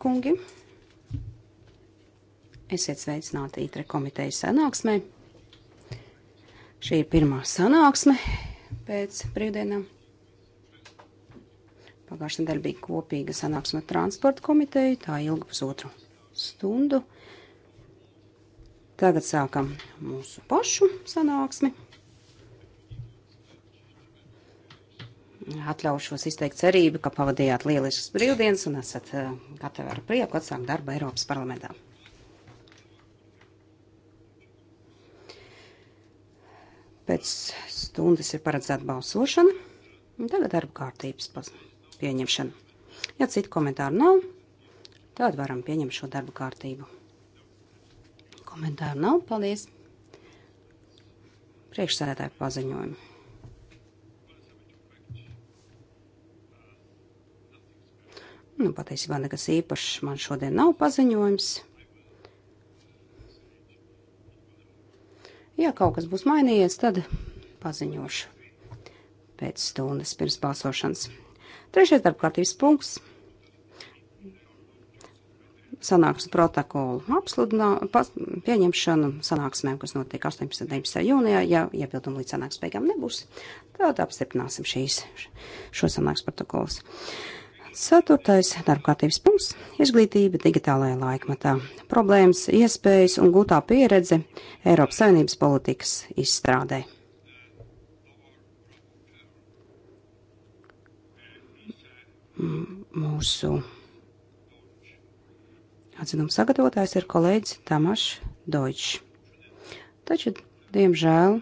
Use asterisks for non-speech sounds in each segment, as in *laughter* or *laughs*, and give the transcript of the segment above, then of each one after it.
kungi. Esiet sveicināti ITRE komitejas sanāksmē. Šī ir pirmā sanāksme pēc brīvdienām. Pagājušā nedēļa bija kopīga sanāksme transporta komiteju, tā ilga pusotru stundu. Tagad sākam mūsu pašu sanāksmi. atļaušos izteikt cerību, ka pavadījāt lielisks brīvdienas un esat eh, gatavi ar prieku atsākt darbu Eiropas parlamentā. Pēc stundas ir paredzēta balsošana, un tagad darba kārtības pieņemšana. Ja citu komentāru nav, tad varam pieņemt šo darba kārtību. Komentāru nav, paldies! Priekšsēdētāju paziņojumu. Nu, patiesībā nekas īpašs man šodien nav paziņojums. Ja kaut kas būs mainījies, tad paziņošu pēc stundas pirms balsošanas. Trešais darbkārtības punkts sanāks protokolu apsludinā, pas, pieņemšanu sanāksmēm, kas notiek 18. un 19. jūnijā, ja iebildumu ja līdz sanāks beigām nebūs, tad apstiprināsim šīs, šo sanāks protokolus. Uh, Ceturtais darbkārtības punkts - izglītība digitālajā laikmatā. Problēmas, iespējas un gūtā pieredze Eiropas saimnības politikas izstrādē. Mūsu atzinuma sagatavotājs ir kolēģis Tamašs Deutsch. Taču, diemžēl,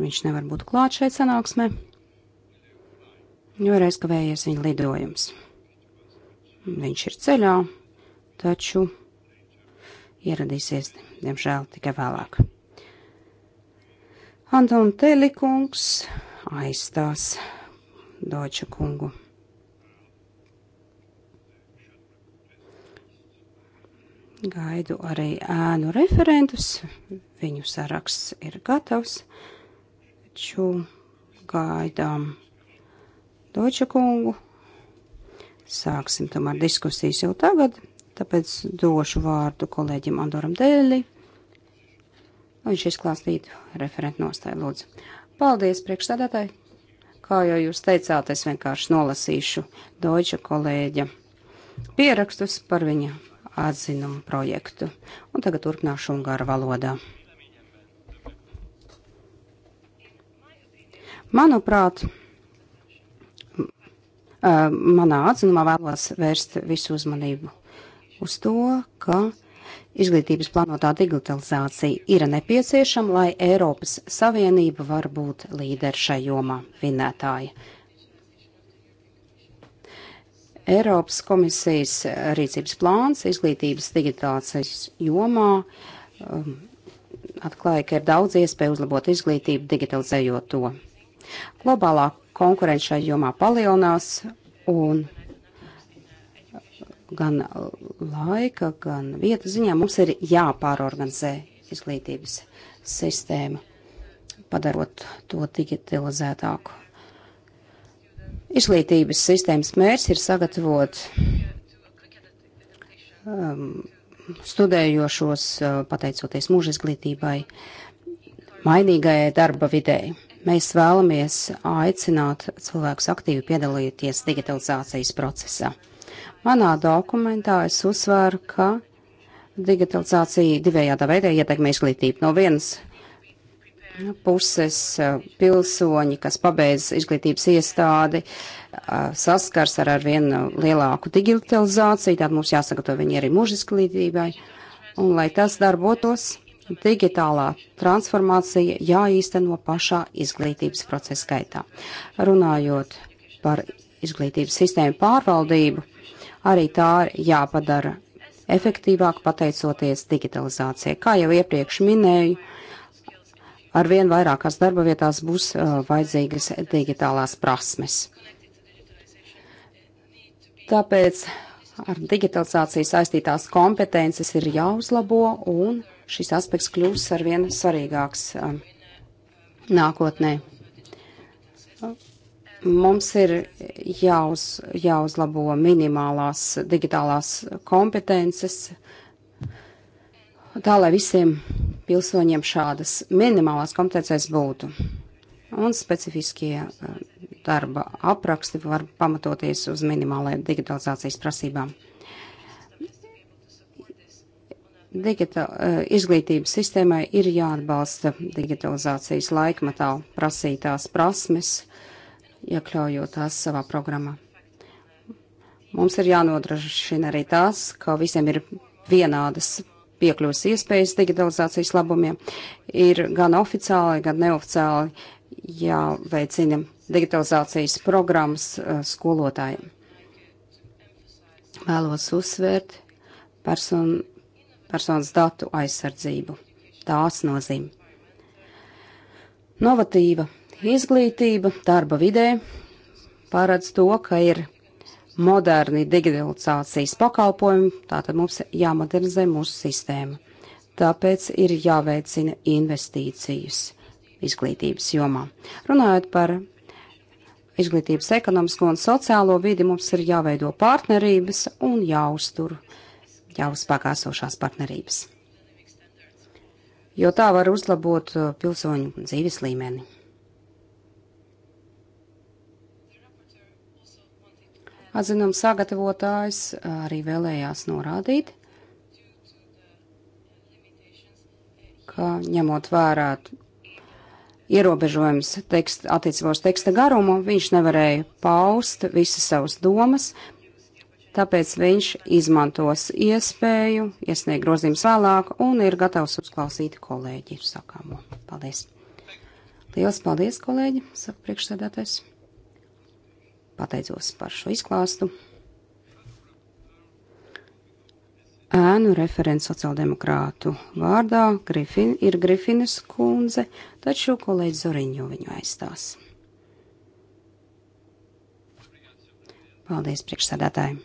viņš nevar būt klāt šeit sanāksmē jo reiz kavējies viņa lidojums. Viņš ir ceļā, taču ieradīsies, diemžēl, tikai vēlāk. Anton Telikungs aizstās Doča kungu. Gaidu arī ēnu referentus, viņu saraksts ir gatavs, taču gaidām Doča kungu. Sāksim tomēr diskusijas jau tagad, tāpēc došu vārdu kolēģim Andoram Dēļi. Viņš izklāstītu referentu nostāju lūdzu. Paldies, priekšstādātāji! Kā jau jūs teicāt, es vienkārši nolasīšu Doča kolēģa pierakstus par viņa atzinumu projektu. Un tagad turpināšu ungāru valodā. Manuprāt, Ehm, manā atzinumā vēlos vērst visu uzmanību uz to, ka izglītības plānotā digitalizācija ir nepieciešama, lai Eiropas Savienība var būt līderi šai jomā vinētāji. Eiropas komisijas rīcības plāns izglītības digitalizācijas jomā um, atklāja, ka ir daudz iespēju uzlabot izglītību, digitalizējot to. Globālā konkurence šai jomā palielinās un gan laika, gan vietas ziņā mums ir jāpārorganizē izglītības sistēma, padarot to digitalizētāku. Izglītības sistēmas mērķis ir sagatavot um, studējošos, uh, pateicoties mūža izglītībai, mainīgajai darba videi. Mēs vēlamies aicināt cilvēkus aktīvi piedalīties digitalizācijas procesā. Manā dokumentā es uzsvēru, ka digitalizācija divējādā veidā ietekmē izglītību. No vienas puses eh, pilsoņi, kas pabeidz izglītības iestādi, eh, saskars ar arvien lielāku digitalizāciju, tad mums jāsagatavo viņi arī mūža izglītībai. Un lai tas darbotos, digitālā transformācija jāīsteno pašā izglītības procesa gaitā. Runājot par izglītības sistēmu pārvaldību, arī tā ir jāpadara efektīvāk pateicoties digitalizācijai. Kā jau iepriekš minēju, ar vien vairākās darba vietās būs uh, vajadzīgas digitālās prasmes. Tāpēc ar digitalizāciju saistītās kompetences ir jāuzlabo un jāuzlabo šis aspekts kļūs arvien svarīgāks um, nākotnē. Mums ir jāuz, jāuzlabo minimālās digitālās kompetences, tā lai visiem pilsoņiem šādas minimālās kompetences būtu. Un specifiskie um, darba apraksti var pamatoties uz minimālajām digitalizācijas prasībām. Digital, eh, izglītības sistēmai ir jāatbalsta digitalizācijas laikmatā prasītās prasmes, iekļaujot tās savā programmā. Mums ir jānodrošina arī tās, ka visiem ir vienādas piekļuvas iespējas digitalizācijas labumiem. Ir gan oficiāli, gan neoficiāli jāveicina digitalizācijas programmas eh, skolotājiem. Vēlos uzsvērt personu personas datu aizsardzību. Tās nozīme. Novatīva izglītība darba vidē paredz to, ka ir moderni digitalizācijas pakalpojumi, tātad mums jāmodernizē mūsu sistēma. Tāpēc ir jāveicina investīcijas izglītības jomā. Runājot par izglītības ekonomisko un sociālo vidi, mums ir jāveido partnerības un jāuztur uh, jau spēkā esošās partnerības. Jo tā var uzlabot uh, pilsoņu dzīves līmeni. Atzinums sagatavotājs uh, arī vēlējās norādīt, ka ņemot vērā ierobežojums tekst, attiecībos teksta garumu, viņš nevarēja paust visas savas domas, tāpēc viņš izmantos iespēju, iesniegt grozījums vēlāk un ir gatavs uzklausīt kolēģi sakāmo. Paldies! Lielas paldies, kolēģi, saka priekšsēdētājs. Pateicos par šo izklāstu. Ēnu referents sociāldemokrātu vārdā Grifin, ir Grifinas kundze, taču kolēģi Zoriņo viņu aizstās. Paldies priekšsēdētājiem!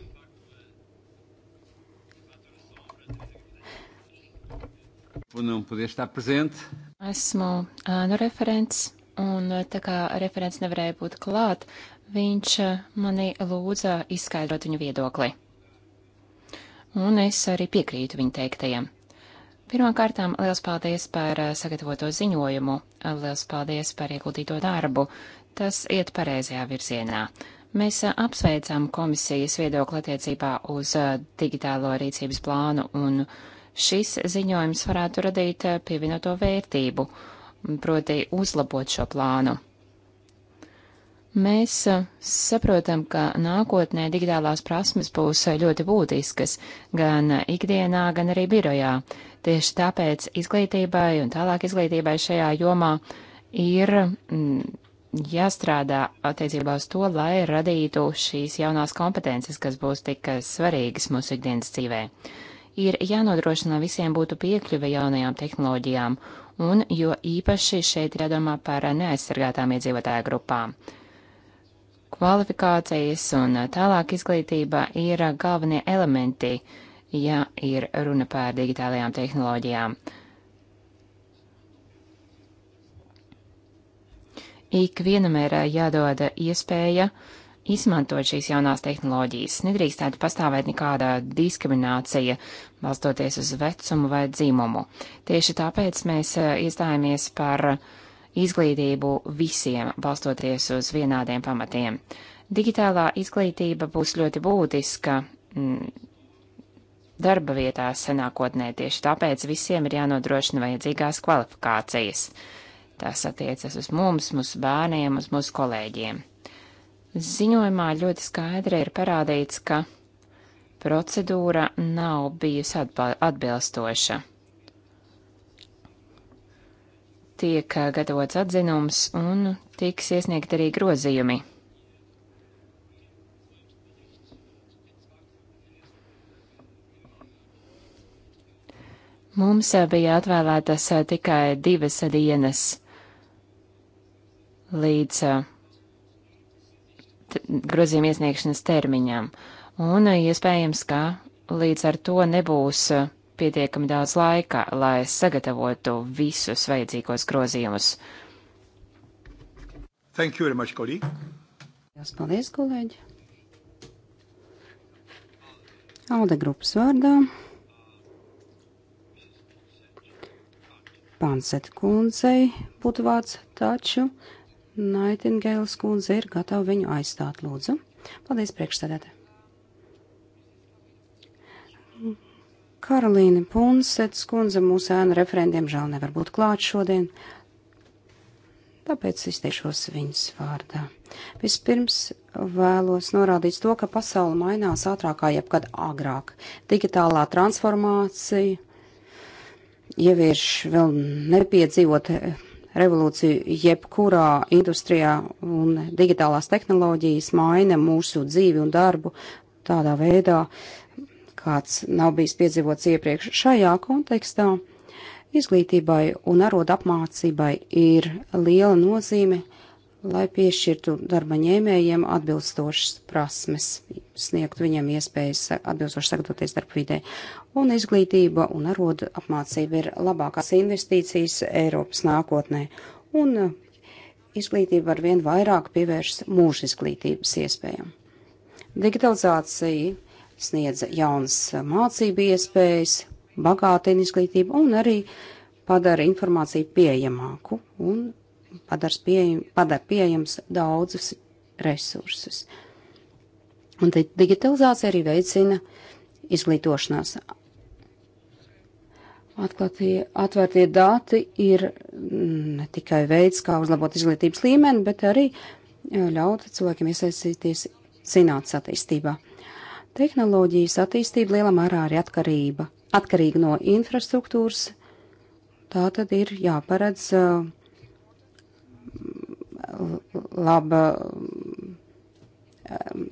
Esmu ēnu referents, un eh, tā kā referents nevarēja būt klāt, viņš eh, mani lūdza izskaidrot viņu viedokli. Un es arī piekrītu viņa teiktajiem. Pirmkārtām, liels paldies par eh, sagatavoto ziņojumu, liels paldies par ieguldīto darbu. Tas iet pareizajā virzienā. Mēs apsveicam komisijas viedokli attiecībā uz digitālo rīcības plānu un uh, šis ziņojums varētu radīt eh, pievienoto vērtību, proti uzlabot šo plānu. Mēs eh, saprotam, ka nākotnē digitālās prasmes būs eh, ļoti būtiskas gan ikdienā, gan arī birojā. Tieši tāpēc izglītībai un tālāk izglītībai šajā jomā ir mm, jāstrādā attiecībā uz to, lai radītu šīs jaunās kompetences, kas būs tik svarīgas mūsu ikdienas dzīvē ir jānodrošina visiem būtu piekļuve jaunajām tehnoloģijām, un jo īpaši šeit jādomā par neaizsargātām iedzīvotāju grupām. Kvalifikācijas un tālāk izglītība ir galvenie elementi, ja ir runa par digitālajām tehnoloģijām. Ik vienam ir jādod iespēja uh, izmantot šīs jaunās tehnoloģijas. Nedrīkstētu pastāvēt nekāda diskriminācija, balstoties uz vecumu vai dzimumu. Tieši tāpēc mēs eh, iestājāmies par izglītību visiem, balstoties uz vienādiem pamatiem. Digitālā izglītība būs ļoti būtiska mm, darba vietās nākotnē, tieši tāpēc visiem ir jānodrošina vajadzīgās kvalifikācijas. Tas attiecas uz mums, mūsu bērniem, uz mūsu kolēģiem. Ziņojumā ļoti skaidri ir parādīts, ka procedūra nav bijusi atbilstoša. Tiek gatavots atzinums un tiks iesniegt arī grozījumi. Mums bija atvēlētas tikai divas dienas līdz grozījuma iesniegšanas termiņam, un eh, iespējams, ka līdz ar to nebūs eh, pietiekami daudz laika, lai sagatavotu visus vajadzīgos grozījumus. Thank you very much, kolēģi. Jās paldies, kolēģi. Alde grupas vārdā. Panseta kundzei būtu vārds, taču Naitingēls kundze ir gatava viņu aizstāt, lūdzu. Paldies, priekšsēdētē. Karolīna Punsets kundze mūsu ēnu referendiem žēl nevar būt klāt šodien, tāpēc izteikšos viņas vārdā. Vispirms vēlos norādīt to, ka pasaule mainās ātrāk kā jebkad agrāk. Digitālā transformācija ievieš vēl nepiedzīvot revolūcija jebkurā industrijā un digitālās tehnoloģijas maina mūsu dzīvi un darbu tādā veidā, kāds nav bijis piedzīvots iepriekš. Šajā kontekstā izglītībai un arod apmācībai ir liela nozīme lai piešķirtu darba ņēmējiem atbilstošas prasmes, sniegt viņiem iespējas atbilstoši sagatavoties darba vidē. Un izglītība un arodu apmācība ir labākās investīcijas Eiropas nākotnē. Un eh, izglītība ar vien vairāk pievēršas mūža izglītības iespējām. Digitalizācija sniedz jaunas eh, mācību iespējas, bagātina izglītību un arī padara informāciju pieejamāku un padara pieejam, padar pieejams daudzus resursus. Un digitalizācija arī veicina izglītošanās. Atklātie, atvērtie dati ir mm, ne tikai veids, kā uzlabot izglītības līmeni, bet arī e, ļaut cilvēkiem iesaistīties zinātnes attīstībā. Tehnoloģijas attīstība lielā mērā arī atkarība, atkarīga no infrastruktūras. Tā tad ir jāparedz uh, laba, um,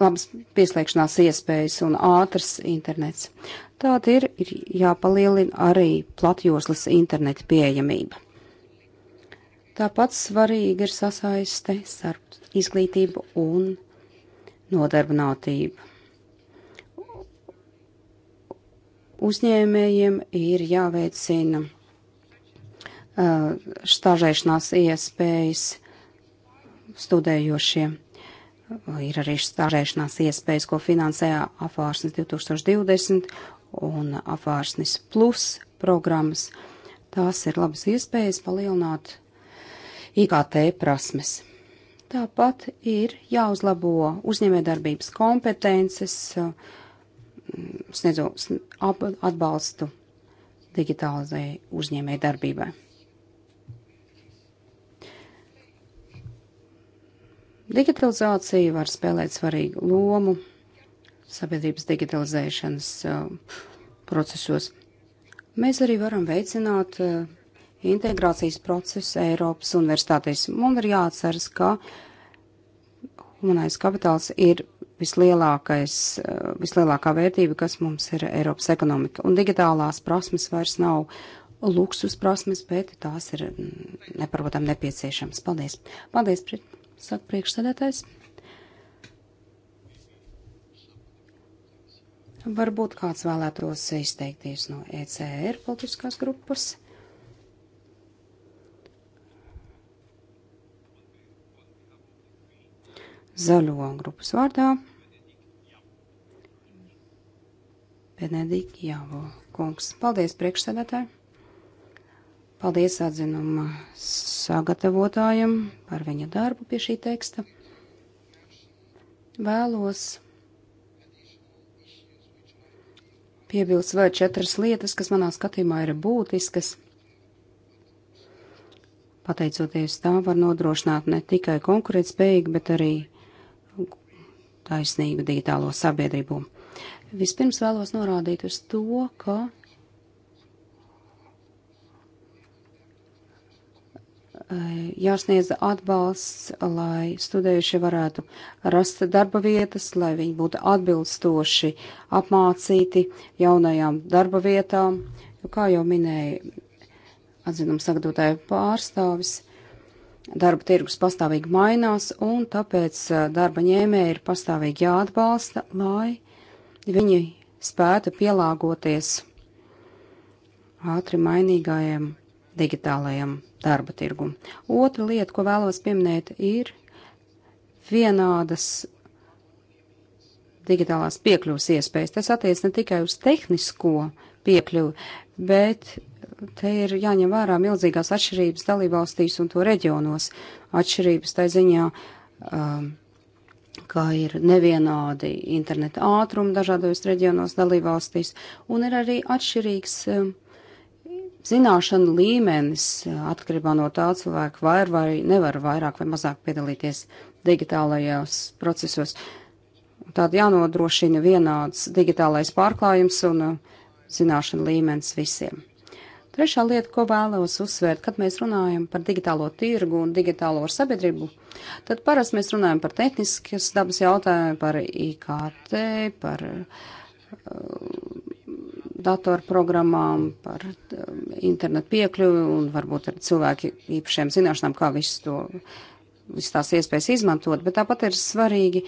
labas pieslēgšanās iespējas un ātrs internets. Tāda ir, ir jāpalielina arī platjoslas interneta pieejamība. Tāpat svarīgi ir sasaiste starp izglītību un nodarbinātību. Uzņēmējiem ir jāveicina Uh, stāžēšanās iespējas studējošiem. Ir arī stāžēšanās iespējas, ko finansē Afārsnes 2020 un Afārsnes Plus programmas. Tās ir labas iespējas palielināt IKT prasmes. Tāpat ir jāuzlabo uzņēmējdarbības kompetences, sniedzot atbalstu digitālajai uzņēmējdarbībai. Digitalizācija var spēlēt svarīgu lomu sabiedrības digitalizēšanas uh, procesos. Mēs arī varam veicināt uh, integrācijas procesu Eiropas universitātēs. Mums ir jāatceras, ka humanais kapitāls ir vislielākais, uh, vislielākā vērtība, kas mums ir Eiropas ekonomika. Un digitālās prasmes vairs nav luksus prasmes, bet tās ir mm, neparotam nepieciešams. Paldies! Paldies, Brit! saka priekšsēdētājs. Varbūt kāds vēlētos izteikties no ECR politiskās grupas. Zaļo grupas vārdā. Benedikta Jāvo kungs. Paldies priekšsēdētāji! Paldies atzinuma sagatavotājam par viņa darbu pie šī teksta. Vēlos piebilst vēl četras lietas, kas manā skatījumā ir būtiskas. Pateicoties tām, var nodrošināt ne tikai konkurētspējīgu, bet arī taisnīgu digitālo sabiedrību. Vispirms vēlos norādīt uz to, ka jāsniedz atbalsts, lai studējušie varētu rast darba vietas, lai viņi būtu atbilstoši apmācīti jaunajām darba vietām, jo, kā jau minēja atzinums sagatavotāju pārstāvis, darba tirgus pastāvīgi mainās, un tāpēc darba ņēmēji ir pastāvīgi jāatbalsta, lai viņi spētu pielāgoties ātri mainīgajiem digitālajiem darba tirgumu. Otra lieta, ko vēlos pieminēt, ir vienādas digitālās piekļuvas iespējas. Tas attiec ne tikai uz tehnisko piekļuvi, bet te ir jāņem vērā milzīgās atšķirības dalībvalstīs un to reģionos. Atšķirības tai ziņā, um, kā ir nevienādi interneta ātrumi dažādos reģionos dalībvalstīs, un ir arī atšķirīgs um, zināšanu līmenis eh, atkarībā no tā cilvēka var vai nevar vairāk vai mazāk piedalīties digitālajos procesos. Tātad jānodrošina vienāds digitālais pārklājums un eh, zināšanu līmenis visiem. Trešā lieta, ko vēlos uzsvērt, kad mēs runājam par digitālo tirgu un digitālo sabiedrību, tad parasti mēs runājam par tehniskas dabas jautājumiem, par IKT, par uh, datorprogrammām, par um, internetu piekļuvi un varbūt ar cilvēki īpašiem zināšanām, kā visu to, visu tās iespējas izmantot, bet tāpat ir svarīgi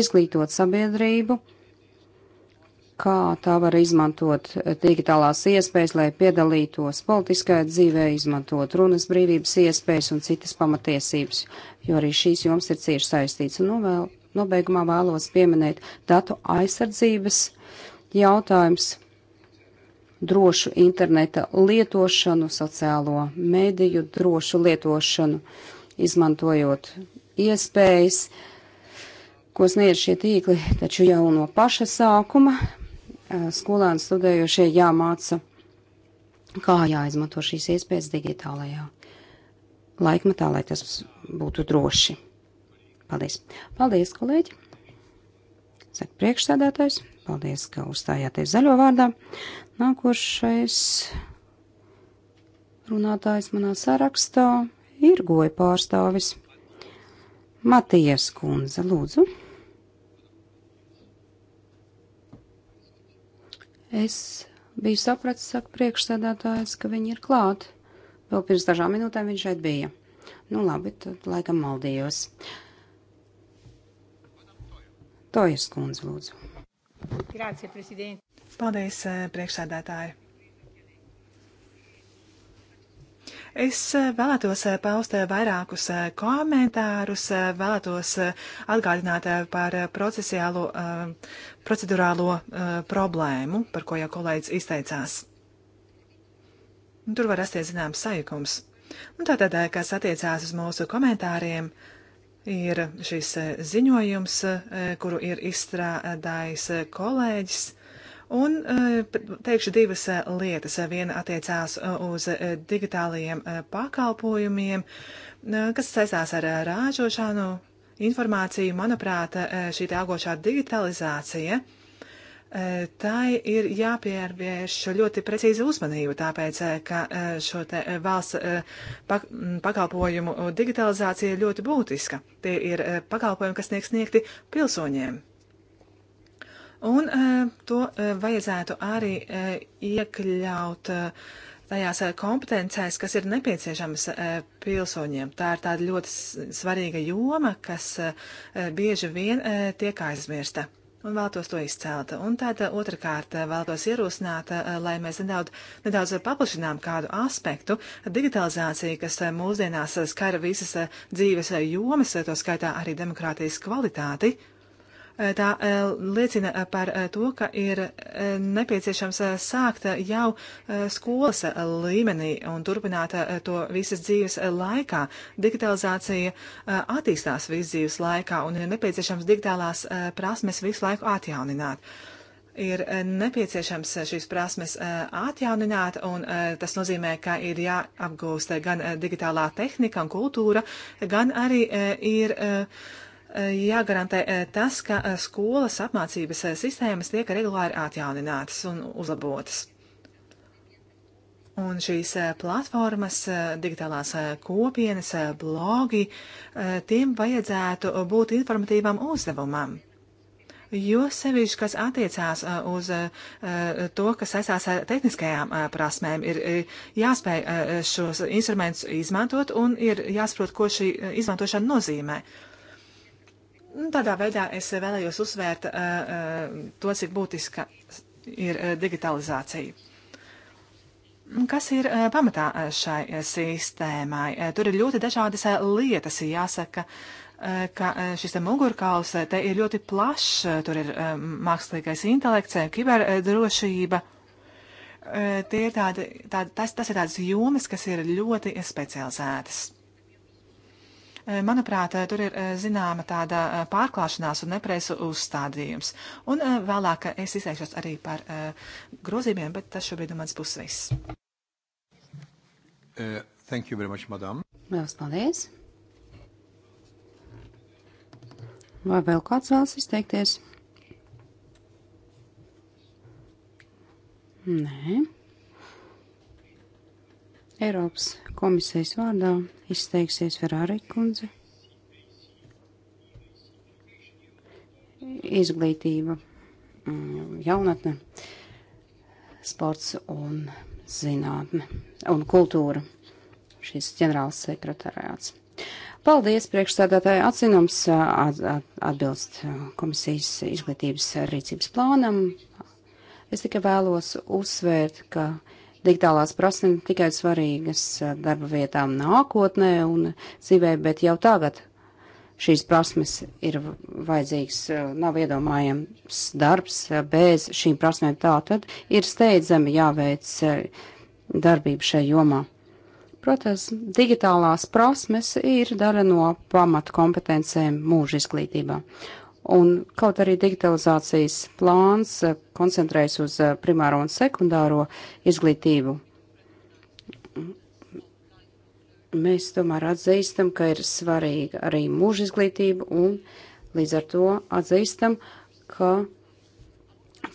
izglītot sabiedrību, kā tā var izmantot digitālās iespējas, lai piedalītos politiskajā dzīvē, izmantot runas brīvības iespējas un citas pamatiesības, jo arī šīs joms ir cieši saistīts. Un novēl, nu nobeigumā vēlos pieminēt datu aizsardzības jautājums drošu interneta lietošanu, sociālo mediju drošu lietošanu, izmantojot iespējas, ko sniedz šie tīkli, taču jau no paša sākuma eh, skolēni studējošie jāmāca, kā jāizmanto šīs iespējas digitālajā laikmatā, lai tas būtu droši. Paldies! Paldies, kolēģi! Saka priekšsēdētājs. Paldies, ka uzstājāties zaļo vārdā. Nākošais runātājs manā sarakstā ir goja pārstāvis. Matijas kundze, lūdzu. Es biju sapratis, saka priekšsēdētājs, ka viņi ir klāt. Vēl pirms dažām minūtēm viņš šeit bija. Nu labi, tad laikam maldījos. Tojas kundze, lūdzu. Grācija, prezident. Paldies, eh, priekšsēdētāji. Es vēlētos paust vairākus komentārus, vēlētos atgādināt par procesiālo, procedurālo problēmu, par ko jau kolēģis izteicās. Tur var rasties zināms sajukums. Un tātad, eh, kas attiecās uz mūsu komentāriem, uh, ir šis e, ziņojums, e, kuru ir izstrādājis e, kolēģis. Un teikšu divas lietas. Viena attiecās uz digitālajiem pakalpojumiem, kas saistās ar rāžošanu, informāciju. Manuprāt, šī augošā digitalizācija uh, E, tai ir jāpievērš ļoti precīza uzmanība, tāpēc, e, ka e, šo te valsts pakalpojumu digitalizācija ir ļoti būtiska. Tie ir pakalpojumi, kas tiek sniegti pilsoņiem. Un to vajadzētu arī iekļaut tajās kompetencēs, kas ir nepieciešamas pilsoņiem. Tā ir tāda ļoti svarīga joma, kas bieži vien tiek aizmirsta un vēlētos to izcelt. Un tad uh, otrkārt uh, vēlētos ierosināt, uh, lai mēs nedaudz, nedaudz paplašinām kādu aspektu - digitalizāciju, kas mūsdienās skara visas dzīves jomas, to skaitā arī demokrātijas kvalitāti tā e, liecina e, par e, to, ka ir nepieciešams sākt jau skolas līmenī un turpināt to visas dzīves laikā. Digitalizācija attīstās visu dzīves laikā un ir nepieciešams digitālās prasmes visu laiku atjaunināt. Ir nepieciešams šīs prasmes atjaunināt, un tas nozīmē, ka ir jāapgūst gan digitālā tehnika un kultūra, gan arī ir jāgarantē eh, tas, ka eh, skolas apmācības eh, sistēmas tiek regulāri atjauninātas un uzlabotas. Un šīs platformas, digitālās kopienas, blogi, tiem vajadzētu būt informatīvam uzdevumam. Jo sevišķi, kas attiecās uz to, kas saistās ar tehniskajām prasmēm, ir jāspēj šos instrumentus izmantot un ir jāsaprot, ko šī izmantošana nozīmē. Uh, Nu, tādā veidā es vēlējos uzsvērt to, cik būtiska ir digitalizācija. Kas ir pamatā šai sistēmai? Tur ir ļoti dažādas lietas, jāsaka, ka šis te mugurkauls te ir ļoti plašs, tur ir mākslīgais intelekts, kiberdrošība. Tie ir tādi, tādi, tas, tas ir tādas jomas, kas ir ļoti specializētas. Manuprāt, eh, tur ir eh, zināma tāda eh, pārklāšanās un nepreizu uzstādījums. Un vēlāk es izteikšos arī par grozījumiem, bet tas šobrīd no manas puses viss. Uh, thank you very much, madam. Lielas paldies. Vai vēl kāds vēlas izteikties? Nē. Eiropas komisijas vārdā izteiksies Ferrari kundze. Izglītība, mm, jaunatne, sports un zinātne un kultūra. Šis ģenerāls sekretariāts. Paldies, priekšstādātāji. Atzinums at, at, atbilst komisijas izglītības rīcības plānam. Es tikai vēlos uzsvērt, ka digitālās prasmes tikai svarīgas eh, darba vietām nākotnē un dzīvē, bet jau tagad šīs prasmes ir vajadzīgs, eh, nav iedomājams darbs eh, bez šīm prasmēm. Tā tad ir steidzami jāveic darbība šajā jomā. Protams, digitālās prasmes ir daļa no pamatkompetencēm mūža izglītībā. Un kaut arī digitalizācijas plāns eh, koncentrējas uz eh, primāro un sekundāro izglītību, mēs tomēr atzīstam, ka ir svarīga arī mūža izglītība un līdz ar to atzīstam, ka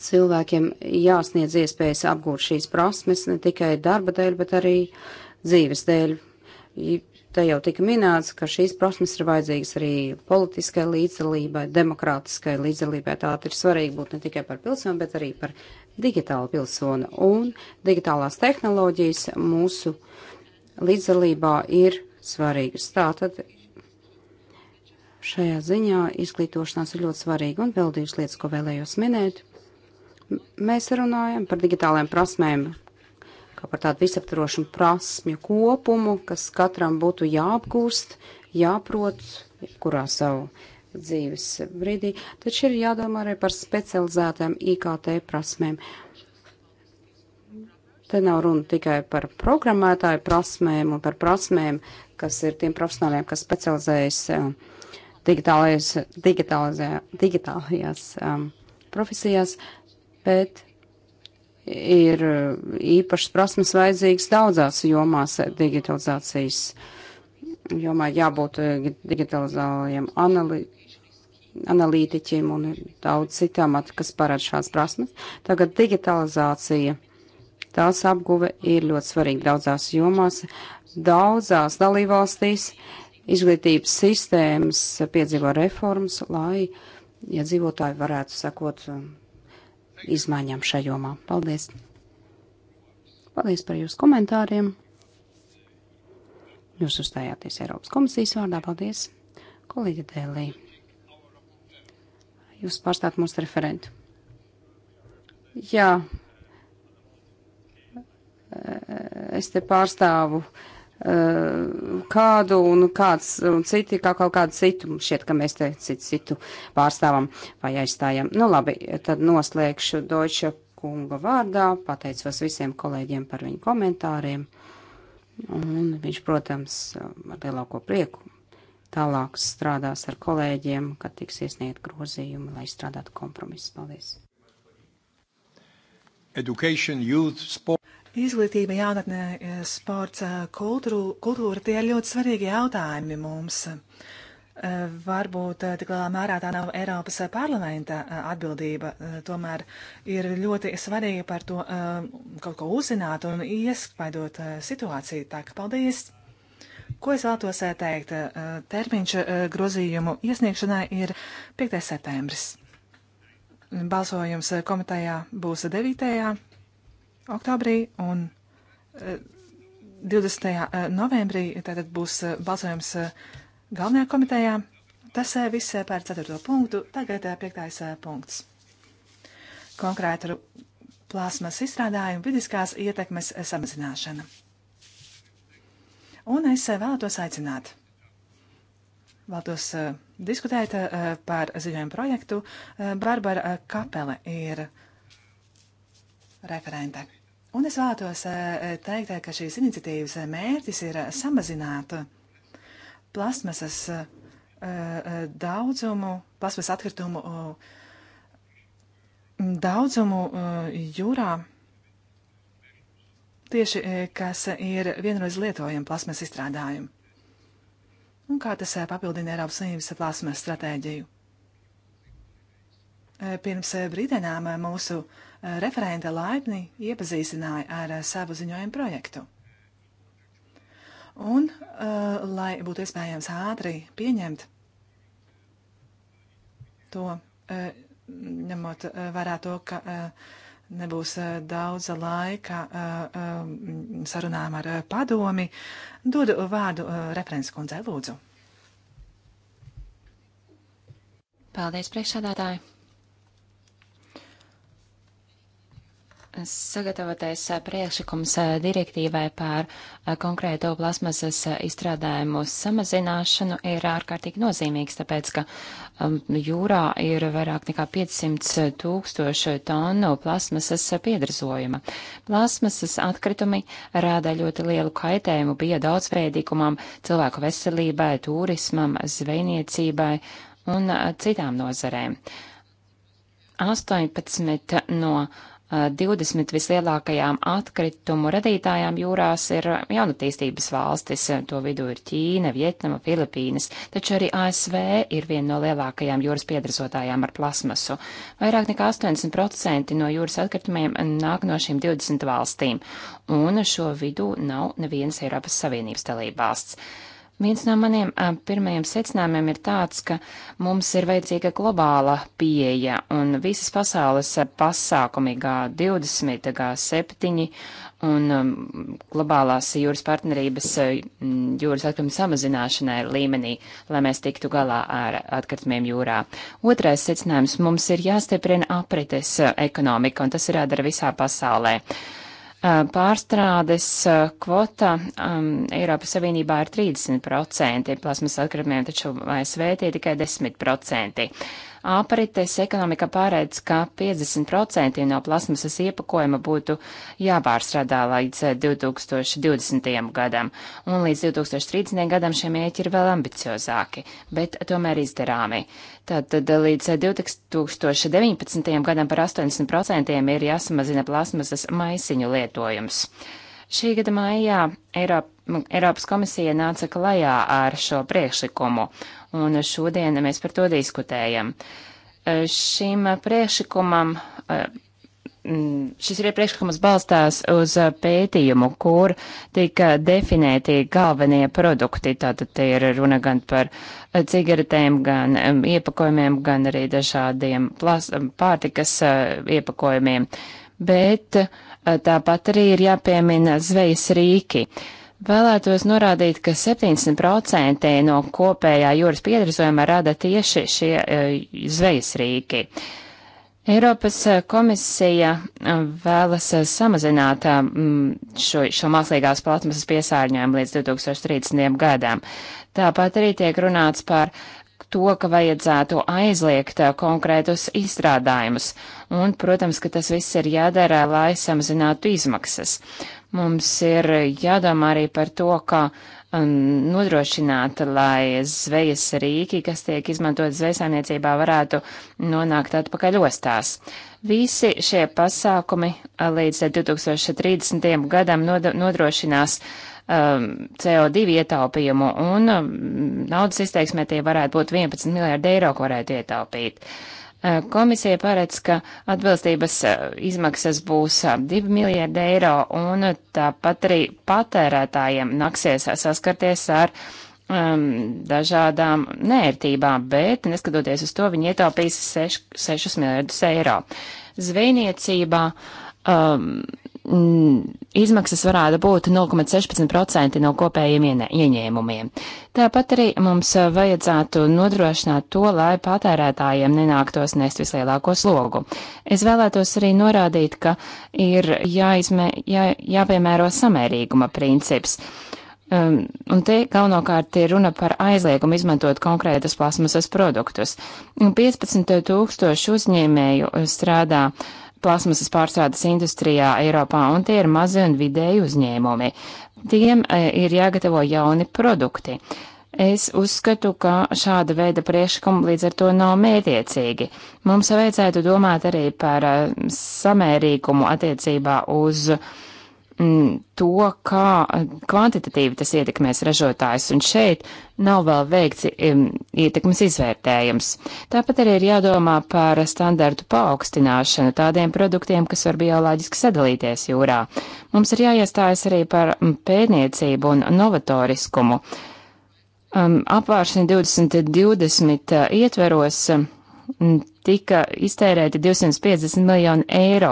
cilvēkiem jāsniedz iespējas apgūt šīs prasmes ne tikai darba dēļ, bet arī dzīves dēļ. Te jau tika minēts, ka šīs prasmes ir vajadzīgas arī politiskai līdzdalībai, demokrātiskai līdzdalībai. Tā ir svarīgi būt ne tikai par pilsoni, bet arī par digitālu pilsoni. Un digitālās tehnoloģijas mūsu līdzdalībā ir svarīgas. Tātad šajā ziņā izglītošanās ir ļoti svarīga un vēl divas lietas, ko vēlējos minēt. M mēs runājam par digitālajām prasmēm kā par tādu visaptvarošu prasmju kopumu, kas katram būtu jāapgūst, jāprot, kurā savu dzīves brīdī, taču ir jādomā arī par specializētām IKT prasmēm. Te nav runa tikai par programmētāju prasmēm un par prasmēm, kas ir tiem profesionāliem, kas specializējas um, digitālajās, digitālajās um, profesijās, bet ir uh, īpašas prasmes vajadzīgas daudzās jomās uh, digitalizācijas. Jomā jābūt uh, digitalizālajiem anali analītiķiem un daudz citām, kas parāda šās prasmes. Tagad digitalizācija, tās apguve ir ļoti svarīga daudzās jomās. Daudzās dalībvalstīs izglītības sistēmas piedzīvo reformas, lai iedzīvotāji ja varētu sekot um, izmaiņām šajomā. Paldies! Paldies par jūsu komentāriem! Jūs uzstājāties Eiropas komisijas vārdā. Paldies, kolēģi Dēlī. Jūs pārstāt mūsu referentu. Jā, es te pārstāvu uh, Eh, kādu un kāds un citi, kā kaut kādu citu, šķiet, ka mēs te citu, citu pārstāvam vai aizstājam. Nu labi, tad noslēgšu Deutsche kunga vārdā, pateicos visiem kolēģiem par viņu komentāriem, un viņš, protams, ar lielāko prieku tālāk strādās ar kolēģiem, kad tiks iesniegt grozījumi, lai strādātu kompromisus. Paldies! Education, youth, sport. Izglītība, jaunatnē, sports, kultūra, kultūra tie ir ļoti svarīgi jautājumi mums. Varbūt tik lielā mērā tā nav Eiropas parlamenta atbildība, tomēr ir ļoti svarīgi par to kaut ko uzzināt un ieskaidot situāciju. Tā kā paldies! Ko es vēlētos teikt? Termiņš grozījumu iesniegšanai ir 5. septembris. Balsojums komitejā būs 9 oktobrī un 20. Eh, eh, novembrī tātad būs eh, balsojums galvenajā komitejā. Tas viss par 4. punktu, tagad 5. punkts. Konkrētu plāsmas izstrādājumu vidiskās ietekmes samazināšana. Un es vēlētos aicināt. Vēlētos uh, diskutēt uh, par ziņojumu projektu. Uh, Barbara Kapele ir uh, referente. Un es vēlētos eh, eh, teikt, eh, ka šīs iniciatīvas mērķis ir samazināt plasmasas daudzumu, plasmasas atkritumu daudzumu jūrā, tieši kas ir vienreiz lietojami plasmas izstrādājumi. Un kā tas papildina Eiropas Savienības plasmas stratēģiju? Pirms brīdienām mūsu uh, referente laipni iepazīstināja ar eh, savu ziņojumu projektu. Un, eh, lai būtu iespējams ātri pieņemt to, eh, ņemot vērā to, ka nebūs daudz laika sarunām ar padomi, dodu vārdu referents kundzei lūdzu. Paldies, priekšsādātāji! Sagatavotais priekšlikums direktīvai pār konkrēto plasmasas izstrādājumu samazināšanu ir ārkārtīgi nozīmīgs, tāpēc, ka jūrā ir vairāk nekā 500 tūkstoši tonu plasmasas piedrazojuma. Plasmasas atkritumi rāda ļoti lielu kaitējumu bija daudzveidīgumam, cilvēku veselībai, turismam, zvejniecībai un citām nozarēm. 18 no 20 eh, vislielākajām atkritumu radītājām jūrās ir jaunatīstības valstis, eh, to vidū ir Ķīna, Vietnama, Filipīnas, taču arī ASV ir viena no lielākajām jūras piedrazotājām ar plasmasu. Vairāk nekā 80% no jūras atkritumiem nāk no šīm 20 valstīm, un šo vidū nav nevienas Eiropas Savienības dalībvalsts. Viens no maniem pirmajiem secinājumiem ir tāds, ka mums ir vajadzīga globāla pieeja un visas pasaules pasākumi G20, G7 un globālās jūras partnerības jūras atkrituma samazināšanai līmenī, lai mēs tiktu galā ar atkritumiem jūrā. Otrais secinājums - mums ir jāstiprina aprites ekonomika, un tas ir jādara visā pasaulē. Eh, pārstrādes eh, kvota um, Eiropas Savienībā ir 30%, plasmas atkritumiem taču ASV tie tikai 10%. Aprites ekonomika pārēdz, ka 50% no plasmasas iepakojuma būtu jāpārstrādā līdz 2020. Eh, gadam, un līdz 2030. gadam šie mērķi ir vēl ambiciozāki, bet tomēr izdarāmi. Tātad eh, līdz 2019. Eh, gadam par 80% ir jāsamazina plasmasas maisiņu lietojums. Šī gada maijā Eiropa Nu, Eiropas komisija nāca klajā ar šo priekšlikumu, un šodien mēs par to diskutējam. Eh, šim priekšlikumam, eh, mm, šis ir priekšlikums balstās uz eh, pētījumu, kur tika definēti galvenie produkti, tātad te ir runa gan par cigaretēm, gan iepakojumiem, gan arī dažādiem plas, pārtikas iepakojumiem, bet tāpat arī ir jāpiemina zvejas rīki. Uh, Vēlētos norādīt, ka 70% no kopējā jūras piedrasojuma rada tieši šie e, zvejas rīki. Eiropas e, komisija e, vēlas samazināt šo, šo mākslīgās platmasas piesārņojumu līdz 2030. gadām. Tāpat arī tiek runāts par to, ka vajadzētu aizliegt uh, konkrētus izstrādājumus. Un, protams, ka tas viss ir jādara, lai samazinātu izmaksas. Mums ir jādomā arī par to, kā um, nodrošināt, lai zvejas rīki, kas tiek izmantot zvejasāniecībā, varētu nonākt atpakaļ ostās. Visi šie pasākumi uh, līdz 2030. Uh, gadam nodrošinās um, CO2 ietaupījumu, un um, naudas izteiksmē tie varētu būt 11 miljārdi eiro, ko varētu ietaupīt. Uh, komisija paredz, ka atbilstības uh, izmaksas būs uh, 2 miljārdi eiro, un uh, tāpat arī patērētājiem nāksies uh, saskarties ar um, dažādām nērtībām, bet neskatoties uz to, viņi ietaupīs 6, 6 miljardus eiro. Zvejniecībā um, Mm, izmaksas varētu būt 0,16% no kopējiem ieņēmumiem. Tāpat arī mums vajadzētu nodrošināt to, lai patērētājiem nenāktos nest vislielāko slogu. Es vēlētos arī norādīt, ka ir jāizmē, jā, jāpiemēro samērīguma princips. Um, un te galvenokārt ir runa par aizliegumu izmantot konkrētas plasmasas produktus. 15 tūkstoši uzņēmēju strādā uh, plasmasas pārstrādes industrijā Eiropā, un tie ir mazi un vidēji uzņēmumi. Tiem e, ir jāgatavo jauni produkti. Es uzskatu, ka šāda veida priekšlikumi līdz ar to nav mētiecīgi. Mums vajadzētu domāt arī par e, samērīgumu attiecībā uz uh, Mm, to, kā kvantitatīvi tas ietekmēs ražotājs, un šeit nav vēl veikts mm, ietekmes izvērtējums. Tāpat arī ir jādomā par standartu paaugstināšanu tādiem produktiem, kas var bioloģiski sadalīties jūrā. Mums ir jāiestājas arī par mm, pētniecību un novatoriskumu. Apvāršana 2020 eh, ietveros tika iztērēti 250 miljoni eiro,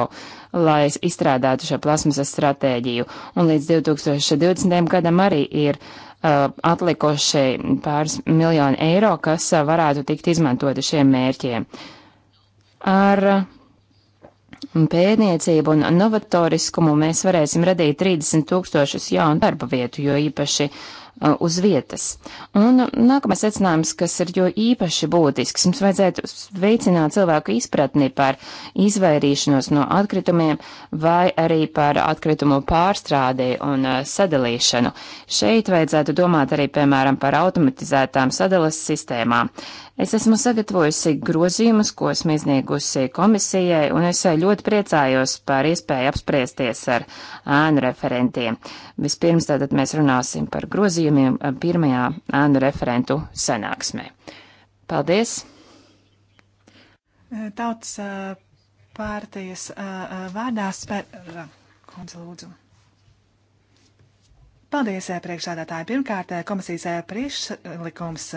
lai izstrādātu šo plasmasas stratēģiju, un līdz 2020. gadam arī ir uh, atlikuši pāris miljoni eiro, kas uh, varētu tikt izmantoti šiem mērķiem. Ar uh, pētniecību un novatoriskumu mēs varēsim radīt 30 tūkstošus jaunu darba vietu, jo īpaši uh, uz vietas. Un nākamais secinājums, kas ir jo īpaši būtisks, mums vajadzētu veicināt cilvēku izpratni par izvairīšanos no atkritumiem vai arī par atkritumu pārstrādi un uh, sadalīšanu. Šeit vajadzētu domāt arī, piemēram, par automatizētām sadales sistēmām. Es esmu sagatavojusi grozījumus, ko esmu izniegusi komisijai, un es eh, ļoti priecājos par iespēju apspriesties ar ēnu referentiem. Vispirms tātad mēs runāsim par grozījumiem eh, pirmajā ēnu referentu sanāksmē. Paldies! Tautas eh, pārties vārdā spēr... Kundze, lūdzu. Paldies, eh, priekšsādātāji. Pirmkārt, eh, komisijas eh, priekšlikums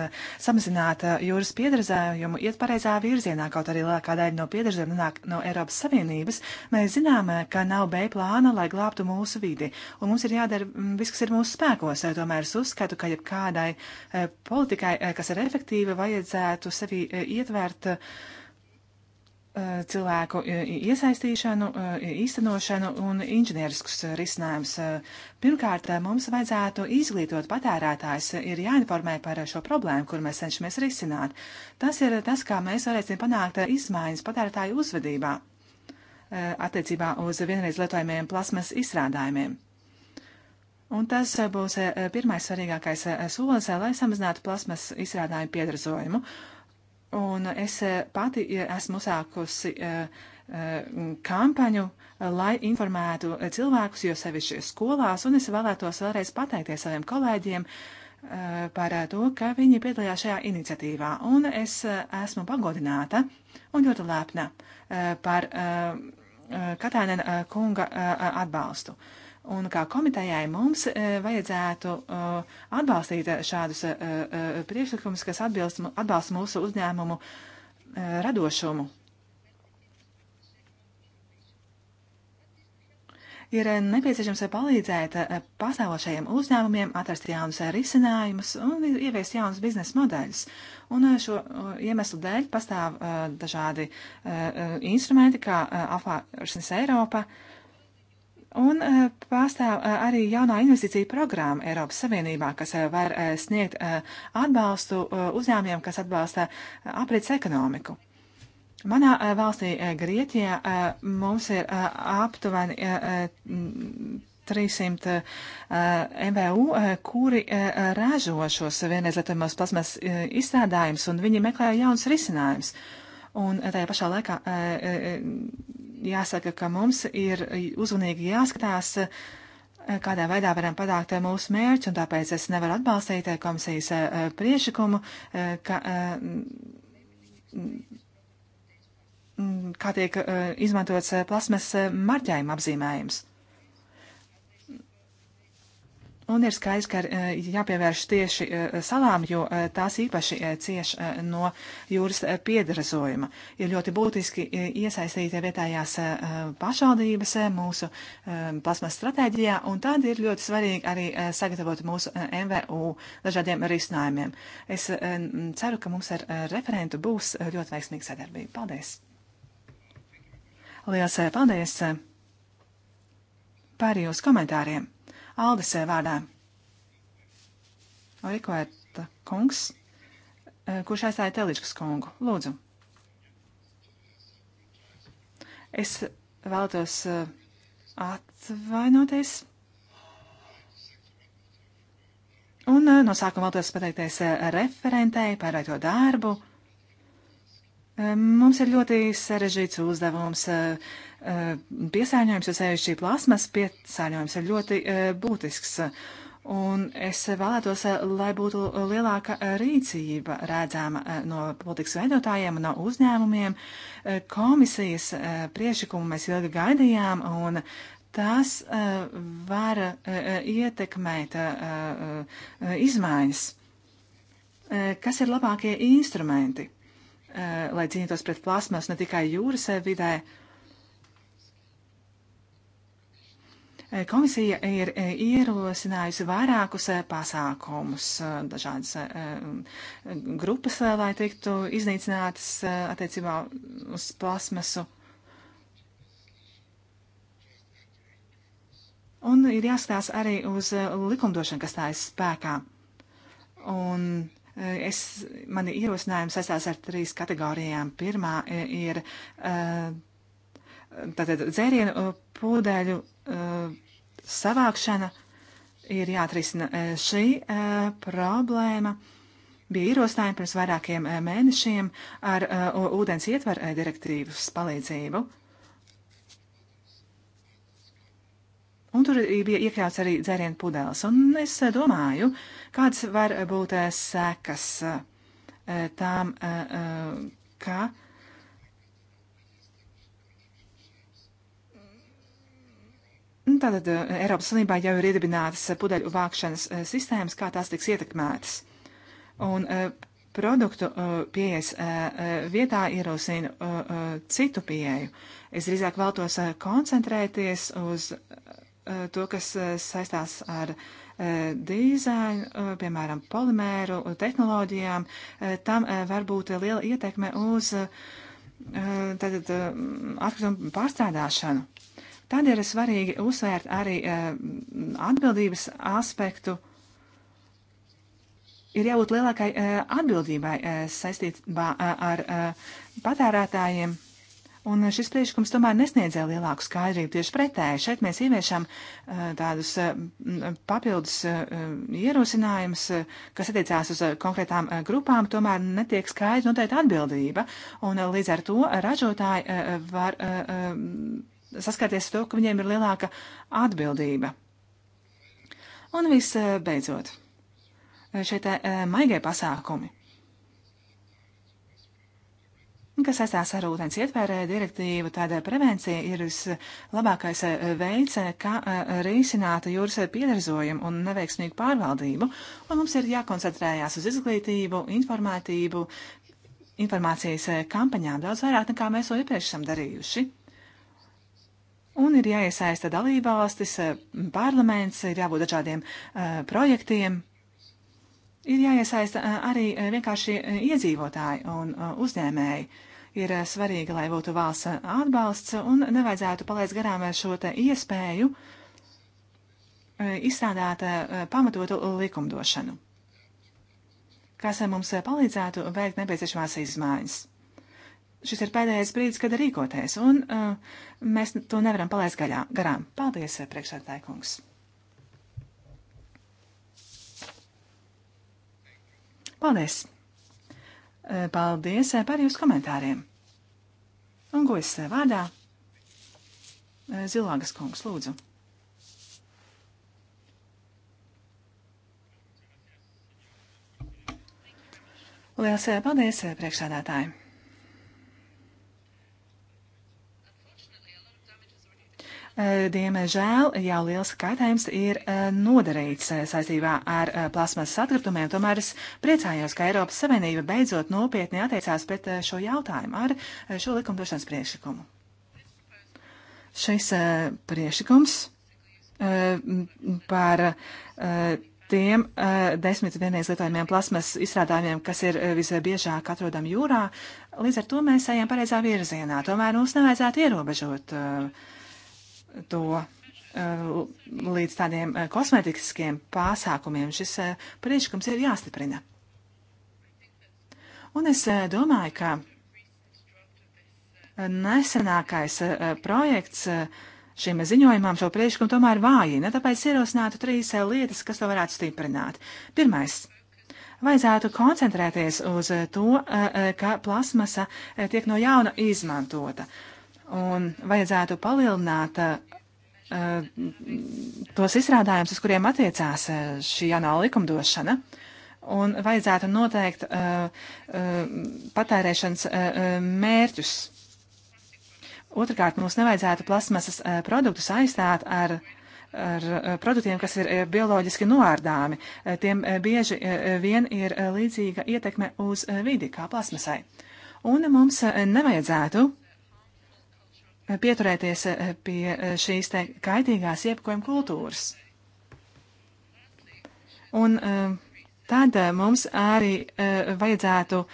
samazināt jūras piedarzējumu iet pareizā virzienā, kaut arī lielākā daļa no piedarzēm nāk no Eiropas Savienības. Mēs zinām, ka nav B plāna, lai glābtu mūsu vidi, un mums ir jādara mm, viss, kas ir mūsu spēkos. Tomēr es uzskatu, ka jebkādai politikai, kas ir efektīva, vajadzētu sevi ietvert. Uh, Eh, cilvēku eh, iesaistīšanu, eh, īstenošanu un inženieriskus risinājumus. Pirmkārt, mums vajadzētu izglītot patērētājs, ir jāinformē par šo problēmu, kur mēs cenšamies risināt. Tas ir tas, kā mēs varēsim panākt izmaiņas patērētāju uzvedībā attiecībā uz vienreiz lietojamiem plasmas izstrādājumiem. Un tas būs pirmais svarīgākais solis, lai samazinātu plasmas izstrādājumu piedrazojumu Un es eh, pati esmu uzsākusi eh, eh, kampaņu, lai informētu cilvēkus, jo sevišķi skolās, un es vēlētos vēlreiz pateikties saviem kolēģiem par to, ka viņi piedalījās šajā iniciatīvā. Un es esmu pagodināta un ļoti lepna par Katainena kunga atbalstu. Uh, Un kā komitējai mums e, vajadzētu e, atbalstīt šādus e, priekšlikumus, kas atbilst, atbalst mūsu uzņēmumu radošumu. Ir nepieciešams palīdzēt pastāvošajiem uzņēmumiem atrast jaunus risinājumus un ieviest jaunus biznesa modeļus. Un šo iemeslu dēļ pastāv dažādi instrumenti, kā Afārsnes Eiropa. Uh, Un eh, pastāv eh, arī jaunā investīcija programma Eiropas Savienībā, kas eh, var sniegt atbalstu uzņēmiem, kas atbalsta aprits ekonomiku. Manā valstī, Grieķijā, mums ir aptuveni 300 MVU, kuri ražo šos vienreizlietojumos plasmas izstrādājumus, un viņi meklē jaunas risinājumus. Un tajā pašā laikā e, e, e, jāsaka, ka mums ir uzmanīgi jāskatās, kādā veidā varam panākt mūsu mērķi, un tāpēc es nevaru atbalstīt komisijas priešakumu, ka, kā tiek izmantots plasmas marķējuma apzīmējums. Un ir skaidrs, ka eh, jāpievērš tieši eh, salām, jo eh, tās īpaši cieš no jūras piedarazojuma. Ir ļoti būtiski iesaistīt vietējās pašvaldības mūsu plasmas stratēģijā, un tad ir ļoti svarīgi arī sagatavot mūsu MVU dažādiem risinājumiem. Es ceru, ka mums ar referentu būs ļoti veiksmīga sadarbība. Paldies! Lielas paldies par jūsu komentāriem! Aldis eh, vārdā. Rikoēta eh, kungs, eh, kurš aizstāja Teličkas kungu. Lūdzu. Es vēlētos atvainoties. Un no sākuma vēlētos pateikties referentei par to darbu. Mums ir ļoti sarežģīts uzdevums. Eh, eh, piesārņojums, jo sevišķi plasmas piesārņojums ir ļoti eh, būtisks. Un es vēlētos, lai būtu lielāka rīcība redzama no politikas veidotājiem, no uzņēmumiem. Komisijas priešikumu mēs ilgi gaidījām, un tas var ietekmēt izmaiņas. Kas ir labākie instrumenti? Eh, lai cīnītos pret plasmas ne tikai jūras eh, vidē. Eh, komisija ir ierosinājusi vairākus pasākumus, dažādas grupas, lai tiktu iznīcinātas attiecībā uz plasmasu. Un ir jāskatās arī uz likumdošanu, kas tā ir spēkā. Un Eh, es, mani ierosinājumi saistās ar trīs kategorijām. Pirmā e, ir eh, tātad dzērienu eh, pūdeļu savākšana. Ir jāatrisina šī problēma. Bija ierosinājumi pirms vairākiem mēnešiem ar ūdens ietvaru direktīvas palīdzību. Un tur bija iekļauts arī dzērienu pudeles. Un es domāju, kādas var būt eh, sekas eh, tām, eh, ka. Tātad nu, Eiropas Savienībā jau ir iedibinātas pudeļu vākšanas sistēmas, kā tās tiks ietekmētas. Un produktu pieejas vietā ierosinu citu pieeju. Es drīzāk vēltos koncentrēties uz Eh, to, kas eh, saistās ar eh, dizainu, piemēram, polimēru tehnoloģijām, tam var būt liela ietekme uz tātad, atkritumu pārstrādāšanu. Tādēļ ir svarīgi uzsvērt arī atbildības aspektu. Ir jābūt lielākai atbildībai saistībā ar patērētājiem Un šis priekšlikums tomēr nesniedzēja lielāku skaidrību. Tieši pretēji, šeit mēs ieviešam uh, tādus uh, papildus uh, ierosinājumus, kas attiecās uz konkrētām grupām, tomēr netiek skaidri noteikti atbildība. Un līdz ar to ražotāji var um, saskarties ar to, ka viņiem ir lielāka atbildība. Un viss beidzot, šie te maigie pasākumi kas saistās ar ūdens ietvērē direktīvu, tāda prevencija ir vislabākais eh, veids, kā eh, risināt jūras piedarzojumu un neveiksmīgu pārvaldību, un mums ir jākoncentrējās uz izglītību, informētību, informācijas eh, kampaņām daudz vairāk nekā mēs to iepriekš esam darījuši. Un ir jāiesaista dalībvalstis, parlaments, ir jābūt dažādiem uh, projektiem, Ir jāiesaista eh, arī eh, vienkārši eh, iedzīvotāji un uzņēmēji. Ir svarīgi, lai būtu valsts atbalsts un nevajadzētu palaist garām šo iespēju izstrādāt pamatotu likumdošanu, kas mums palīdzētu veikt nepieciešamās izmaiņas. Šis ir pēdējais brīdis, kad rīkoties, un uh, mēs to nevaram palaist gaļā, garām. Paldies, priekšsēdētāji kungs! Paldies! Paldies par jūsu komentāriem! Un ko es vārdā? Zilāgas kungs, lūdzu. Lielas paldies priekšsādātājiem! Eh, diemžēl jau liels kaitējums ir eh, nodarīts eh, saistībā ar plasmas atkritumiem, tomēr es priecājos, ka Eiropas Savienība beidzot nopietni attiecās pret šo jautājumu ar šo likumdošanas priekšlikumu. Šis priekšlikums par tiem uh, desmit vienreiz lietojamiem plasmas izstrādājumiem, kas ir visbiežāk atrodami jūrā. Līdz ar to mēs ejam pareizā virzienā. Tomēr mums nevajadzētu ierobežot uh, to eh, līdz tādiem eh, kosmētiskiem pasākumiem. Šis eh, priekšlikums ir jāstiprina. Un es domāju, ka nesenākais projekts šim ziņojumam šo priekšlikumu tomēr vājina, nu, tāpēc ierosinātu trīs lietas, kas to varētu stiprināt. Pirmais. Vajadzētu koncentrēties uz to, ka plasmasa tiek no jauna izmantota. Uh, un vajadzētu palielināt eh, tos izstrādājumus, uz kuriem attiecās eh, šī jaunā likumdošana. Un vajadzētu noteikt uh, uh, patērēšanas uh, mērķus. Otrakārt, mums nevajadzētu plasmasas uh, produktus aizstāt ar uh, ar produktiem, kas ir bioloģiski noārdāmi. Tiem bieži vien ir līdzīga ietekme uz vidi kā plasmasai. Un mums nevajadzētu pieturēties eh, pie eh, šīs te kaitīgās iepakojuma kultūras. Un eh, tad mums arī vajadzētu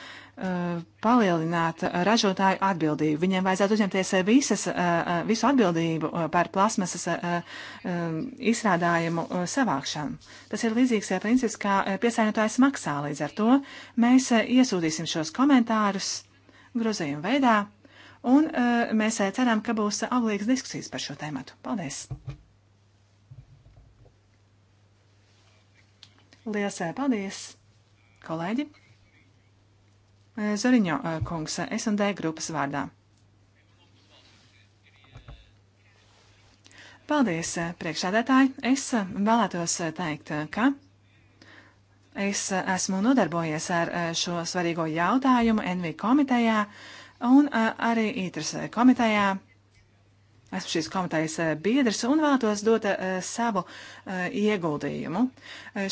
palielināt ražotāju atbildību. Viņiem vajadzētu uzņemties visas, visu atbildību par plasmasas izstrādājumu savākšanu. Tas ir līdzīgs princips, kā piesainotājs maksā. Līdz ar to mēs iesūtīsim šos komentārus grozījuma veidā Un eh, mēs eh, ceram, ka būs auglīgas diskusijas par šo tēmatu. Paldies! Lielas eh, paldies, kolēģi! Zoriņo kungs, S&D grupas vārdā. Paldies, priekšādētāji. Es vēlētos teikt, ka es esmu nodarbojies ar šo svarīgo jautājumu NV komitejā un arī ITRAS komitejā. Esmu šīs komitejas biedrs un vēlētos dot savu ieguldījumu.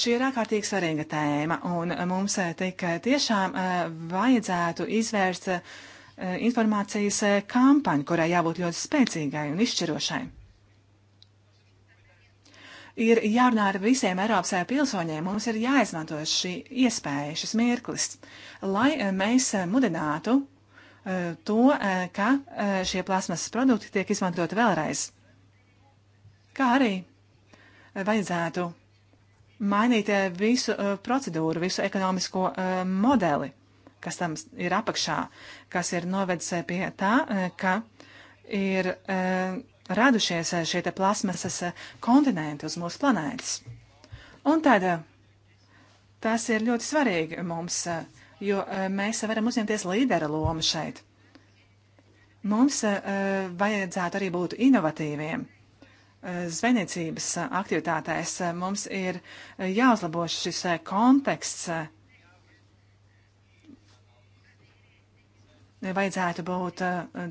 Šī ir ārkārtīgi svarīga tēma, un mums tik tiešām vajadzētu izvērst informācijas kampaņu, kurai jābūt ļoti spēcīgai un izšķirošai ir jārunā ar visiem Eiropas pilsoņiem. Mums ir jāizmanto šī iespēja, šis mirklis, lai mēs mudinātu Eh, to, eh, ka eh, šie plasmasas produkti tiek izmantoti vēlreiz. Kā arī vajadzētu mainīt visu procedūru, visu ekonomisko modeli, kas tam ir apakšā, kas ir novedis pie tā, ka ir radušies šie plasmasas kontinenti uz mūsu planētas. Un tad tas ir ļoti svarīgi mums jo e, mēs varam uzņemties līdera lomu šeit. Mums e, vajadzētu arī būt inovatīviem. E, zvejniecības aktivitātēs mums ir jāuzlabo šis konteksts. Vajadzētu būt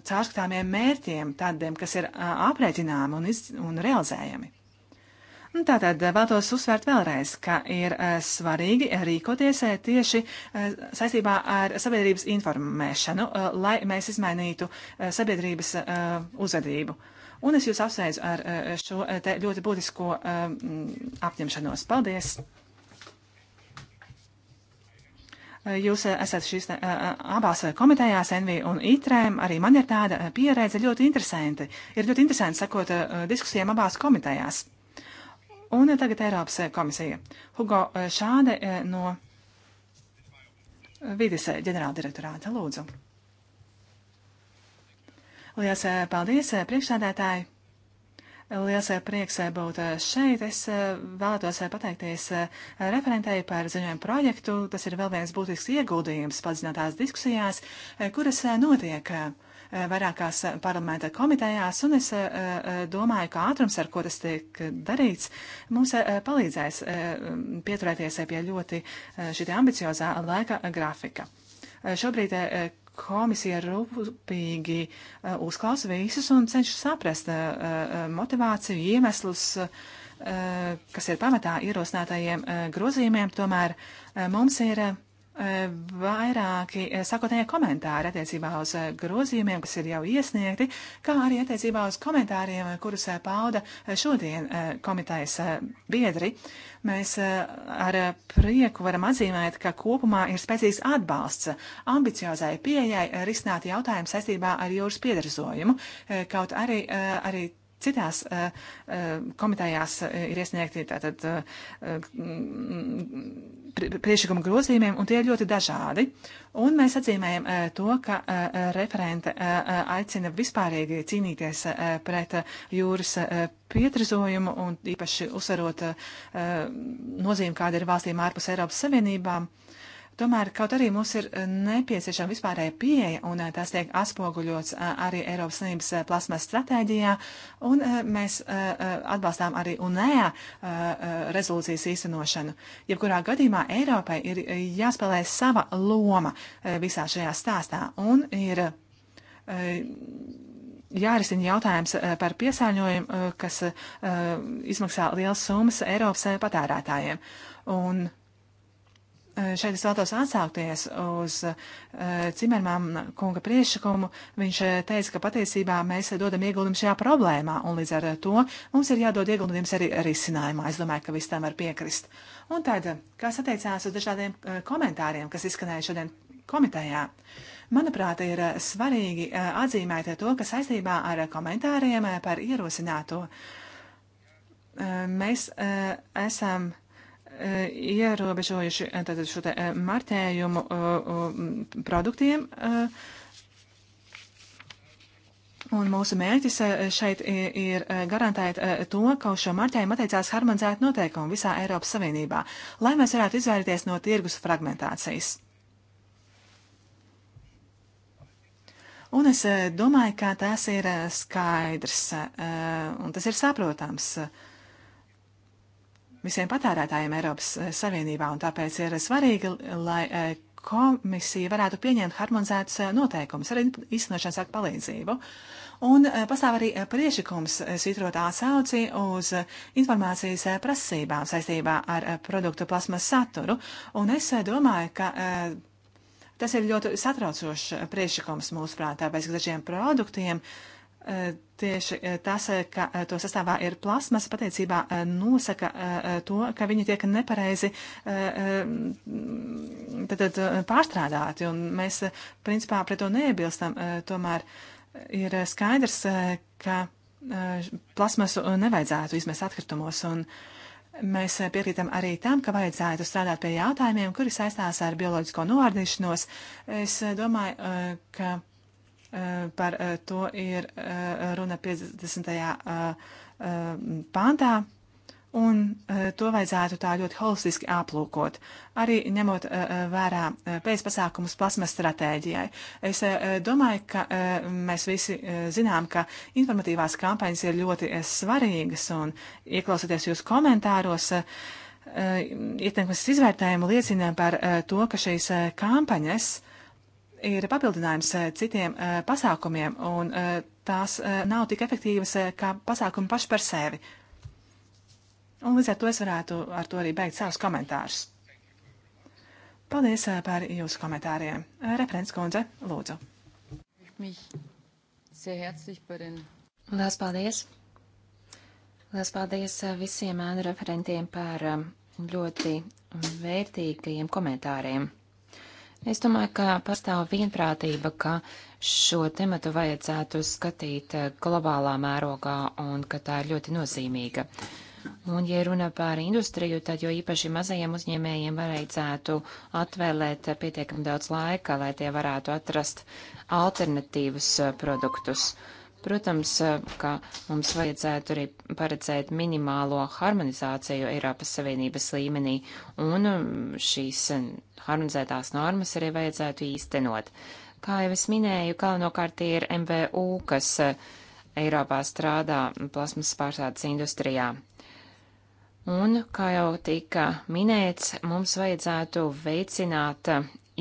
caurskatāmiem mērķiem, tādiem, kas ir aprēķināmi un, iz, un realizējami. Nu, tātad eh, vēlos uzsvērt vēlreiz, ka ir eh, svarīgi eh, rīkoties tieši saistībā ar sabiedrības informēšanu, lai mēs izmainītu sabiedrības uzvedību. Un es jūs apsveicu ar šo ļoti būtisko apņemšanos. Paldies! Jūs esat šīs abās komitejās, NV un ITRēm. Arī man ir tāda pieredze ļoti interesanti. Ir ļoti interesanti sakot diskusijām abās komitejās. Un tagad Eiropas eh, komisija. Hugo eh, Šāde eh, no vides ģenerāldirektorāta lūdzu. Lielas paldies, priekšsādētāji! Liels prieks būt šeit. Es vēlētos pateikties referentēji par ziņojumu projektu. Tas ir vēl viens būtisks ieguldījums padziļinātās diskusijās, kuras notiek Eh, vairākās parlamenta komitejās, un es eh, eh, domāju, ka ātrums, ar ko tas tiek darīts, mums palīdzēs pieturēties pie ļoti šī ambiciozā laika grafika. Šobrīd komisija rūpīgi uzklausa visus un cenšas saprast motivāciju, iemeslus, kas ir pamatā ierosinātajiem grozījumiem. Tomēr mums ir E, vairāki e, sakotnie komentāri attiecībā uz e, grozījumiem, kas ir jau iesniegti, kā arī attiecībā uz komentāriem, kurus pauda šodien komitejas biedri. Mēs ar prieku varam atzīmēt, ka kopumā ir spēcīgs atbalsts ambiciozai pieejai risināt jautājumu saistībā ar jūras piedarzojumu, kaut arī, arī citās eh, eh, komitējās eh, ir iesniegti tātad priekšlikuma grozījumiem, un tie ir ļoti dažādi. Un mēs atzīmējam to, ka referente aicina vispārīgi cīnīties pret jūras pietrizojumu un īpaši uzsverot nozīmi, kāda ir valstīm ārpus Eiropas Savienībām. Uh, Tomēr, kaut arī mums ir eh, nepieciešama vispārēja pieeja, un eh, tās tiek atspoguļots eh, arī Eiropas Savienības plasmas stratēģijā, un mēs atbalstām arī UNEA rezolūcijas īstenošanu. Jebkurā gadījumā Eiropai ir jāspēlē sava loma visā šajā stāstā, un ir jārisina jautājums par piesārņojumu, kas izmaksā liels summas Eiropas patērētājiem. Un šeit es vēlos atsaukties uz eh, Cimermāna kunga priekšsakumu. Viņš eh, teica, ka patiesībā mēs dodam ieguldījumu šajā problēmā, un līdz ar to mums ir jādod ieguldījums arī risinājumā. Es domāju, ka viss tam var piekrist. Un tad, kas attiecās uz dažādiem eh, komentāriem, kas izskanēja šodien komitejā, manuprāt, ir svarīgi atzīmēt to, ka saistībā ar komentāriem par ierosināto mēs esam. Uh, ierobežojuši eh, tātad šo te eh, marķējumu eh, produktiem. Un mūsu mērķis šeit ir garantēt to, ka uz šo marķējumu attiecās harmonizēt noteikumu visā Eiropas Savienībā, lai mēs varētu izvairīties no tirgus fragmentācijas. Un es domāju, ka tas ir skaidrs un tas ir saprotams. Uh, visiem patērētājiem Eiropas eh, Savienībā, un tāpēc ir svarīgi, lai eh, komisija varētu pieņemt harmonizētas eh, noteikumus ar izsnošanas aktu palīdzību. Un pastāv arī priešakums svitrot atsauci uz informācijas prasībām saistībā ar produktu plasmas saturu, un es domāju, ka tas ir ļoti satraucošs priešakums mūsuprāt, tāpēc, ka dažiem produktiem uh, Eh, tieši eh, tas, eh, ka to sastāvā ir plasmas, patiecībā nosaka to, ka viņi tiek nepareizi tad, tad, pārstrādāti, un mēs principā pret to neiebilstam. Tomēr ir skaidrs, ka plasmasu nevajadzētu izmest atkritumos, un mēs piekrītam arī tam, ka vajadzētu strādāt pie jautājumiem, kuri saistās ar bioloģisko noārdīšanos. Es domāju, ka Eh, par eh, to ir eh, runa 50. pāntā, un to vajadzētu tā ļoti holistiski aplūkot, arī ņemot vērā pēcpasākumus plasmas stratēģijai. Es domāju, ka mēs visi zinām, ka informatīvās kampaņas ir ļoti svarīgas, un ieklausoties jūsu komentāros, ietekmes izvērtējumu liecina par to, ka šīs kampaņas uh, ir papildinājums eh, citiem eh, pasākumiem, un eh, tās nav tik efektīvas kā pasākumi paši par sevi. Un līdz ar to es varētu ar to arī beigt savus komentārus. Paldies par jūsu komentāriem. Referents kundze, lūdzu. Lielas paldies. Lielas paldies visiem ēnu referentiem par ļoti vērtīgajiem komentāriem. Es domāju, ka pastāv vienprātība, ka šo tematu vajadzētu skatīt eh, globālā mērogā un ka tā ir ļoti nozīmīga. Un, ja runa par industriju, tad jo īpaši mazajiem uzņēmējiem vajadzētu atvēlēt eh, pietiekami daudz laika, lai tie varētu atrast alternatīvus eh, produktus. Uh, Protams, eh, ka mums vajadzētu arī paredzēt minimālo harmonizāciju Eiropas Savienības līmenī, un um, šīs eh, harmonizētās normas arī vajadzētu īstenot. Kā jau es minēju, galvenokārt ir MVU, kas eh, Eiropā strādā plasmas pārstrādes industrijā. Un, kā jau tika minēts, mums vajadzētu veicināt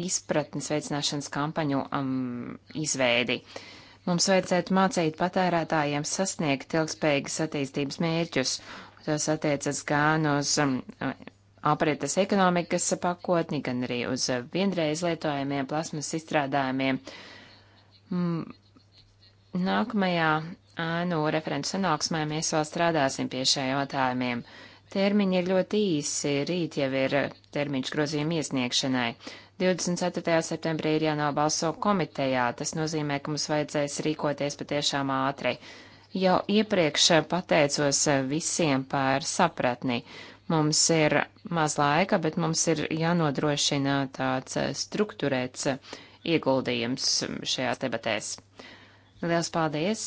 izpratnes veicināšanas kampaņu um, izveidi. Uh, Mums vajadzētu mācīt patērētājiem sasniegt ilgspējīgas attīstības mērķus. Tas attiecas gan uz um, aprietas ekonomikas pakotni, gan arī uz vienreiz lietojamiem plasmas izstrādājumiem. Mm, nākamajā ēnu referentu sanāksmē mēs vēl strādāsim pie šiem jautājumiem. Termiņi ir ļoti īsi, rīt jau ir termiņš grozījuma iesniegšanai. 24. septembrī ir jānobalso komitejā. Tas nozīmē, ka mums vajadzēs rīkoties patiešām ātri. Jau iepriekš pateicos visiem par sapratni. Mums ir maz laika, bet mums ir jānodrošina tāds struktūrēts ieguldījums šajās debatēs. Liels paldies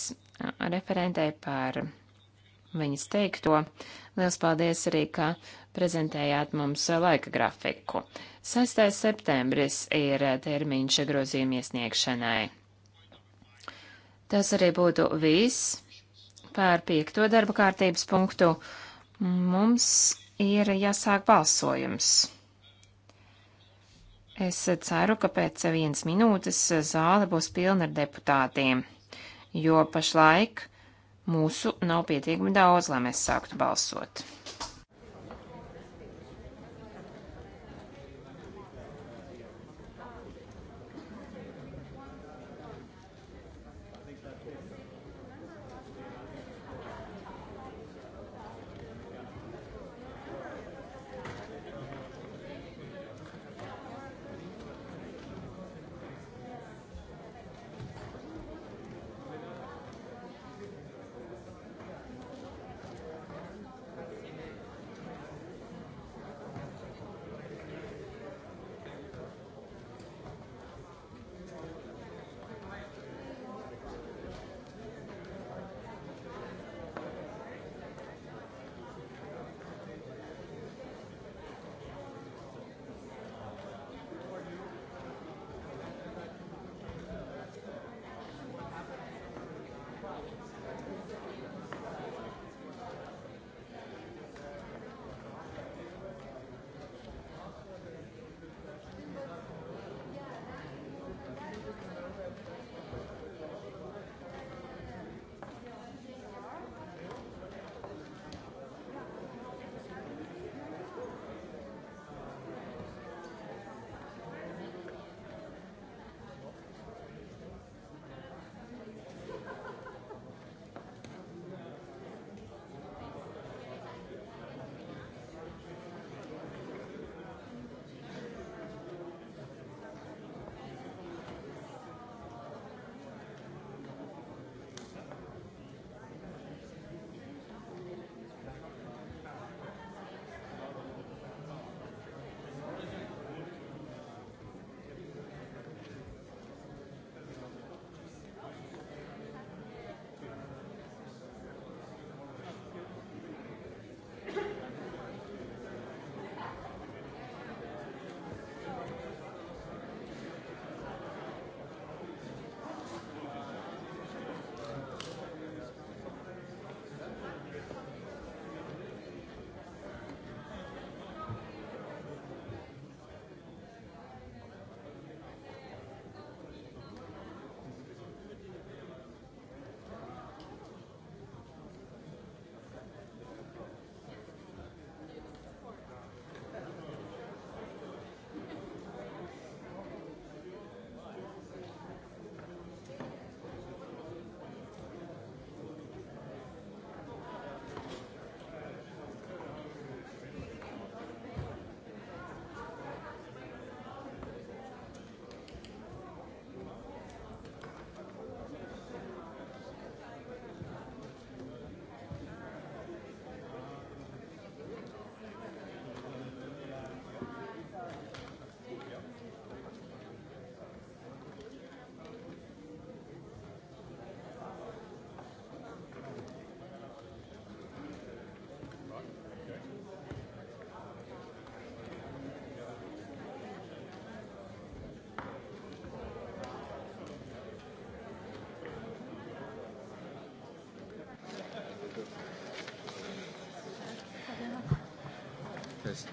referentei par viņas teikto. Liels paldies arī, ka prezentējāt mums laika grafiku. 6. septembris ir termiņš grozījuma iesniegšanai. Tas arī būtu viss par piekto darba kārtības punktu. Mums ir jāsāk balsojums. Es ceru, ka pēc vienas minūtes zāle būs pilna ar deputātiem, jo pašlaik mūsu nav pietiekami daudz, lai mēs sāktu balsot.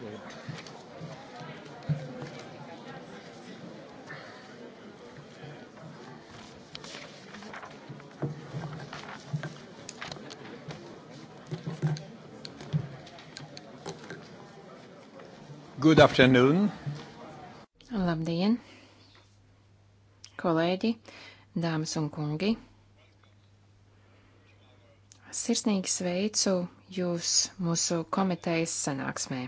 good. Good afternoon. Labdien, kolēģi, dāmas un kungi. Sirsnīgi sveicu jūs mūsu komitejas sanāksmē.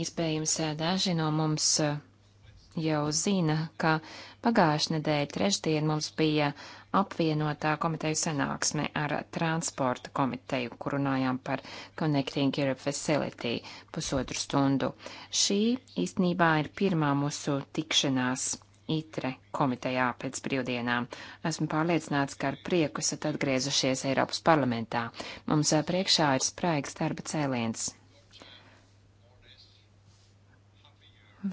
Iespējams, eh, daži no mums eh, jau zina, ka pagājušajā nedēļā trešdien mums bija apvienotā komiteju sanāksme ar transporta komiteju, kur runājām par Connecting Europe Facility pusotru stundu. Šī īstenībā ir pirmā mūsu tikšanās ITRE komitejā pēc brīvdienām. Esmu pārliecināts, ka ar prieku esat atgriezušies Eiropas parlamentā. Mums eh, priekšā ir spraigs darba cēliens.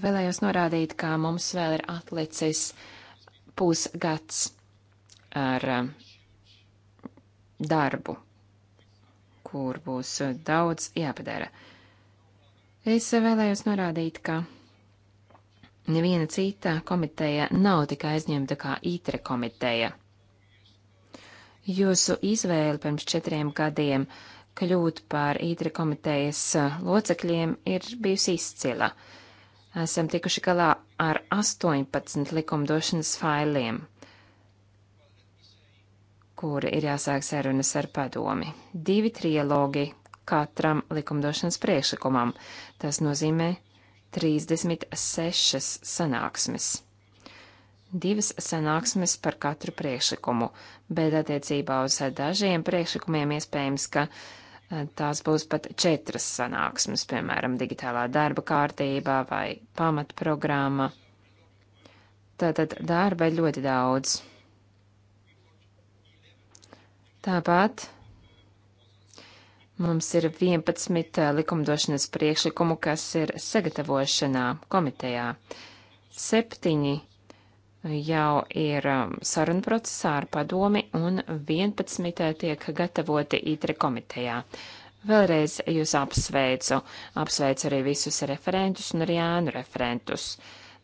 Vēlējos norādīt, ka mums vēl ir atlicis pusgads ar um, darbu, kur būs daudz jāpadara. Es vēlējos norādīt, ka neviena cita komiteja nav tik aizņemta kā ITRE komiteja. Jūsu izvēle pirms četriem gadiem kļūt par ITRE komitejas locekļiem ir bijusi izcila. Uh, esam tikuši galā ar 18 likumdošanas failiem, kuri ir jāsāk sarunas ar padomi. Divi trilogi katram likumdošanas priekšlikumam. Tas nozīmē 36 sanāksmes. Divas sanāksmes par katru priekšlikumu, bet attiecībā uz dažiem priekšlikumiem iespējams, ka uh, Tās būs pat četras sanāksmes, piemēram, digitālā darba kārtībā vai pamatprogramma. Tātad darba ir ļoti daudz. Tāpat mums ir 11 eh, likumdošanas priekšlikumu, kas ir sagatavošanā komitejā. Septiņi jau ir um, saruna procesā ar padomi un 11. tiek gatavoti ITRE komitejā. Vēlreiz jūs apsveicu, apsveicu arī visus referentus un arī ēnu referentus.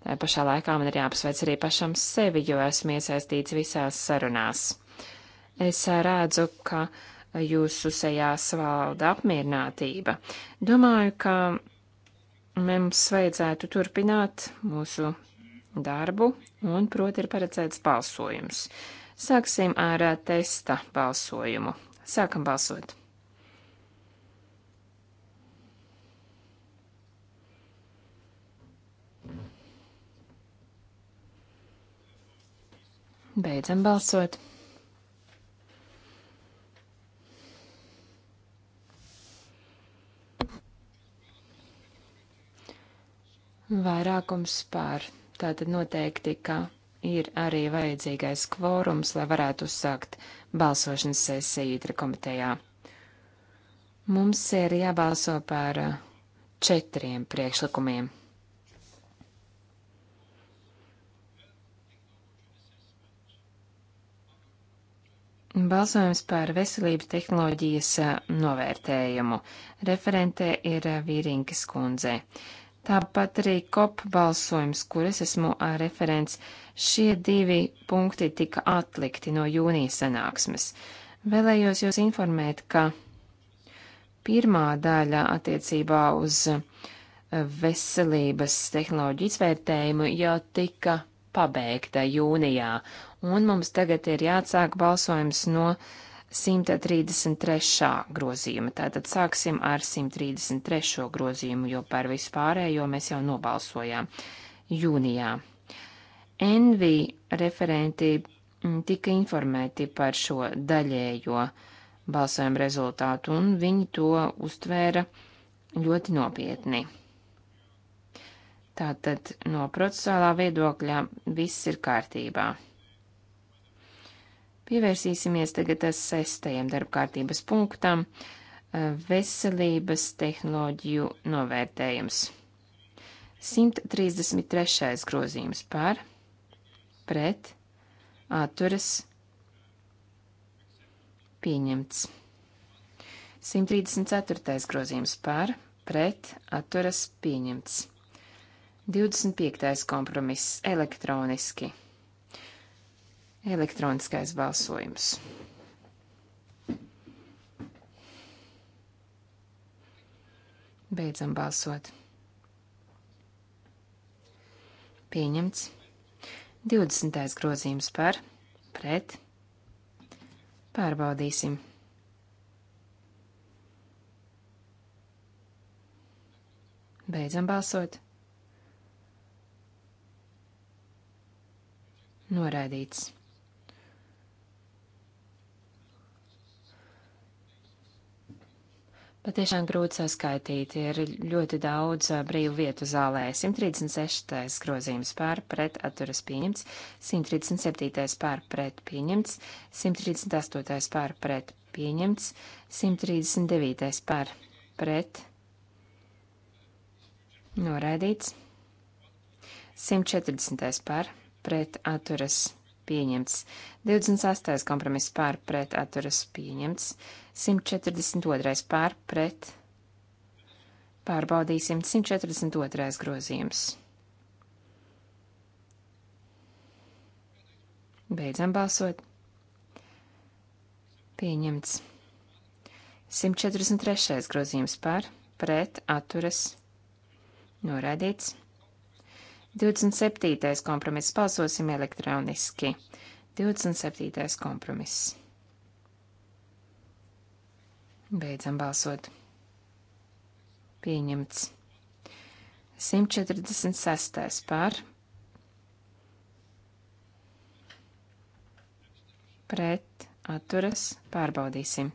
Tā pašā laikā man ir jāapsveic arī pašam sevi, jo esmu iesaistīts visās sarunās. Es uh, redzu, ka jūsu sejās valda apmierinātība. Domāju, ka mums vajadzētu turpināt mūsu darbu, un proti ir paredzēts balsojums. Sāksim ar testa balsojumu. Sākam balsot. Beidzam balsot. Vairākums pār Tātad noteikti, ka ir arī vajadzīgais kvorums, lai varētu uzsākt balsošanas sesiju itra komitejā. Mums ir jābalso par uh, četriem priekšlikumiem. Balsojums par veselības tehnoloģijas uh, novērtējumu. Referente ir uh, Vīrinkas kundze. Tāpat arī kop balsojums, kur es esmu referents, šie divi punkti tika atlikti no jūnijas sanāksmes. Vēlējos jūs informēt, ka pirmā daļa attiecībā uz veselības tehnoloģiju izvērtējumu jau tika pabeigta jūnijā, un mums tagad ir jāatsāk balsojums no uh, 133. grozījuma. Tātad sāksim ar 133. grozījumu, jo par visu pārējo mēs jau nobalsojām jūnijā. Envi referenti mm, tika informēti par šo daļējo balsojumu rezultātu, un viņi to uztvēra ļoti nopietni. Tātad no procesuālā viedokļa viss ir kārtībā. Pievērsīsimies tagad sestajam darbkārtības punktam - veselības tehnoloģiju novērtējums. 133. grozījums par, pret, atturas, pieņemts. 134. grozījums par, pret, atturas, pieņemts. 25. kompromiss elektroniski elektroniskais balsojums. Beidzam balsot. Pieņemts. 20. grozījums par, pret. Pārbaudīsim. Beidzam balsot. Noraidīts. Patiešām grūti saskaitīt, ir ļoti daudz brīvu vietu zālē. 136. grozījums pār pret atturas pieņemts, 137. pār pret pieņemts, 138. pār pret pieņemts, 139. pār pret noraidīts, 140. pār pret atturas pieņemts pieņemts. 28. kompromiss pār pret atturas pieņemts. 142. pār pret pārbaudīsim 142. grozījums. Beidzam balsot. Pieņemts. 143. grozījums pār pret atturas noraidīts. 27. kompromiss. Balsosim elektroniski. 27. kompromiss. Beidzam balsot. Pieņemts. 146. pār. Pret atturas pārbaudīsim.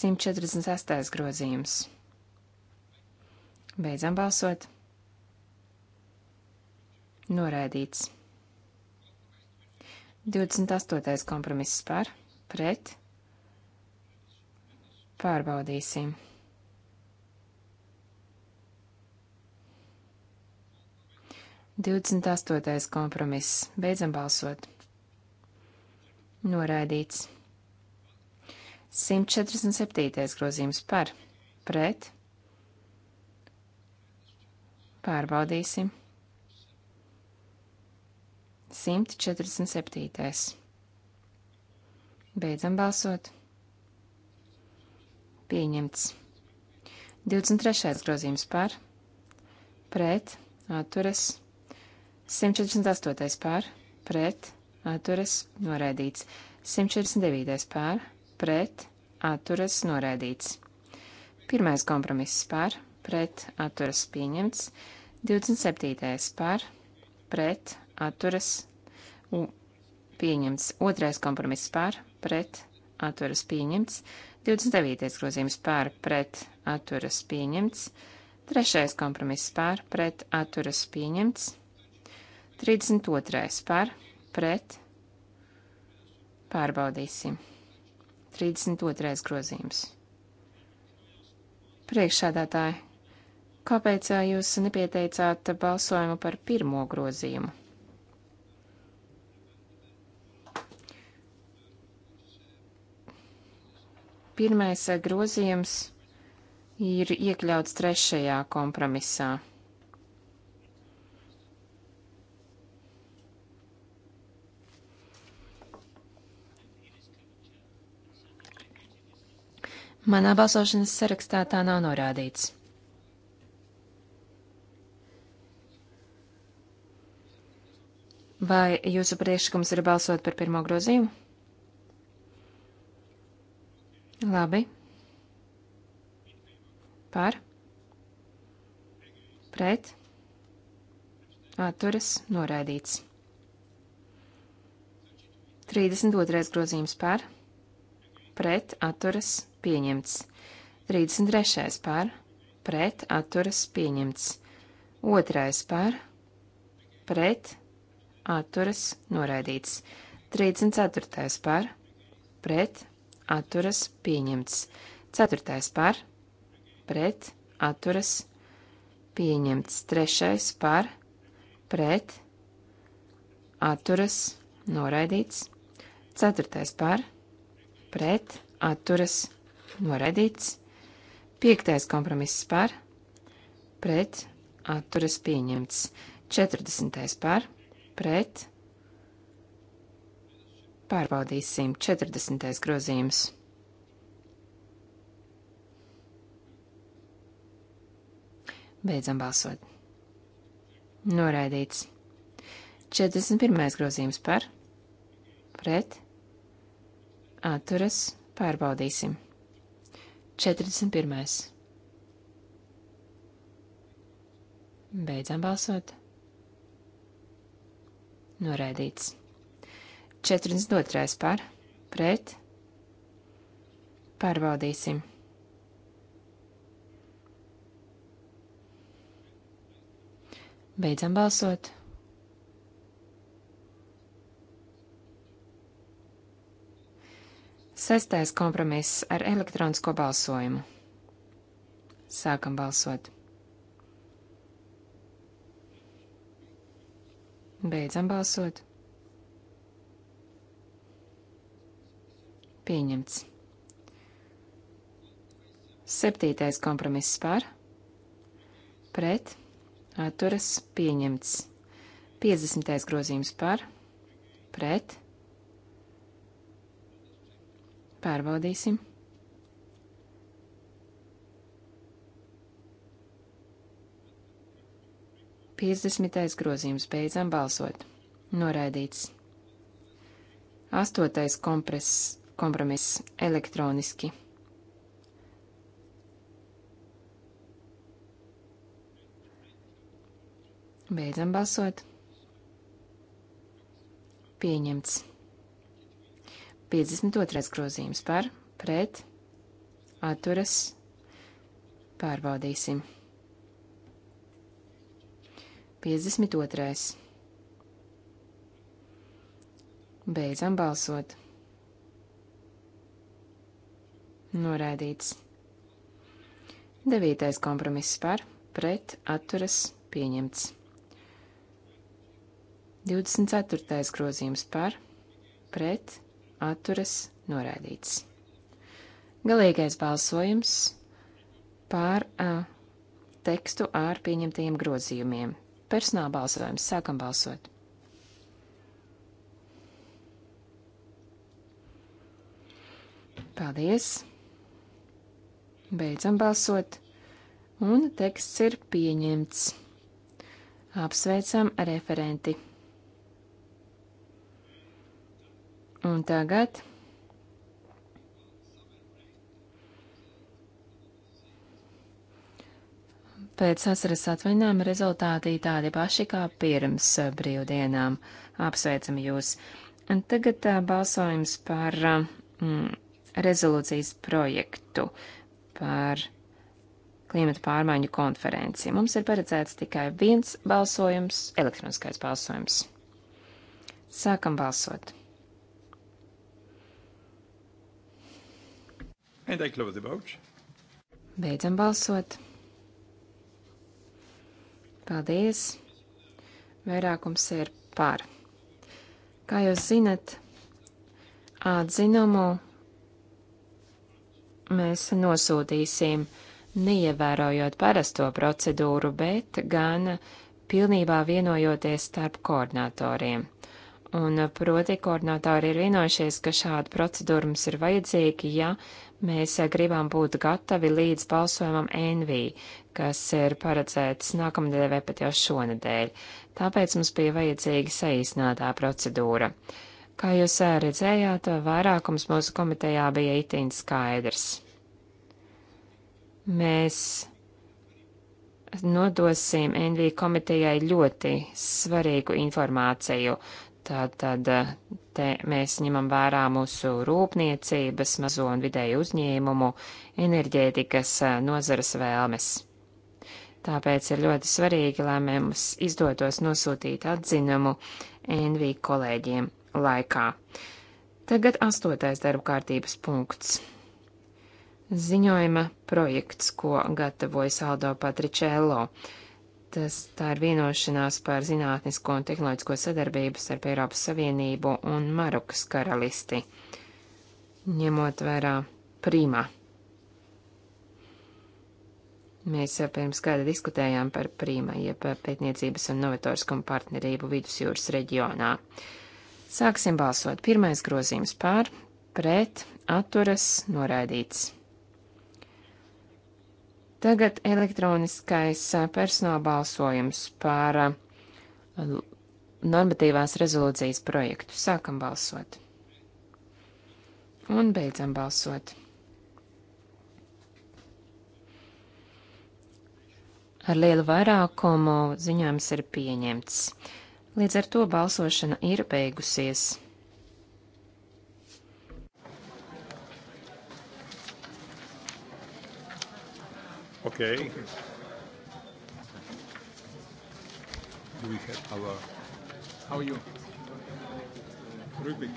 146. grozījums. Beidzam balsot. Noraidīts. 28. kompromiss par, pret. Pārbaudīsim. Divdesmit astotais kompromiss. Beidzam balsot. Noraidīts. 147. grozījums par, pret. Pārbaudīsim. 147. Beidzam balsot. Pieņemts. 23. grozījums par, pret, atturas, 148. par, pret, atturas, noraidīts, 149. par, pret, atturas, noraidīts. Pirmais kompromiss par, pret, atturas, pieņemts, 27. par, pret, atturas pieņemts. Otrais kompromiss par, pret, atturas pieņemts. 29. grozījums par, pret, atturas pieņemts. Trešais kompromiss par, pret, atturas pieņemts. 32. par, pret, pārbaudīsim. 32. grozījums. Priekšsādātāji, kāpēc jūs nepieteicāt balsojumu par pirmo grozījumu? Pirmais eh, grozījums ir iekļauts trešajā kompromisā. Manā balsošanas sarakstā tā nav norādīts. Vai jūsu priekšlikums ir balsot par pirmo grozījumu? Labi. Par. Pret. Atturas noraidīts. 32. grozījums par. Pret. Atturas pieņemts. 33. par. Pret. Atturas pieņemts. 2. par. Pret. Atturas noraidīts. 34. par. Pret atturas pieņemts. Ceturtais par, pret, atturas pieņemts. Trešais par, pret, atturas noraidīts. Ceturtais par, pret, atturas noraidīts. Piektais kompromiss par, pret, atturas pieņemts. Četrdesmitais par, pret, atturas pieņemts Pārbaudīsim 40. grozījums. Beidzam balsot. Noraidīts. 41. grozījums par, pret, atturas, pārbaudīsim. 41. Beidzam balsot. Noraidīts. 42. par, pret, pārbaudīsim. Beidzam balsot. Sestais kompromiss ar elektronisko balsojumu. Sākam balsot. Beidzam balsot. Pieņemts. Septītais kompromiss par, pret, atturas, pieņemts. 50. grozījums par, pret, pārbaudīsim. Piecdesmitais grozījums beidzam balsot. Noraidīts. Astotais kompress, kompromiss elektroniski. Beidzam balsot. Pieņemts. 52. grozījums par, pret, atturas, pārbaudīsim. 52. Beidzam balsot. Noraidīts. Devītais kompromiss par, pret, atturas, pieņemts. 24. grozījums par, pret, atturas, noraidīts. Galīgais balsojums par uh, tekstu ar pieņemtajiem grozījumiem. Personāla balsojums. Sākam balsot. Paldies! Beidzam balsot. Un teksts ir pieņemts. Apsveicam referenti. Un tagad. Pēc vasaras atvaļinājuma rezultāti tādi paši kā pirms brīvdienām. Apsveicam jūs. Un tagad uh, balsojums par mm, rezolūcijas projektu par klimata pārmaiņu konferenci. Mums ir paredzēts tikai viens balsojums, elektroniskais balsojums. Sākam balsot. Beidzam balsot. Paldies! Vairākums ir par. Kā jūs zinat, atzinumu mēs nosūtīsim neievērojot parasto procedūru, bet gan pilnībā vienojoties starp koordinatoriem. Un proti koordinatori ir vienojušies, ka šāda procedūra mums ir vajadzīga, ja mēs gribam būt gatavi līdz balsojumam NV, kas ir paredzēts nākamnedēļ vai pat jau šonadēļ. Tāpēc mums bija vajadzīga saīsnātā procedūra. Kā jūs redzējāt, vairākums mūsu komitejā bija itin skaidrs. Mēs nodosim NV komitejai ļoti svarīgu informāciju. Tātad eh, te mēs ņemam vērā mūsu rūpniecības, mazo un vidēju uzņēmumu, enerģētikas eh, nozaras vēlmes. Tāpēc ir ļoti svarīgi, lai mums izdotos nosūtīt atzinumu NV kolēģiem laikā. Tagad astotais darba kārtības punkts ziņojuma projekts, ko gatavojas Aldo Patričello. Tas tā ir vienošanās par zinātnisko un tehnoloģisko sadarbību starp Eiropas Savienību un Marokas karalisti, ņemot vērā prīmā. Mēs pirms gada diskutējām par prīmā, jeb pētniecības un novatoriskumu partnerību vidusjūras reģionā. Sāksim balsot. Pirmais grozījums pār, pret, atturas, noraidīts. Tagad elektroniskais personāla balsojums par normatīvās rezolūcijas projektu. Sākam balsot. Un beidzam balsot. Ar lielu vairākumu ziņojums ir pieņemts. Līdz ar to balsošana ir beigusies. Okay. Do we have our... How are you? Rubik.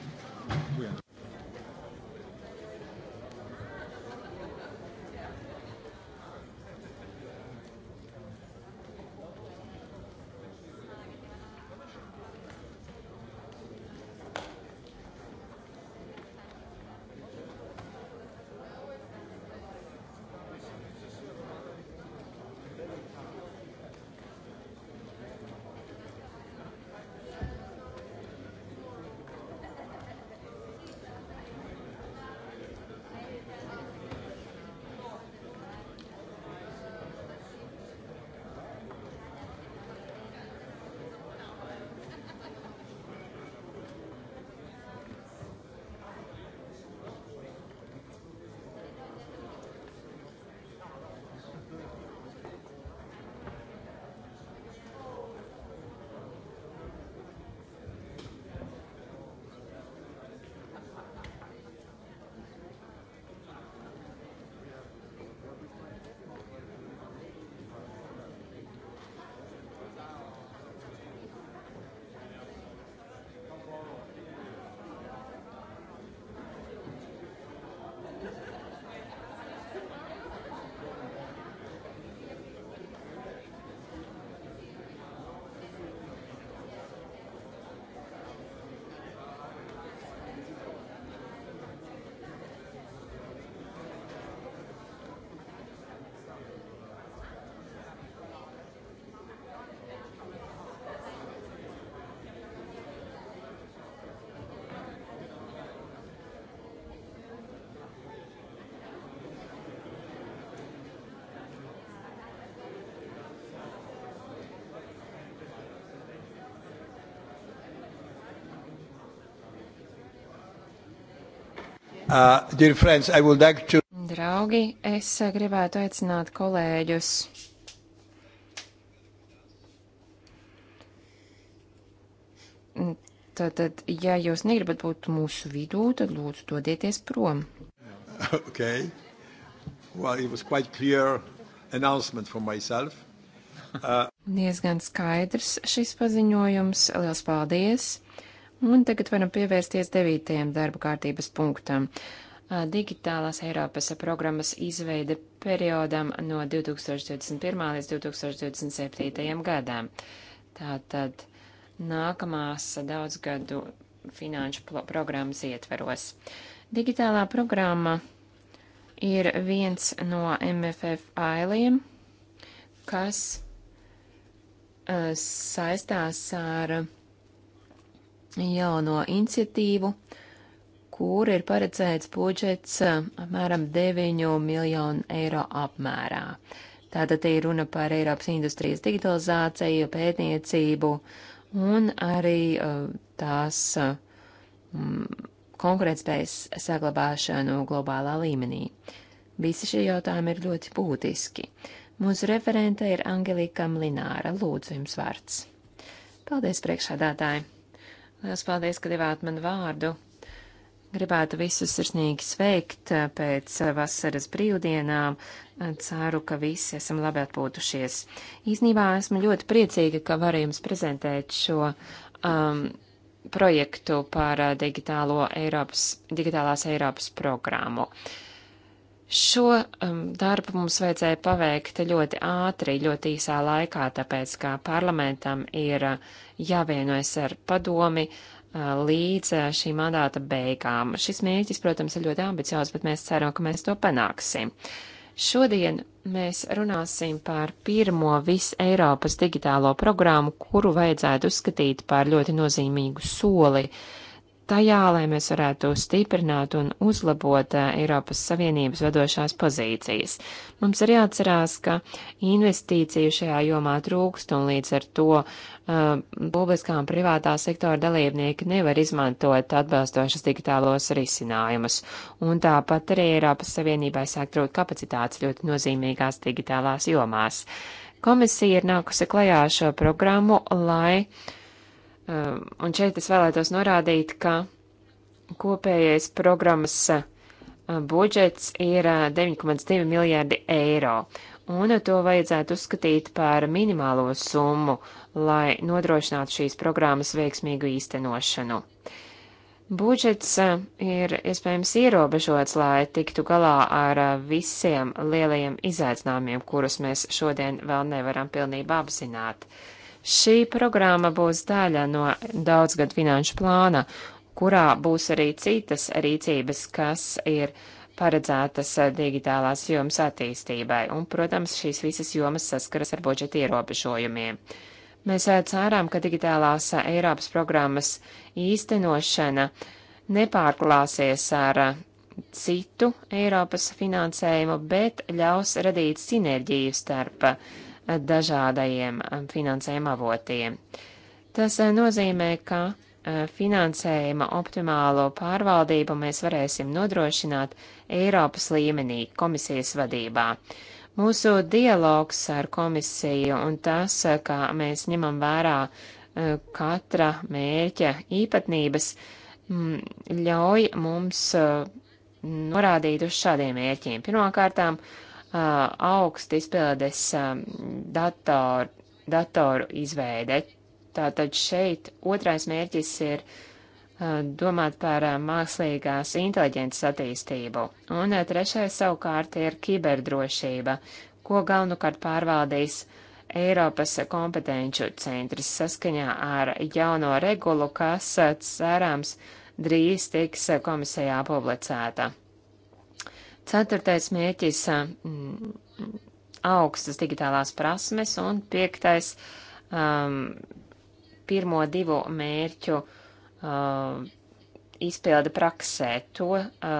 Uh, dear friends, I would like to... Draugi, es gribētu aicināt kolēģus. Tātad, ja jūs negribat būt mūsu vidū, tad lūdzu dodieties prom. *laughs* Okay. Well, it was quite clear announcement for myself. Uh... Diezgan skaidrs šis paziņojums. Liels paldies! Uh, Un tagad varam pievērsties devītajam darba kārtības punktam. Digitālās Eiropas programmas izveide periodam no 2021. līdz 2027. gadam. Tātad nākamās daudzgadu finanšu programmas ietveros. Digitālā programma ir viens no MFF ailiem, kas uh, saistās ar uh, jauno iniciatīvu, kur ir paredzēts budžets eh, apmēram 9 miljonu eiro apmērā. Tātad ir runa par Eiropas industrijas digitalizāciju, pētniecību un arī eh, tās eh, konkurētspējas saglabāšanu globālā līmenī. Visi šie jautājumi ir ļoti būtiski. Mūsu referente ir Angelika Mlināra. Lūdzu, jums vārds. Paldies, priekšādātāji! Lielas paldies, ka devāt man vārdu. Gribētu visus sirsnīgi sveikt eh, pēc eh, vasaras brīvdienām. Eh, ceru, ka visi esam labi atpūtušies. Īsnībā esmu ļoti priecīga, ka varu jums prezentēt šo um, projektu par digitālo Eiropas, digitālās Eiropas programmu. Uh, Šo um, darbu mums vajadzēja paveikt ļoti ātri, ļoti īsā laikā, tāpēc, ka parlamentam ir uh, jāvienojas ar padomi uh, līdz uh, šī mandāta beigām. Šis mērķis, protams, ir ļoti ambiciozs, bet mēs ceram, ka mēs to panāksim. Šodien mēs runāsim par pirmo visu Eiropas digitālo programmu, kuru vajadzētu uzskatīt par ļoti nozīmīgu soli uh, tajā, lai mēs varētu stiprināt un uzlabot eh, Eiropas Savienības vadošās pozīcijas. Mums ir jāatcerās, ka investīciju šajā jomā trūkst un līdz ar to uh, publiskā un privātā sektora dalībnieki nevar izmantot atbilstošas digitālos risinājumus. Un tāpat arī Eiropas Savienībai sāk trūkt kapacitātes ļoti nozīmīgās digitālās jomās. Komisija ir nākusi klajā šo programmu, lai uh, Um, un šeit es vēlētos norādīt, ka kopējais programmas uh, budžets ir 9,2 uh, miljārdi eiro, un to vajadzētu uzskatīt par minimālo summu, lai nodrošinātu šīs programmas veiksmīgu īstenošanu. Budžets uh, ir iespējams ierobežots, lai tiktu galā ar visiem lielajiem izaicinājumiem, kurus mēs šodien vēl nevaram pilnībā apzināt. Uh, Šī programma būs daļa no daudzgad finanšu plāna, kurā būs arī citas rīcības, kas ir paredzētas digitālās jomas attīstībai, un, protams, šīs visas jomas saskaras ar budžeta ierobežojumiem. Mēs eh, cerām, ka digitālās eh, Eiropas programmas īstenošana nepārklāsies ar eh, citu Eiropas finansējumu, bet ļaus radīt sinerģiju starp uh, dažādajiem eh, finansējuma avotiem. Tas eh, nozīmē, ka eh, finansējuma optimālo pārvaldību mēs varēsim nodrošināt Eiropas līmenī komisijas vadībā. Mūsu dialogs ar komisiju un tas, kā mēs ņemam vērā katra mērķa īpatnības, mm, ļauj mums norādīt uz šādiem mērķiem. Pirmkārtām, augsta izpildes datoru, datoru izveide. Tātad šeit otrais mērķis ir domāt par mākslīgās inteliģences attīstību. Un trešais savukārt ir kiberdrošība, ko galvenokārt pārvaldīs Eiropas kompetenču centrs saskaņā ar jauno regulu, kas cerams drīz tiks komisijā publicēta. Ceturtais mērķis - mm, augstas digitālās prasmes, un piektais um, - pirmo divu mērķu uh, izpilda praksē. To uh,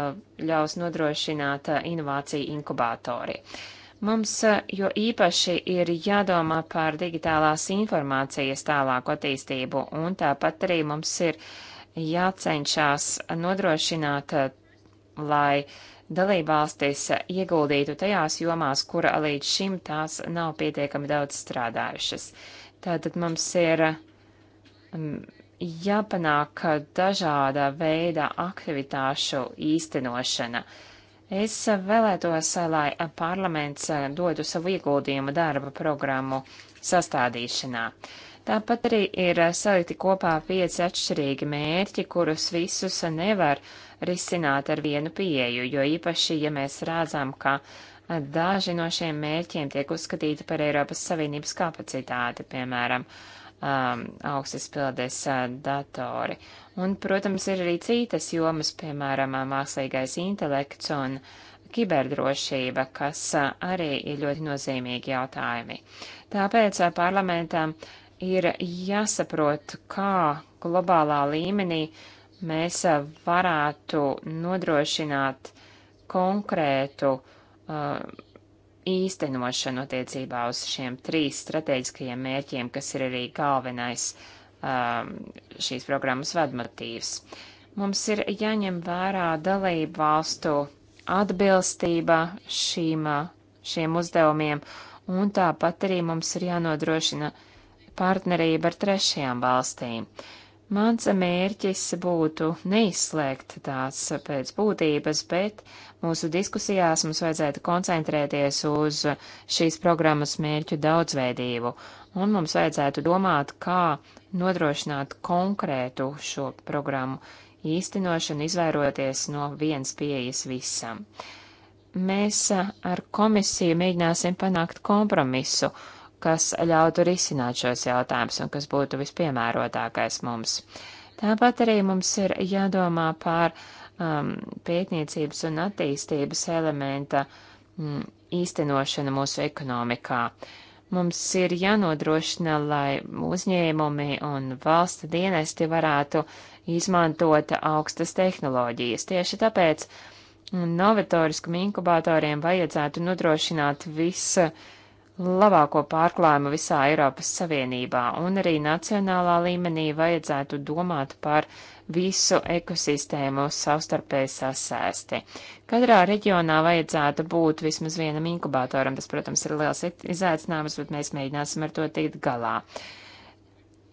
ļaus nodrošināt uh, inovāciju inkubātori. Mums uh, jo īpaši ir jādomā par digitālās informācijas tālāku attīstību, un tāpat arī mums ir jācenšas nodrošināt, uh, lai uh, dalībvalstis ieguldītu tajās jomās, kura līdz šim tās nav pietiekami daudz strādājušas. Tātad mums ir mm, jāpanāk dažāda veida aktivitāšu īstenošana. Es vēlētos, lai parlaments dotu savu ieguldījumu darba programmu sastādīšanā. Tāpat arī ir salikti kopā pieci atšķirīgi mērķi, kurus visus nevar uh, risināt ar vienu pieeju, jo īpaši, ja mēs rādzām, ka daži no šiem mērķiem tiek uzskatīti par Eiropas Savienības kapacitāti, piemēram, um, augstspildes uh, datori. Un, protams, ir arī citas jomas, piemēram, uh, mākslīgais intelekts un kiberdrošība, kas uh, arī ir ļoti nozīmīgi jautājumi. Tāpēc uh, parlamentam ir jāsaprot, kā globālā līmenī uh, mēs varētu nodrošināt konkrētu uh, īstenošanu attiecībā uz šiem trīs strateģiskajiem mērķiem, kas ir arī galvenais um, šīs programmas vadmotīvs. Mums ir jāņem vērā dalību valstu atbilstība šīm, šiem uzdevumiem, un tāpat arī mums ir jānodrošina partnerība ar trešajām valstīm. Uh, Mans mērķis būtu neizslēgt tās pēc būtības, bet mūsu diskusijās mums vajadzētu koncentrēties uz šīs programmas mērķu daudzveidību, un mums vajadzētu domāt, kā nodrošināt konkrētu šo programmu īstenošanu, izvairoties no vienas pieejas visam. Mēs ar komisiju mēģināsim panākt kompromisu kas ļautu risināt šos jautājumus un kas būtu vispiemērotākais mums. Tāpat arī mums ir jādomā par um, pētniecības un attīstības elementa mm, īstenošanu mūsu ekonomikā. Mums ir jānodrošina, lai uzņēmumi un valsta dienesti varētu izmantot augstas tehnoloģijas. Tieši tāpēr novatoriskiem inkubatoriem vajadzētu nodrošināt visa labāko pārklājumu visā Eiropas Savienībā, un arī nacionālā līmenī vajadzētu domāt par visu ekosistēmu savstarpēji sasēsti. Katrā reģionā vajadzētu būt vismaz vienam inkubatoram. Tas, protams, ir liels izaicinājums, bet mēs mēģināsim ar to tikt galā.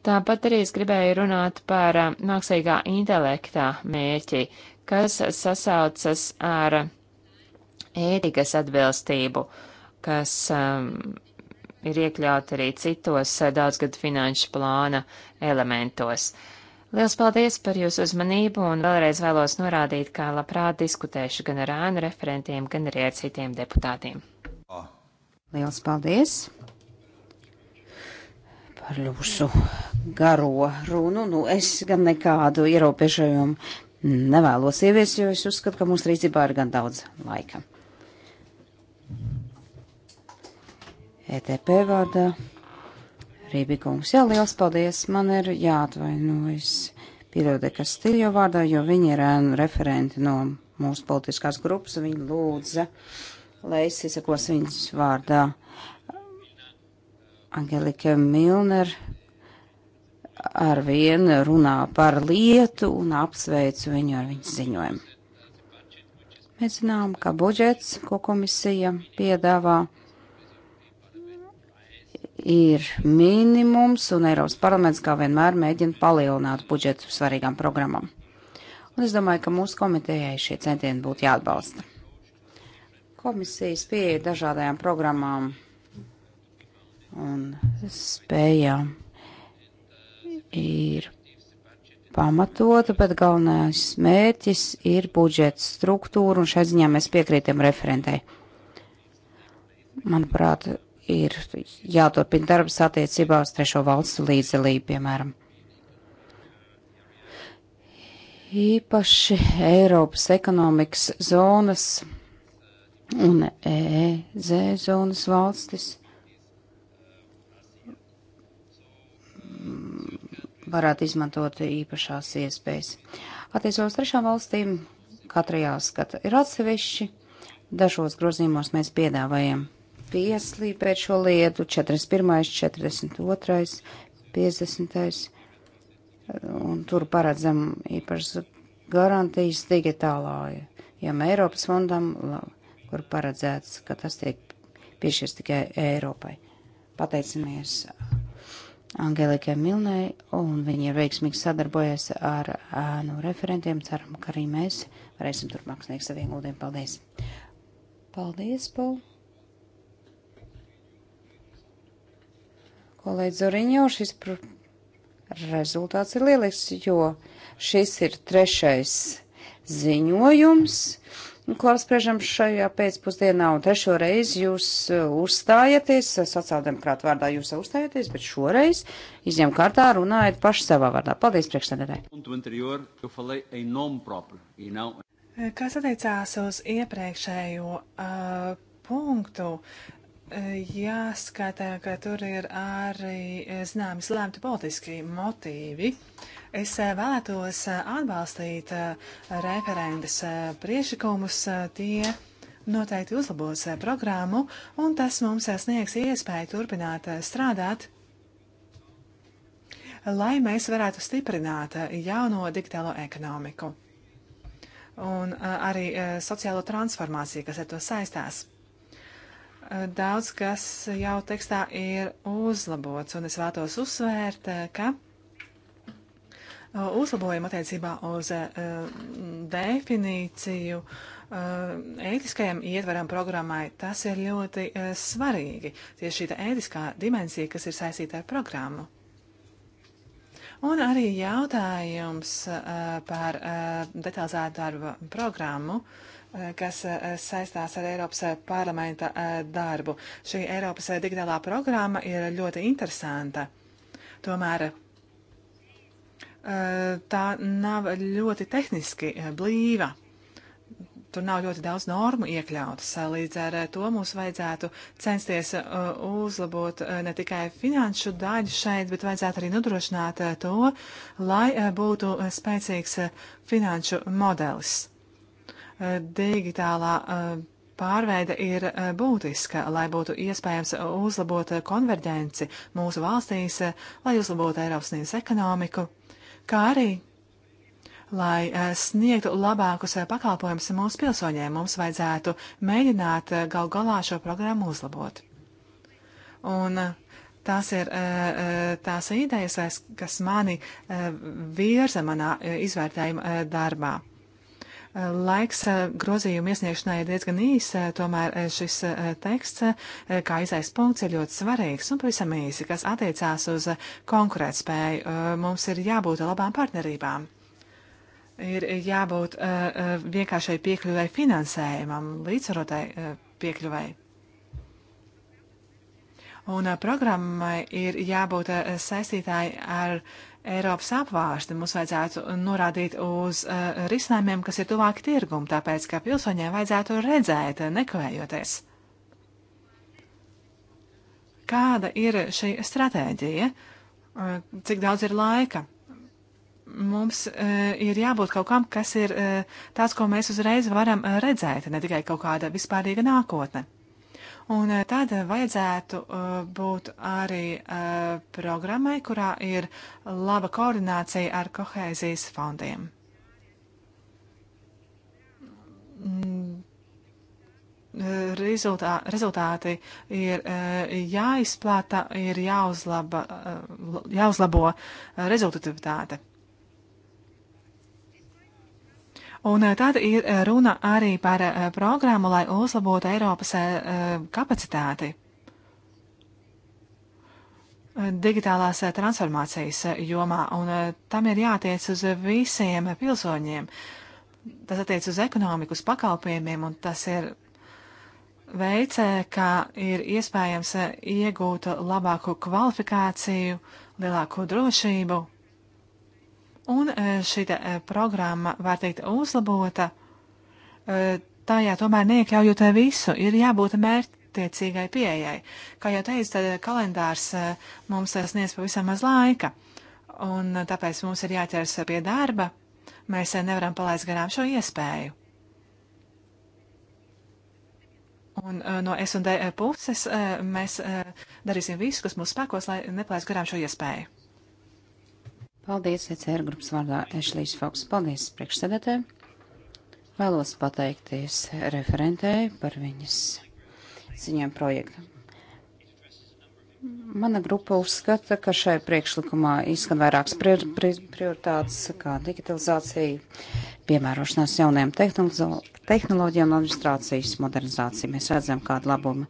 Tāpat arī es gribēju runāt par mākslīgā intelektā mērķi, kas sasaucas ar ētikas atbilstību. Uh, kas um, ir iekļauti arī citos uh, daudzgadu finanšu plāna elementos. Liels paldies par jūsu uzmanību un vēlreiz vēlos norādīt, kā labprāt diskutēšu gan ar ēnu referentiem, gan arī ar citiem deputātiem. Ah. Liels paldies par jūsu garo runu. Nu, es gan nekādu ierobežojumu nevēlos ievies, jo es uzskatu, ka mums rīcībā ir gan daudz laika. ETP vārdā. Rībīkungs, jā, liels paldies, man ir jāatvainojas Piedodē Kastiljo vārdā, jo viņi ir referenti no mūsu politiskās grupas, un viņi lūdza, lai es izsakos viņas vārdā. Angelika Milner ar vienu runā par lietu un apsveicu viņu ar viņas ziņojumu. Mēs zinām, ka budžets, ko komisija piedāvā, ir minimums, un Eiropas parlaments kā vienmēr mēģina palielināt budžetu svarīgām programmām. Un es domāju, ka mūsu komitejai šie centieni būtu jāatbalsta. Komisijas pieeja dažādajām programmām un spējām ir pamatota, bet galvenais mērķis ir budžets struktūra, un šai ziņā mēs piekrītam referentai. Manuprāt, ir jāturpina darbs attiecībā uz trešo valstu līdzdalību, piemēram. Īpaši Eiropas ekonomikas zonas un EEZ zonas valstis varētu izmantot īpašās iespējas. Attiecībā uz trešām valstīm katrajā skata ir atsevišķi, dažos grozījumos mēs piedāvājam pieslīpēt šo lietu, 41., 42., 50. Un tur paredzam īpašas garantijas digitālājiem Eiropas fondam, kur paredzēts, ka tas tiek piešķirs tikai Eiropai. Pateicamies Angelikai Milnei, un viņi ir veiksmīgi sadarbojies ar ēnu referentiem. Ceram, ka arī mēs varēsim turpmāk sniegt saviem ūdiem. Paldies! Paldies, Paul! Kolēģi Zoriņo, šis rezultāts ir lielisks, jo šis ir trešais ziņojums. Klāspriežam šajā pēcpusdienā un trešo reizi jūs uh, uzstājaties, uh, sociāldemokrāta vārdā jūs uzstājaties, bet šoreiz izņem kārtā runājat paši savā vārdā. Paldies priekšsēdētāji. E Kas attiecās uz iepriekšējo uh, punktu, jāskatā, ka tur ir arī eh, zināmi slēpti politiski motīvi. Es eh, vēlētos eh, atbalstīt referendas priešakumus, tie noteikti uzlabos programmu, un tas mums sniegs iespēju turpināt strādāt, lai mēs varētu stiprināt jauno digitālo ekonomiku un arī sociālo transformāciju, kas ar to saistās. Eh, daudz kas jau tekstā ir uzlabots, un es vēlos uzsvērt, eh, ka eh, uzlabojumu attiecībā uz uh, definīciju uh, ētiskajam ietveram programmai, tas ir ļoti uh, svarīgi. Tieši šī ētiskā dimensija, kas ir saistīta ar programmu. Un arī jautājums par detalizētu darba programmu. Uh, Eh, kas eh, saistās ar Eiropas eh, parlamenta darbu. Šī Eiropas digitālā programma ir ļoti interesanta. Tomēr tā nav ļoti tehniski blīva. Tur nav ļoti daudz normu iekļautas. Līdz ar to mums vajadzētu censties uzlabot ne tikai finanšu daļu šeit, bet vajadzētu arī nodrošināt to, lai būtu spēcīgs finanšu modelis digitālā eh, pārveida ir eh, būtiska, lai būtu iespējams uzlabot eh, konverģenci mūsu valstīs, lai uzlabotu Eiropas Savienības ekonomiku, kā arī lai sniegtu labākus pakalpojumus mūsu pilsoņiem, mums vajadzētu mēģināt gal galā šo programmu uzlabot. Un tās ir tās idejas, kas mani virza manā izvērtējuma darbā. Laiks eh, grozījuma iesniegšanai ir diezgan īs, eh, tomēr eh, šis teksts, kā izais punkts, ir ļoti svarīgs un pavisam īsi, kas attiecās uz konkurētspēju. Mums ir jābūt labām partnerībām. Ir jābūt vienkāršai piekļuvai finansējumam, līdzsvarotai piekļuvai. Un programmai ir jābūt saistītāji ar Eiropas apvārsta mums vajadzētu norādīt uz uh, risinājumiem, kas ir tuvāk tirgumu, tāpēc, ka pilsoņiem vajadzētu redzēt, eh, nekavējoties. Kāda ir šī stratēģija? Uh, cik daudz ir laika? Mums uh, ir jābūt kaut kam, kas ir uh, tāds, ko mēs uzreiz varam redzēt, ne tikai kaut kāda vispārīga nākotne. Un eh, tad vajadzētu eh, būt arī eh, programmai, kurā ir laba koordinācija ar kohēzijas fondiem. Mm, rezultā, rezultāti ir jāizplata, ir jāuzlaba, jāuzlabo rezultatīvitāte. Un eh, tad ir eh, runa arī par eh, programmu, lai uzlabotu Eiropas kapacitāti digitālās transformācijas jomā, un tam ir jātiec uz visiem pilsoņiem. Tas attiec uz ekonomiku, uz pakalpojumiem, un tas ir veids, kā ir iespējams iegūt labāku kvalifikāciju, lielāku drošību Un e, šī e, programma, var teikt, uzlabota, e, tajā tomēr neiekļaujot visu, ir jābūt mērķtiecīgai pieejai. Kā jau teicu, tad kalendārs mums sniedz pavisam maz laika, un tāpēc mums ir jāķers pie darba. Mēs nevaram palaist garām šo iespēju. Un no S&D puses mēs darīsim visu, kas mūsu spēkos, lai nepalaist garām šo iespēju. Paldies, ECR grupas vārdā Ešlīs Foks. Paldies, priekšsēdētē. Vēlos pateikties referentēji par viņas ziņām projektu. Mana grupa uzskata, ka šai priekšlikumā izskan vairākas prior, prior, prioritātes, kā digitalizācija, piemērošanās jaunajām tehnoloģijām un administrācijas modernizācija. Mēs redzam, kāda labuma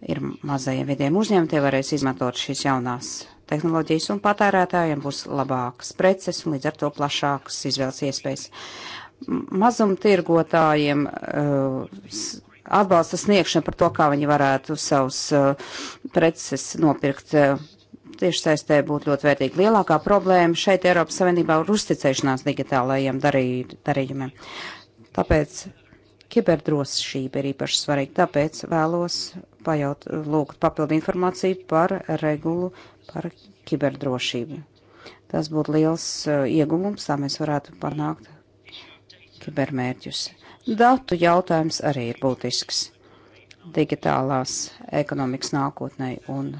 ir mazajiem vidiem uzņēmumi, tie varēs izmantot šīs jaunās tehnoloģijas, un patērētājiem būs labākas preces un līdz ar to plašākas izvēles iespējas. Mazumtirgotājiem uh, atbalsta sniegšana par to, kā viņi varētu savus uh, preces nopirkt. Uh, Tieši saistē būtu ļoti vērtīga. Lielākā problēma šeit Eiropas Savienībā ir uzticēšanās digitālajiem darījumiem. Tāpēc kiberdrošība ir īpaši svarīga. Tāpēc vēlos pajaut, lūgt papildu informāciju par regulu par kiberdrošību. Tas būtu liels uh, ieguvums, tā mēs varētu panākt kibermērķus. Datu jautājums arī ir būtisks digitālās ekonomikas nākotnē un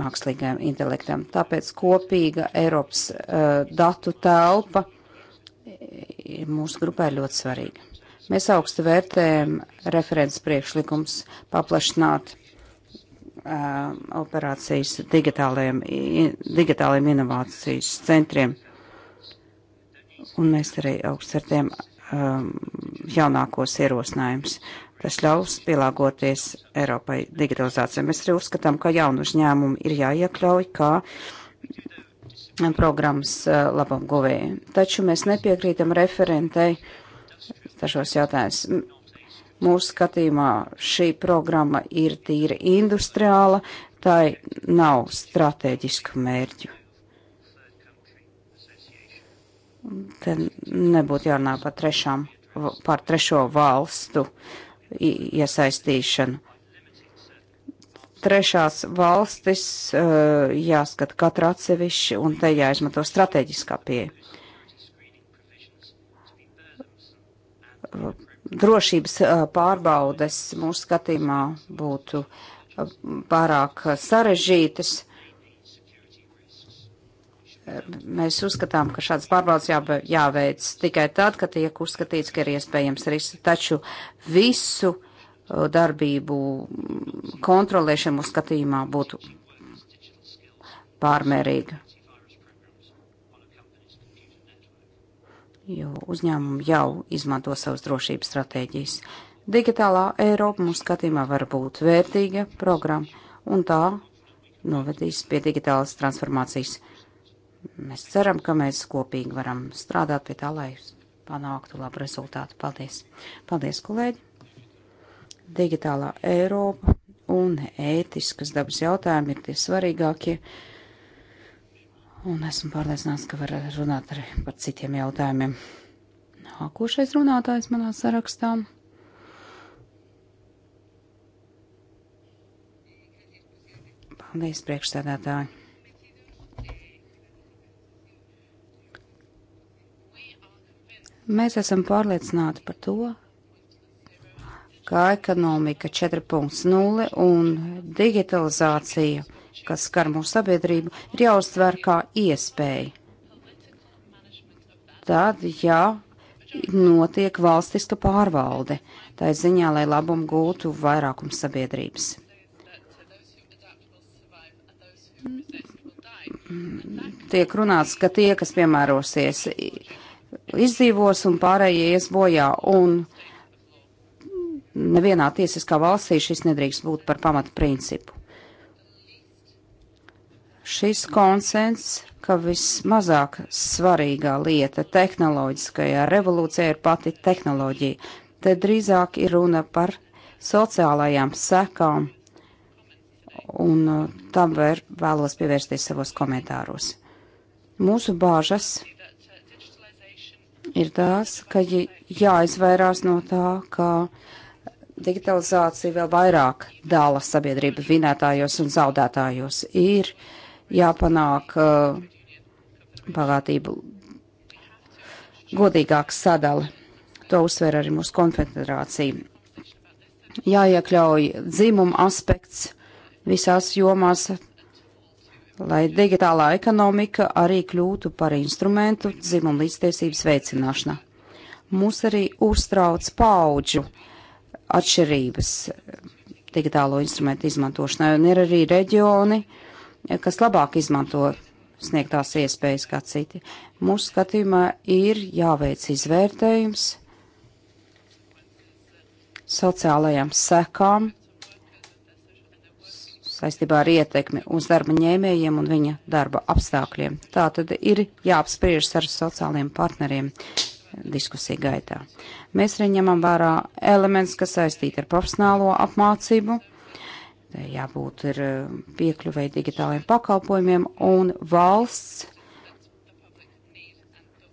mākslīgajam intelektam. Tāpēc kopīga Eiropas uh, datu telpa eh, mūsu grupā ir ļoti svarīga. Mēs augstu vērtējam referents priekšlikums paplašināt Uh, operācijas digitāliem, digitāliem inovācijas centriem. Un mēs arī augstsartiem um, jaunākos ierosinājumus. Tas ļaus pielāgoties Eiropai digitalizācijai. Mēs arī uzskatām, ka jaunu uzņēmumu ir jāiekļauj kā programmas uh, labam guvējiem. Taču mēs nepiekrītam referentei dažos jautājumus Mūsu skatījumā šī programma ir tīri industriāla, tai nav strateģisku mērķu. Te nebūtu jārunā par, trešām, par trešo valstu iesaistīšanu. Trešās valstis e, jāskata katra atsevišķi un te jāizmanto strateģiskā pieeja drošības pārbaudes mūsu skatījumā būtu pārāk sarežģītas. Mēs uzskatām, ka šāds pārbaudas jā, jāveic tikai tad, kad tiek uzskatīts, ka ir iespējams risks. Taču visu darbību kontrolēšanu skatījumā būtu pārmērīga. jo uzņēmumi jau izmanto savas drošības stratēģijas. Digitālā Eiropa mūsu skatījumā var būt vērtīga programma, un tā novedīs pie digitālas transformācijas. Mēs ceram, ka mēs kopīgi varam strādāt pie tā, lai panāktu labu rezultātu. Paldies! Paldies, kolēģi! Digitālā Eiropa un ētiskas dabas jautājumi ir tie svarīgākie. Ja Un esmu pārliecināts, ka var runāt arī par citiem jautājumiem. Nākošais runātājs manā sarakstā. Paldies, priekšsēdētāji. Mēs esam pārliecināti par to, kā ekonomika 4.0 un digitalizācija kas skar mūsu sabiedrību, ir jāuztver kā iespēja. Tad, ja notiek valstiska pārvalde, tā ir ziņā, lai labumu gūtu vairākums sabiedrības. Tiek runāts, ka tie, kas piemērosies, izdzīvos un pārējie ies bojā, un nevienā tiesiskā valstī šis nedrīkst būt par pamatu principu šis konsens, ka vismazāk svarīgā lieta tehnoloģiskajā revolūcijā ir pati tehnoloģija. Te drīzāk ir runa par sociālajām sekām, un uh, tam vēr, vēlos pievērsties savos komentāros. Mūsu bāžas ir tās, ka jāizvairās no tā, ka digitalizācija vēl vairāk dāla sabiedrību vinētājos un zaudētājos. Ir uh, jāpanāk uh, bagātību godīgāka sadale. To uzsver arī mūsu konfederācija. Jāiekļauj dzimuma aspekts visās jomās, lai digitālā ekonomika arī kļūtu par instrumentu dzimuma līdztiesības veicināšanā. Mūs arī uztrauc paudžu atšķirības digitālo instrumentu izmantošanai, un ir arī reģioni, uh, kas labāk izmanto sniegtās iespējas kā citi. Mūsu skatījumā ir jāveic izvērtējums sociālajām sekām saistībā ar ietekmi uz darba ņēmējiem un viņa darba apstākļiem. Tā tad ir jāapspriež ar sociālajiem partneriem diskusiju gaitā. Mēs arī ņemam vērā elements, kas saistīti ar profesionālo apmācību jābūt ir eh, piekļuvai digitāliem pakalpojumiem un valsts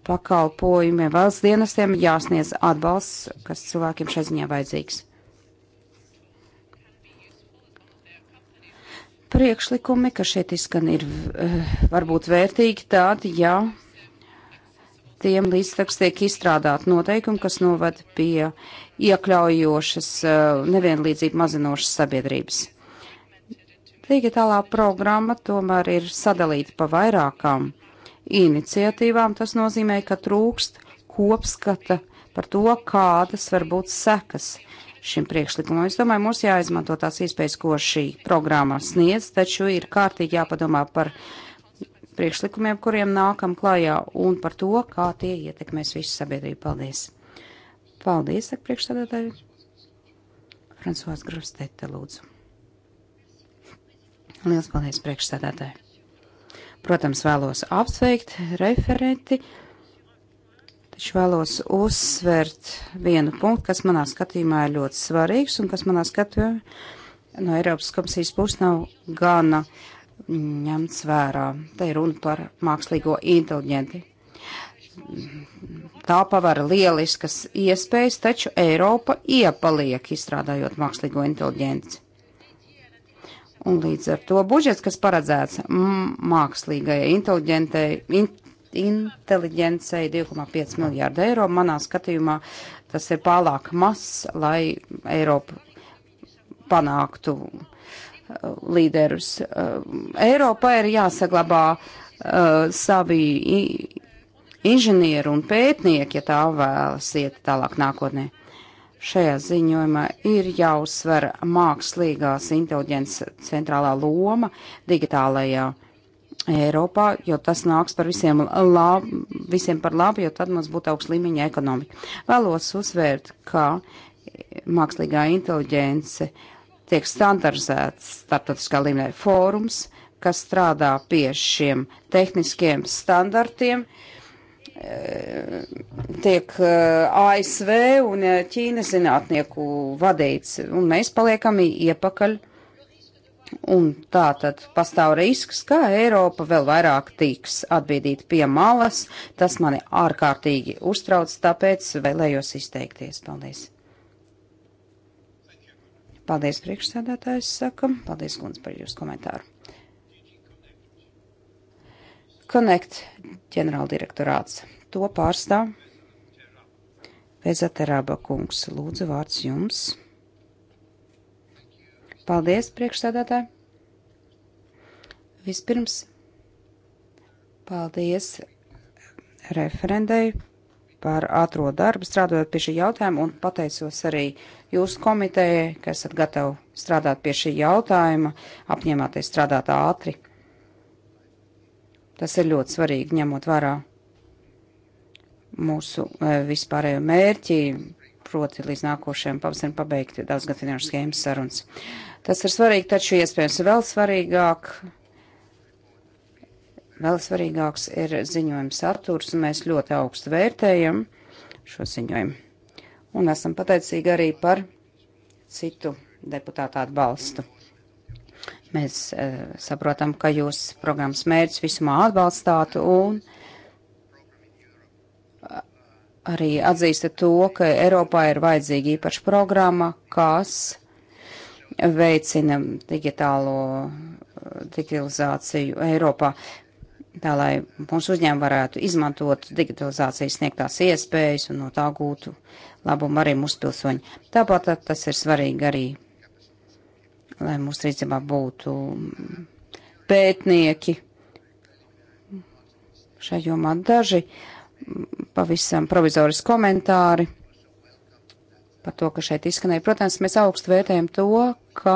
pakalpojumiem, valsts dienestiem jāsniedz atbalsts, kas cilvēkiem šai ziņā vajadzīgs. Priekšlikumi, ka šeit izskan ir eh, varbūt vērtīgi tādi, ja tiem līdztekst tiek izstrādāt noteikumi, kas novad pie iekļaujošas, eh, nevienlīdzību mazinošas sabiedrības. Digitālā programma tomēr ir sadalīta pa vairākām iniciatīvām. Tas nozīmē, ka trūkst kopskata par to, kādas var būt sekas šim priekšlikumam. Es domāju, mums jāizmanto tās iespējas, ko šī programma sniedz, taču ir kārtīgi jāpadomā par priekšlikumiem, kuriem nākam klajā, un par to, kā tie ietekmēs visu sabiedrību. Paldies! Paldies, saka priekšstādātāji! Fransuās Grostete, lūdzu! Liels paldies priekšsēdētāji. Protams, vēlos apsveikt referenti, taču vēlos uzsvērt vienu punktu, kas manā skatījumā ir ļoti svarīgs un kas manā skatījumā no Eiropas komisijas puses nav gana mm, ņemts vērā. Te ir runa par mākslīgo inteliģenti. Tā pavara lieliskas iespējas, taču Eiropa iepaliek izstrādājot mākslīgo inteliģenci. Un līdz ar to budžets, kas paredzēts mākslīgajai in, inteliģencei 2,5 miljārdu eiro, manā skatījumā tas ir pārāk mazs, lai Eiropa panāktu uh, līderus. Uh, Eiropā ir jāsaglabā uh, savi inženieri un pētnieki, ja tā vēlas iet tālāk nākotnē. Šajā ziņojumā ir jāuzsver mākslīgās inteliģences centrālā loma digitālajā Eiropā, jo tas nāks par visiem, lab, visiem par labu, jo tad mums būtu augsts līmeņa ekonomika. Vēlos uzsvērt, ka mākslīgā inteliģence tiek standarizēts starptautiskā līmenī fórums, kas strādā pie šiem tehniskiem standartiem. Uh, tiek eh, ASV un eh, Ķīnas zinātnieku vadīts, un mēs paliekam iepakaļ. Un tā tad pastāv risks, ka Eiropa vēl vairāk tiks atbīdīta pie malas. Tas mani ārkārtīgi uztrauc, tāpēc vēlējos izteikties. Paldies! Paldies, priekšsēdētājs, sakam. Paldies, Guns, par jūsu komentāru. Connect ģenerāldirektorāts. To pārstāv Vezaterāba kungs. Lūdzu, vārds jums. Paldies, priekšstādātāji. Vispirms, paldies referendai par ātro darbu strādājot pie šī jautājuma un pateicos arī jūsu komitejai, ka esat gatavi strādāt pie šī jautājuma, apņēmāties strādāt ātri. Tas ir ļoti svarīgi ņemot vērā mūsu eh, vispārējo mērķi, proti līdz nākošajam pavasarim pabeigt daudzgad finanšu schēmas sarunas. Tas ir svarīgi, taču iespējams vēl svarīgāk, vēl svarīgāks ir ziņojums saturs, un mēs ļoti augstu vērtējam šo ziņojumu. Un esam pateicīgi arī par citu deputātu atbalstu. Mēs uh, saprotam, ka jūs programmas mērķus visumā atbalstāt un eh, arī atzīstat to, ka Eiropā ir vajadzīga īpaša programma, kas veicina digitālo eh, digitalizāciju Eiropā, tā lai mūsu uzņēmumi varētu izmantot digitalizācijas sniegtās iespējas un no tā gūtu labumu arī mūsu pilsoņi. Tāpat tas ir svarīgi arī lai mūsu rīcībā būtu pētnieki šai jomā daži pavisam provizoris komentāri par to, ka šeit izskanēja. Protams, mēs augstu vērtējam to, ka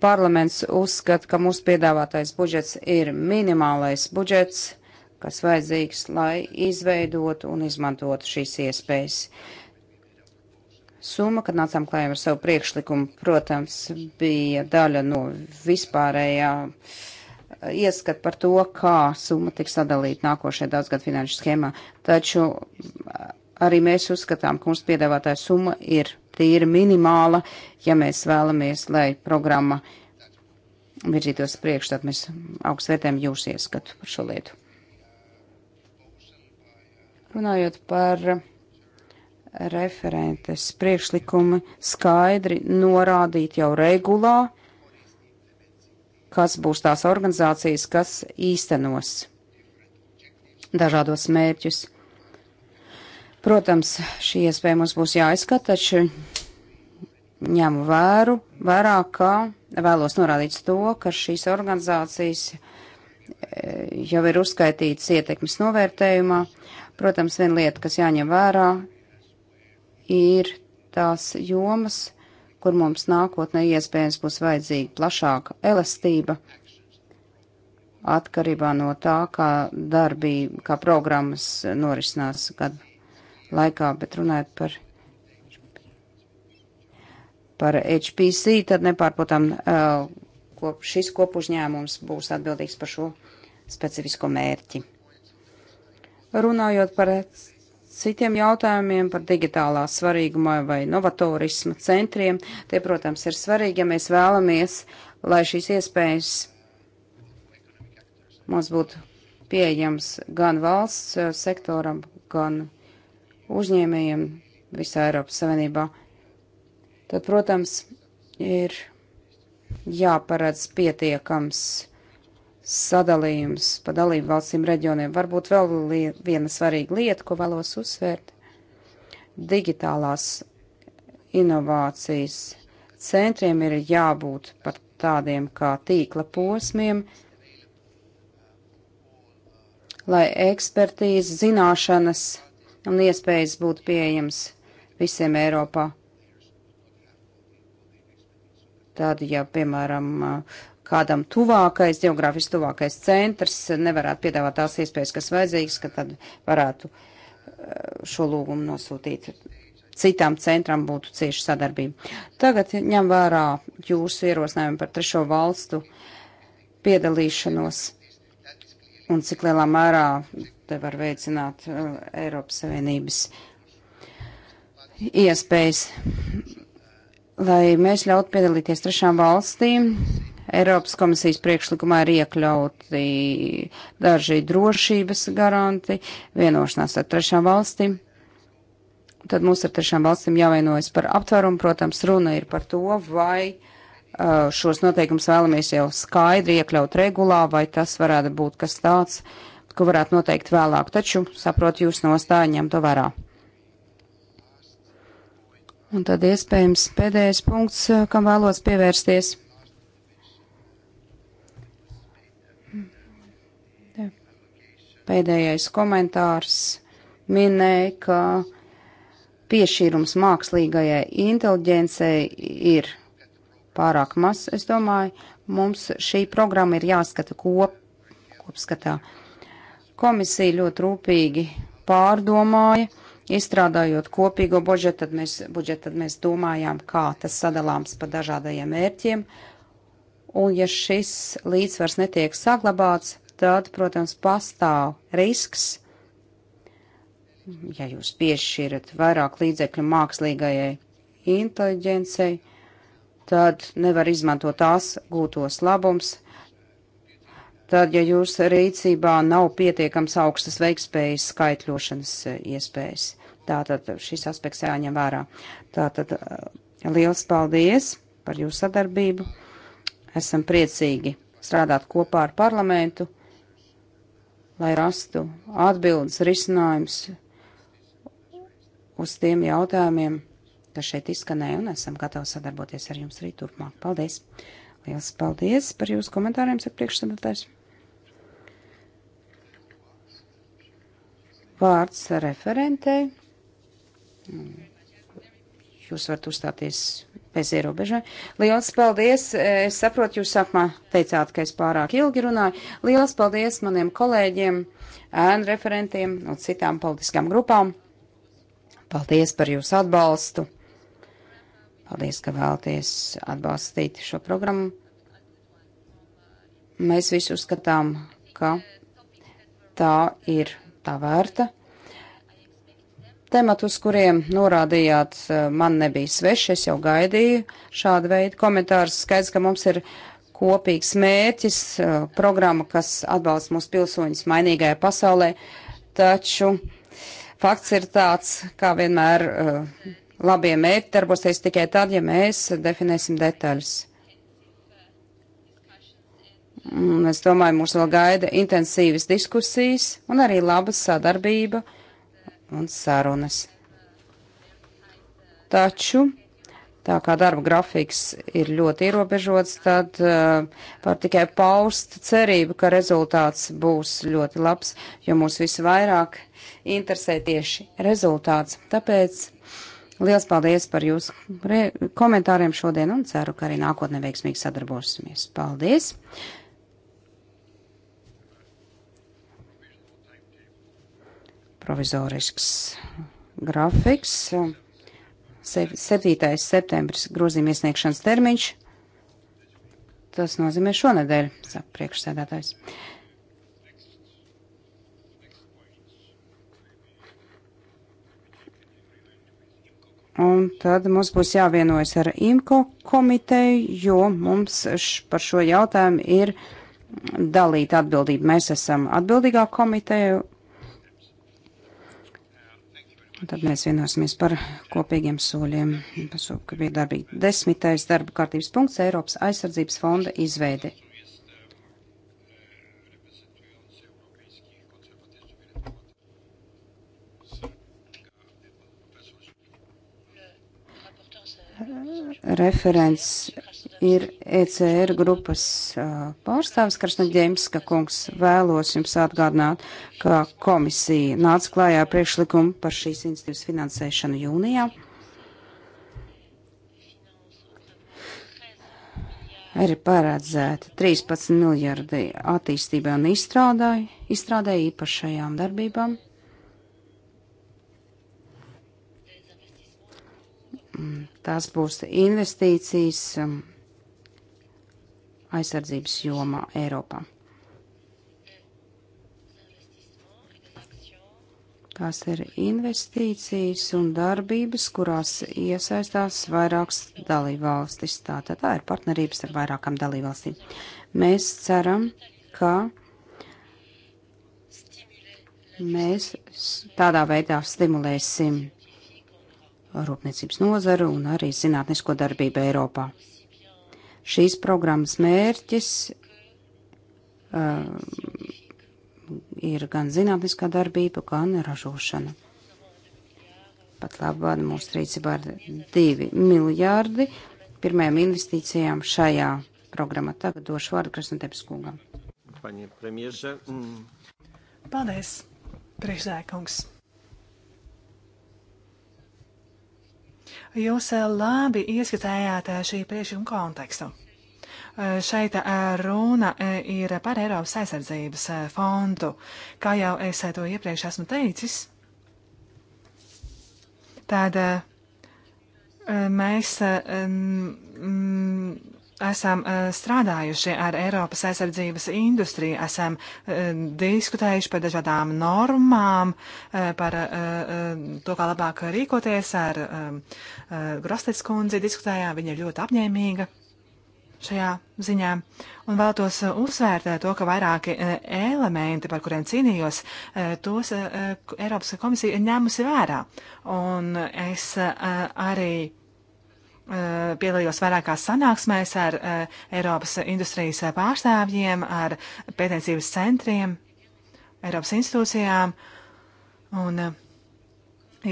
parlaments uzskata, ka mūsu piedāvātais budžets ir minimālais budžets, kas vajadzīgs, lai izveidotu un izmantotu šīs iespējas. Uh, summa, kad nācām klājām ar savu priekšlikumu, protams, bija daļa no vispārējā eh, ieskat par to, kā summa tiks sadalīta nākošajā daudzgad finanšu schēmā. Taču eh, arī mēs uzskatām, ka mums piedāvātā summa ir tīri minimāla, ja mēs vēlamies, lai programma virzītos priekš, tad mēs augstvērtējam jūsu ieskatu par šo lietu. Runājot par referentes priekšlikumi skaidri norādīt jau regulā, kas būs tās organizācijas, kas īstenos dažādos mērķus. Protams, šī iespēja mums būs jāizskata, taču ņemu vēru, vērā, ka vēlos norādīt to, ka šīs organizācijas e, jau ir uzskaitītas ietekmes novērtējumā. Protams, viena lieta, kas jāņem vērā, ir tās jomas, kur mums nākotnē iespējams būs vajadzīga plašāka elastība, atkarībā no tā, kā darbība, kā programmas norisinās gadu laikā, bet runājot par par HPC, tad nepārprotam, uh, kop, šis kopužņēmums būs atbildīgs par šo specifisko mērķi. Runājot par citiem jautājumiem par digitālā svarīguma vai novatorisma centriem. Tie, protams, ir svarīgi, ja mēs vēlamies, lai šīs iespējas mums būtu pieejams gan valsts eh, sektoram, gan uzņēmējiem visā Eiropas Savienībā. Tad, protams, ir jāparedz pietiekams sadalījums pa dalību valstīm reģioniem. Varbūt vēl viena svarīga lieta, ko vēlos uzsvērt - digitālās inovācijas centriem ir jābūt par tādiem kā tīkla posmiem, lai ekspertīzes, zināšanas un iespējas būtu pieejams visiem Eiropā. Tad, ja, piemēram, uh, kādam tuvākais, geogrāfiski tuvākais centrs nevarētu piedāvāt tās iespējas, kas vajadzīgas, ka tad varētu eh, šo lūgumu nosūtīt citām centram būtu cieši sadarbība. Tagad ņem vērā jūsu ierosinājumu par trešo valstu piedalīšanos un cik lielā mērā te var veicināt uh, Eiropas Savienības iespējas, lai mēs ļautu piedalīties trešām valstīm Eiropas komisijas priekšlikumā ir iekļauti daži drošības garanti, vienošanās ar trešām valstīm. Tad mums ar trešām valstīm jāvienojas par aptvērumu. Protams, runa ir par to, vai uh, šos noteikumus vēlamies jau skaidri iekļaut regulā, vai tas varētu būt kas tāds, ko varētu noteikt vēlāk. Taču, saprotu, jūs nostāju ņem to vērā. Un tad iespējams pēdējais punkts, uh, kam vēlos pievērsties Pēdējais komentārs minēja, ka piešķīrums mākslīgajai inteliģencei ir pārāk maz, es domāju. Mums šī programma ir jāskata kop, kopskatā. Komisija ļoti rūpīgi pārdomāja, izstrādājot kopīgo budžetu, tad mēs, budžetu, tad mēs domājām, kā tas sadalāms pa dažādajiem mērķiem. Un ja šis līdzsvars netiek saglabāts, tad, protams, pastāv risks, ja jūs piešķirat vairāk līdzekļu mākslīgajai inteliģencei, tad nevar izmantot tās gūtos labums. Tad, ja jūs rīcībā nav pietiekams augstas veikspējas skaitļošanas eh, iespējas. Tātad šis aspekts jāņem vērā. Tātad eh, liels paldies par jūsu sadarbību. Esam priecīgi strādāt kopā ar parlamentu lai rastu atbildes risinājums uz tiem jautājumiem, kas šeit izskanēja, un esam gatavi sadarboties ar jums arī turpmāk. Paldies! Lielas paldies par jūsu komentāriem, saka priekšsabatājs. Vārds referentei. Jūs varat uzstāties bez ierobežojumiem. Lielas paldies! Es saprotu, jūs sākumā teicāt, ka es pārāk ilgi runāju. Lielas paldies maniem kolēģiem, ēnu referentiem un citām politiskām grupām. Paldies par jūsu atbalstu. Paldies, ka vēlties atbalstīt šo programmu. Mēs visi uzskatām, ka tā ir tā vērta tematu, uz kuriem norādījāt, eh, man nebija sveši, es jau gaidīju šādu veidu komentārus. Skaidrs, ka mums ir kopīgs mērķis, eh, programma, kas atbalsta mūsu pilsoņus mainīgajā pasaulē, taču fakts ir tāds, kā vienmēr eh, labie mērķi darbosies tikai tad, ja mēs definēsim detaļas. Un es domāju, mūs vēl gaida intensīvas diskusijas un arī laba sadarbība un sarunas. Taču, tā kā darba grafiks ir ļoti ierobežots, tad uh, var tikai paust cerību, ka rezultāts būs ļoti labs, jo mūs visvairāk interesē tieši rezultāts. Tāpēc liels paldies par jūsu komentāriem šodien un ceru, ka arī nākotnē veiksmīgi sadarbosimies. Paldies! provizorisks grafiks. 7. septembris grozījuma iesniegšanas termiņš. Tas nozīmē šonadēļ, saka priekšsēdētājs. Un tad mums būs jāvienojas ar IMCO komiteju, jo mums š, par šo jautājumu ir dalīta atbildība. Mēs esam atbildīgā komiteja Tad mēs vienosimies par kopīgiem soļiem. Pasūk, ka bija darbīgi desmitais darba kārtības punkts Eiropas aizsardzības fonda izveide. Referents ir ECR grupas pārstāvis Krasna Ģemska kungs. Vēlos jums atgādināt, ka komisija nāca klājā priekšlikumu par šīs institūcijas finansēšanu jūnijā. Ir paredzēta 13 miljardi attīstībai un izstrādāji, izstrādāji īpašajām darbībām. Mm, tās būs investīcijas um, aizsardzības jomā Eiropā. Tās ir investīcijas un darbības, kurās iesaistās vairākas dalībvalstis. Tātad tā ir partnerības ar vairākām dalībvalstīm. Mēs ceram, ka mēs tādā veidā stimulēsim rūpniecības nozaru un arī zinātnisko darbību Eiropā. Šīs programmas mērķis uh, ir gan zinātniskā darbība, gan ražošana. Pat labāk mūsu rīcībā ir divi miljārdi pirmajām investīcijām šajā programmā. Tagad došu vārdu Krasnodebes kungam. Paņi premjerze. Mm. Paldies, priekšsēkungs. Jūs eh, labi ieskatējāt eh, šī priekšlikuma kontekstu. Eh, šeit runa ir par Eiropas aizsardzības fondu. Kā jau es to iepriekš esmu teicis, tad mēs esam eh, strādājuši ar Eiropas aizsardzības industriju, esam eh, diskutējuši par dažādām normām, eh, par to, kā labāk rīkoties ar Grostets kundzi, diskutējām, viņa ir ļoti apņēmīga šajā ziņā un vēlētos uzsvērt to, ka vairāki elementi, par kuriem cīnījos, tos Eiropas komisija ir ņēmusi vērā. Un es arī Eh, piedalījos vairākās sanāksmēs ar eh, Eiropas industrijas pārstāvjiem, ar pētniecības centriem, Eiropas institūcijām. Un eh,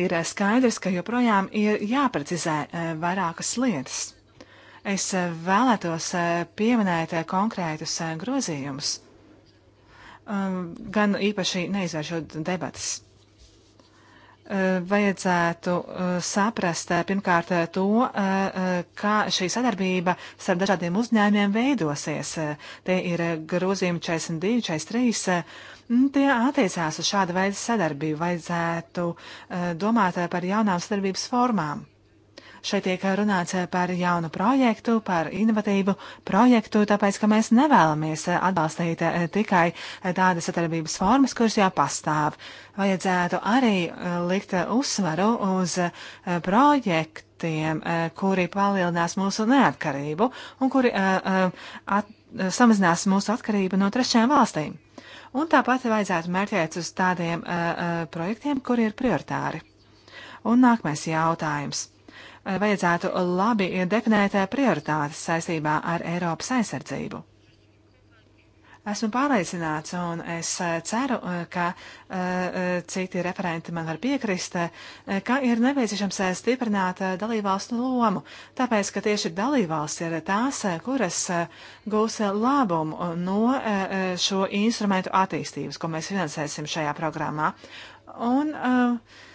ir skaidrs, ka joprojām ir jāprecizē vairākas lietas. Es vēlētos pieminēt konkrētus grozījumus, um, gan īpaši neizvēršot debatas. Eh, vajadzētu eh, saprast eh, pirmkārt to, kā šī sadarbība starp dažādiem uzņēmiem veidosies. Tie ir grozījumi 42, 43. Tie attiecās uz šādu veidu sadarbību. Vajadzētu domāt par jaunām sadarbības formām. Šeit tiek runāts par jaunu projektu, par inovatīvu projektu, tāpēc, ka mēs nevēlamies atbalstīt tikai tādas sadarbības formas, kuras jau pastāv. Vajadzētu arī eh, likt uzsvaru uz eh, projektiem, eh, kuri palielinās mūsu neatkarību un kuri at, samazinās mūsu atkarību no trešajām valstīm. Un tāpat vajadzētu mērķēt uz tādiem uh, uh, projektiem, kuri ir prioritāri. Un nākamais jautājums. Eh, vajadzētu labi definēt eh, prioritātes saistībā ar Eiropas aizsardzību. Esmu pārliecināts, un es eh, ceru, ka citi referenti man var piekrist, ka ir nepieciešams stiprināt dalībvalstu lomu, tāpēc, ka tieši dalībvalsts ir tās, kuras gūs labumu no šo instrumentu attīstības, ko mēs finansēsim šajā programmā. Un, uh,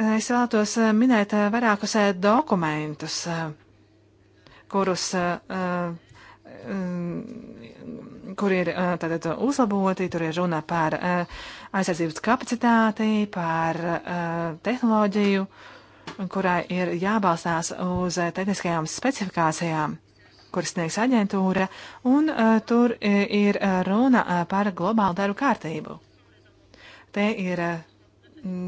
Es vēlētos eh, minēt eh, vairākus eh, dokumentus, kurus, kur ir tātad uzlaboti, tur ir runa par aizsardzības kapacitāti, par tehnoloģiju, kurai ir jābalstās uz tehniskajām specifikācijām kuras sniegs aģentūra, un uh, tur ir runa par globālu darbu kārtību. Te ir uh,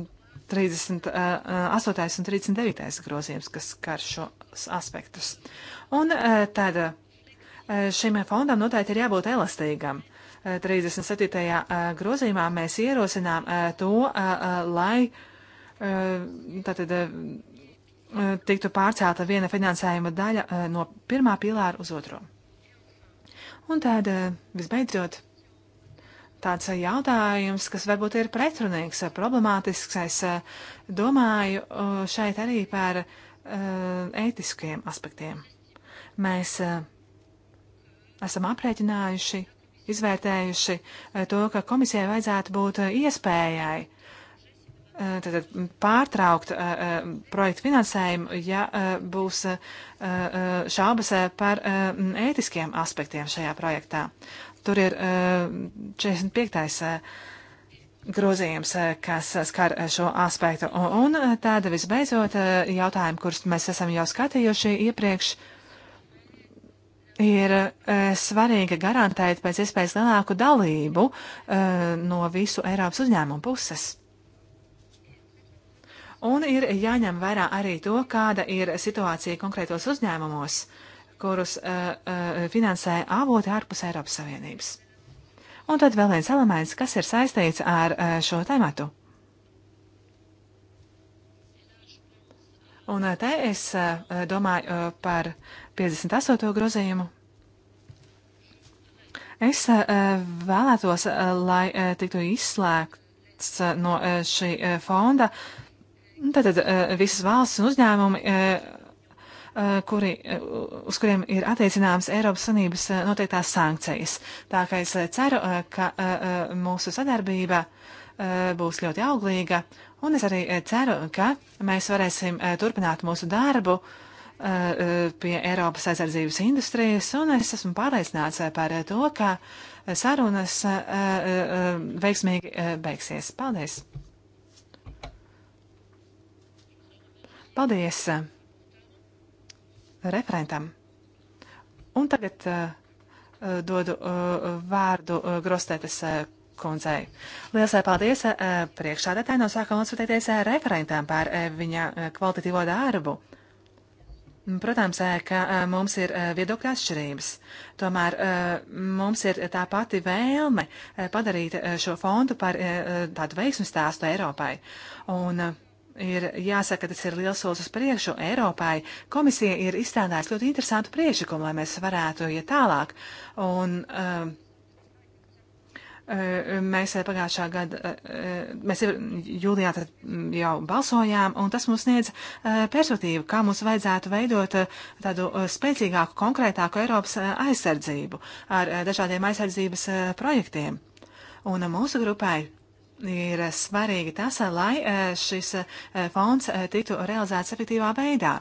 38. un 39. grozījums, kas skar šos aspektus. Un tad šim fondam noteikti ir jābūt elastīgam. 37. grozījumā mēs ierosinām to, lai tātad tiktu pārcelta viena finansējuma daļa no pirmā pilāra uz otro. Un tad visbeidzot tāds jautājums, kas varbūt ir pretrunīgs, problemātisks. Es eh, domāju eh, šeit arī par eh, ētiskiem aspektiem. Mēs esam aprēķinājuši, izvērtējuši to, ka komisijai vajadzētu būt iespējai tātad, pārtraukt projektu finansējumu, ja būs šaubas par ētiskiem aspektiem šajā projektā. Tur ir 45. Eh, eh, grozījums, eh, kas skar šo aspektu. Un, un tāda visbeidzot jautājuma, kurus mēs esam jau skatījuši iepriekš, ir svarīga garantēt pēc iespējas lielāku dalību no visu Eiropas uzņēmumu puses. Un ir jāņem vērā arī to, kāda ir situācija konkrētos uzņēmumos. Uh, kurus uh, eh, uh, eh, finansē avoti ārpus Eiropas Savienības. Un tad vēl viens elements, kas ir saistīts ar uh, šo tematu. Un uh, te es uh, domāju uh, par 58. grozījumu. Es uh, vēlētos, uh, lai uh, tiktu izslēgts uh, no uh, šī uh, fonda tātad, uh, visas valsts un uzņēmumi. Uh, Eh, kuri, eh, uz kuriem ir attiecināmas Eiropas Sanības eh, noteiktās sankcijas. Tā kā es ceru, ka mūsu sadarbība būs ļoti auglīga, un es arī ceru, ka mēs varēsim turpināt mūsu darbu pie Eiropas aizsardzības industrijas, un es esmu pārliecināts par to, ka sarunas veiksmīgi beigsies. Paldies! Paldies! referentam. Un tagad uh, uh, dodu uh, vārdu uh, Grostētas uh, kundzei. Lielas uh, paldies uh, priekšādātāji no sākuma atsūtīties uh, referentam par uh, viņa uh, kvalitatīvo darbu. Mm, protams, uh, ka mums ir viedokļa atšķirības. Tomēr mums ir tā pati vēlme padarīt šo fondu par tādu veiksmu stāstu Eiropai. Un ir jāsaka, tas ir liels solis uz priekšu Eiropai. Komisija ir izstrādājusi ļoti interesantu priekšlikumu, lai mēs varētu iet tālāk. Un, um, uh, Mēs pagājušā gada, uh, uh, mēs jūlijā jau balsojām, un tas mums sniedz uh, perspektīvu, kā mums vajadzētu veidot tādu spēcīgāku, konkrētāku Eiropas aizsardzību ar dažādiem aizsardzības projektiem. Un mūsu grupai ir eh, svarīgi tas, eh, lai eh, šis fonds tiktu realizēts efektīvā veidā.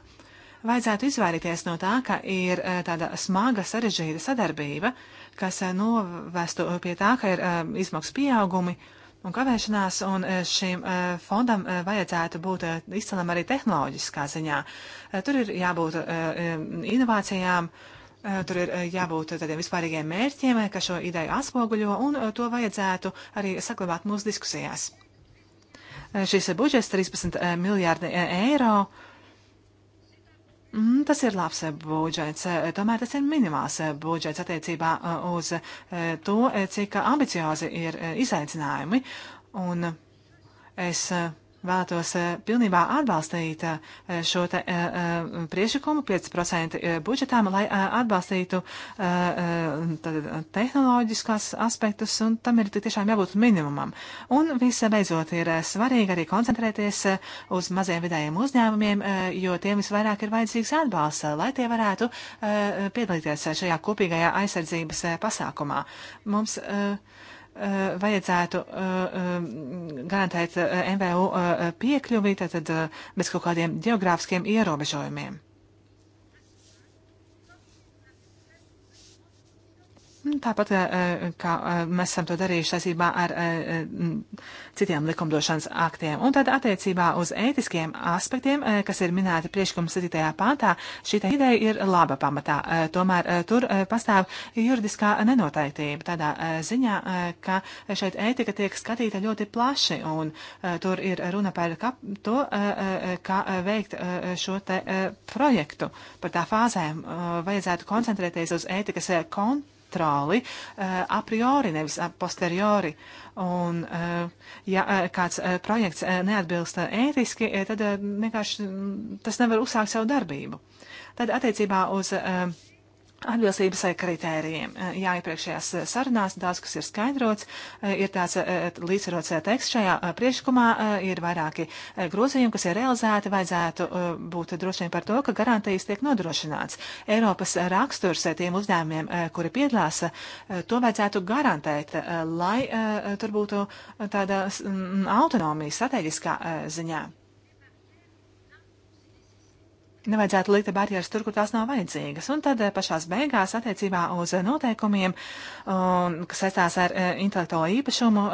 Vajadzētu izvairīties no tā, ka ir tāda smaga, sarežģīta sadarbība, kas novestu pie tā, ka ir izmaksu pieaugumi un kavēšanās, un šim fondam vajadzētu būt izcelam arī tehnoloģiskā ziņā. Tur ir jābūt inovācijām Eh, tur ir eh, jābūt tādiem vispārīgiem mērķiem, eh, kas šo ideju atspoguļo, un to vajadzētu arī saglabāt mūsu diskusijās. Šis budžets 13 miljārdi eiro. Mm, tas ir labs budžets, tomēr tas ir minimāls budžets attiecībā uz to, cik ambiciozi ir izaicinājumi. Un es vēlētos eh, pilnībā atbalstīt eh, šo te, eh, priešakumu 5% budžetām, lai atbalstītu tehnoloģiskās aspektus, un tam ir tiešām jābūt minimumam. Un visa beidzot ir svarīgi arī koncentrēties uz maziem vidējiem uzņēmumiem, jo tiem visvairāk ir vajadzīgs atbalsts, lai tie varētu piedalīties šajā kopīgajā aizsardzības pasākumā. Mums uh, Eh, vajadzētu eh, eh, garantēt MVU piekļuvi, tātad bez kaut kādiem geogrāfiskiem ierobežojumiem. Nu, tāpat eh, eh, kā eh, mēs esam to darījuši saistībā ar citiem likumdošanas aktiem. Un tad attiecībā uz ētiskiem aspektiem, kas ir minēti priekšlikuma 7. pāntā, šī ideja ir laba pamatā. Tomēr tur pastāv juridiskā nenoteiktība tādā ziņā, ka šeit ētika tiek skatīta ļoti plaši un tur ir runa par to, kā veikt šo te projektu. Par tā fāzēm vajadzētu koncentrēties uz ētikas kontekstu kontroli eh, a priori, nevis a posteriori. Un, eh, ja eh, kāds projekts neatbilst ētiski, tad vienkārši mm, tas nevar uzsākt savu darbību. Tad attiecībā uz uh, atbilstības kritērijiem. Jā, iepriekšējās sarunās daudz, kas ir skaidrots, ir tāds e, līdzsvarots e, teksts šajā e, priekšlikumā, ir vairāki grozījumi, kas ir realizēti, vajadzētu būt drošiem par to, ka garantijas tiek nodrošināts. Eiropas raksturs tiem uzdevumiem, kuri piedalās, to vajadzētu garantēt, lai tur būtu tāda autonomija strateģiskā ziņā nevajadzētu likt barjeras tur, kur tās nav vajadzīgas. Un tad eh, pašās beigās attiecībā uz eh, noteikumiem, um, kas saistās ar eh, intelektuālo īpašumu,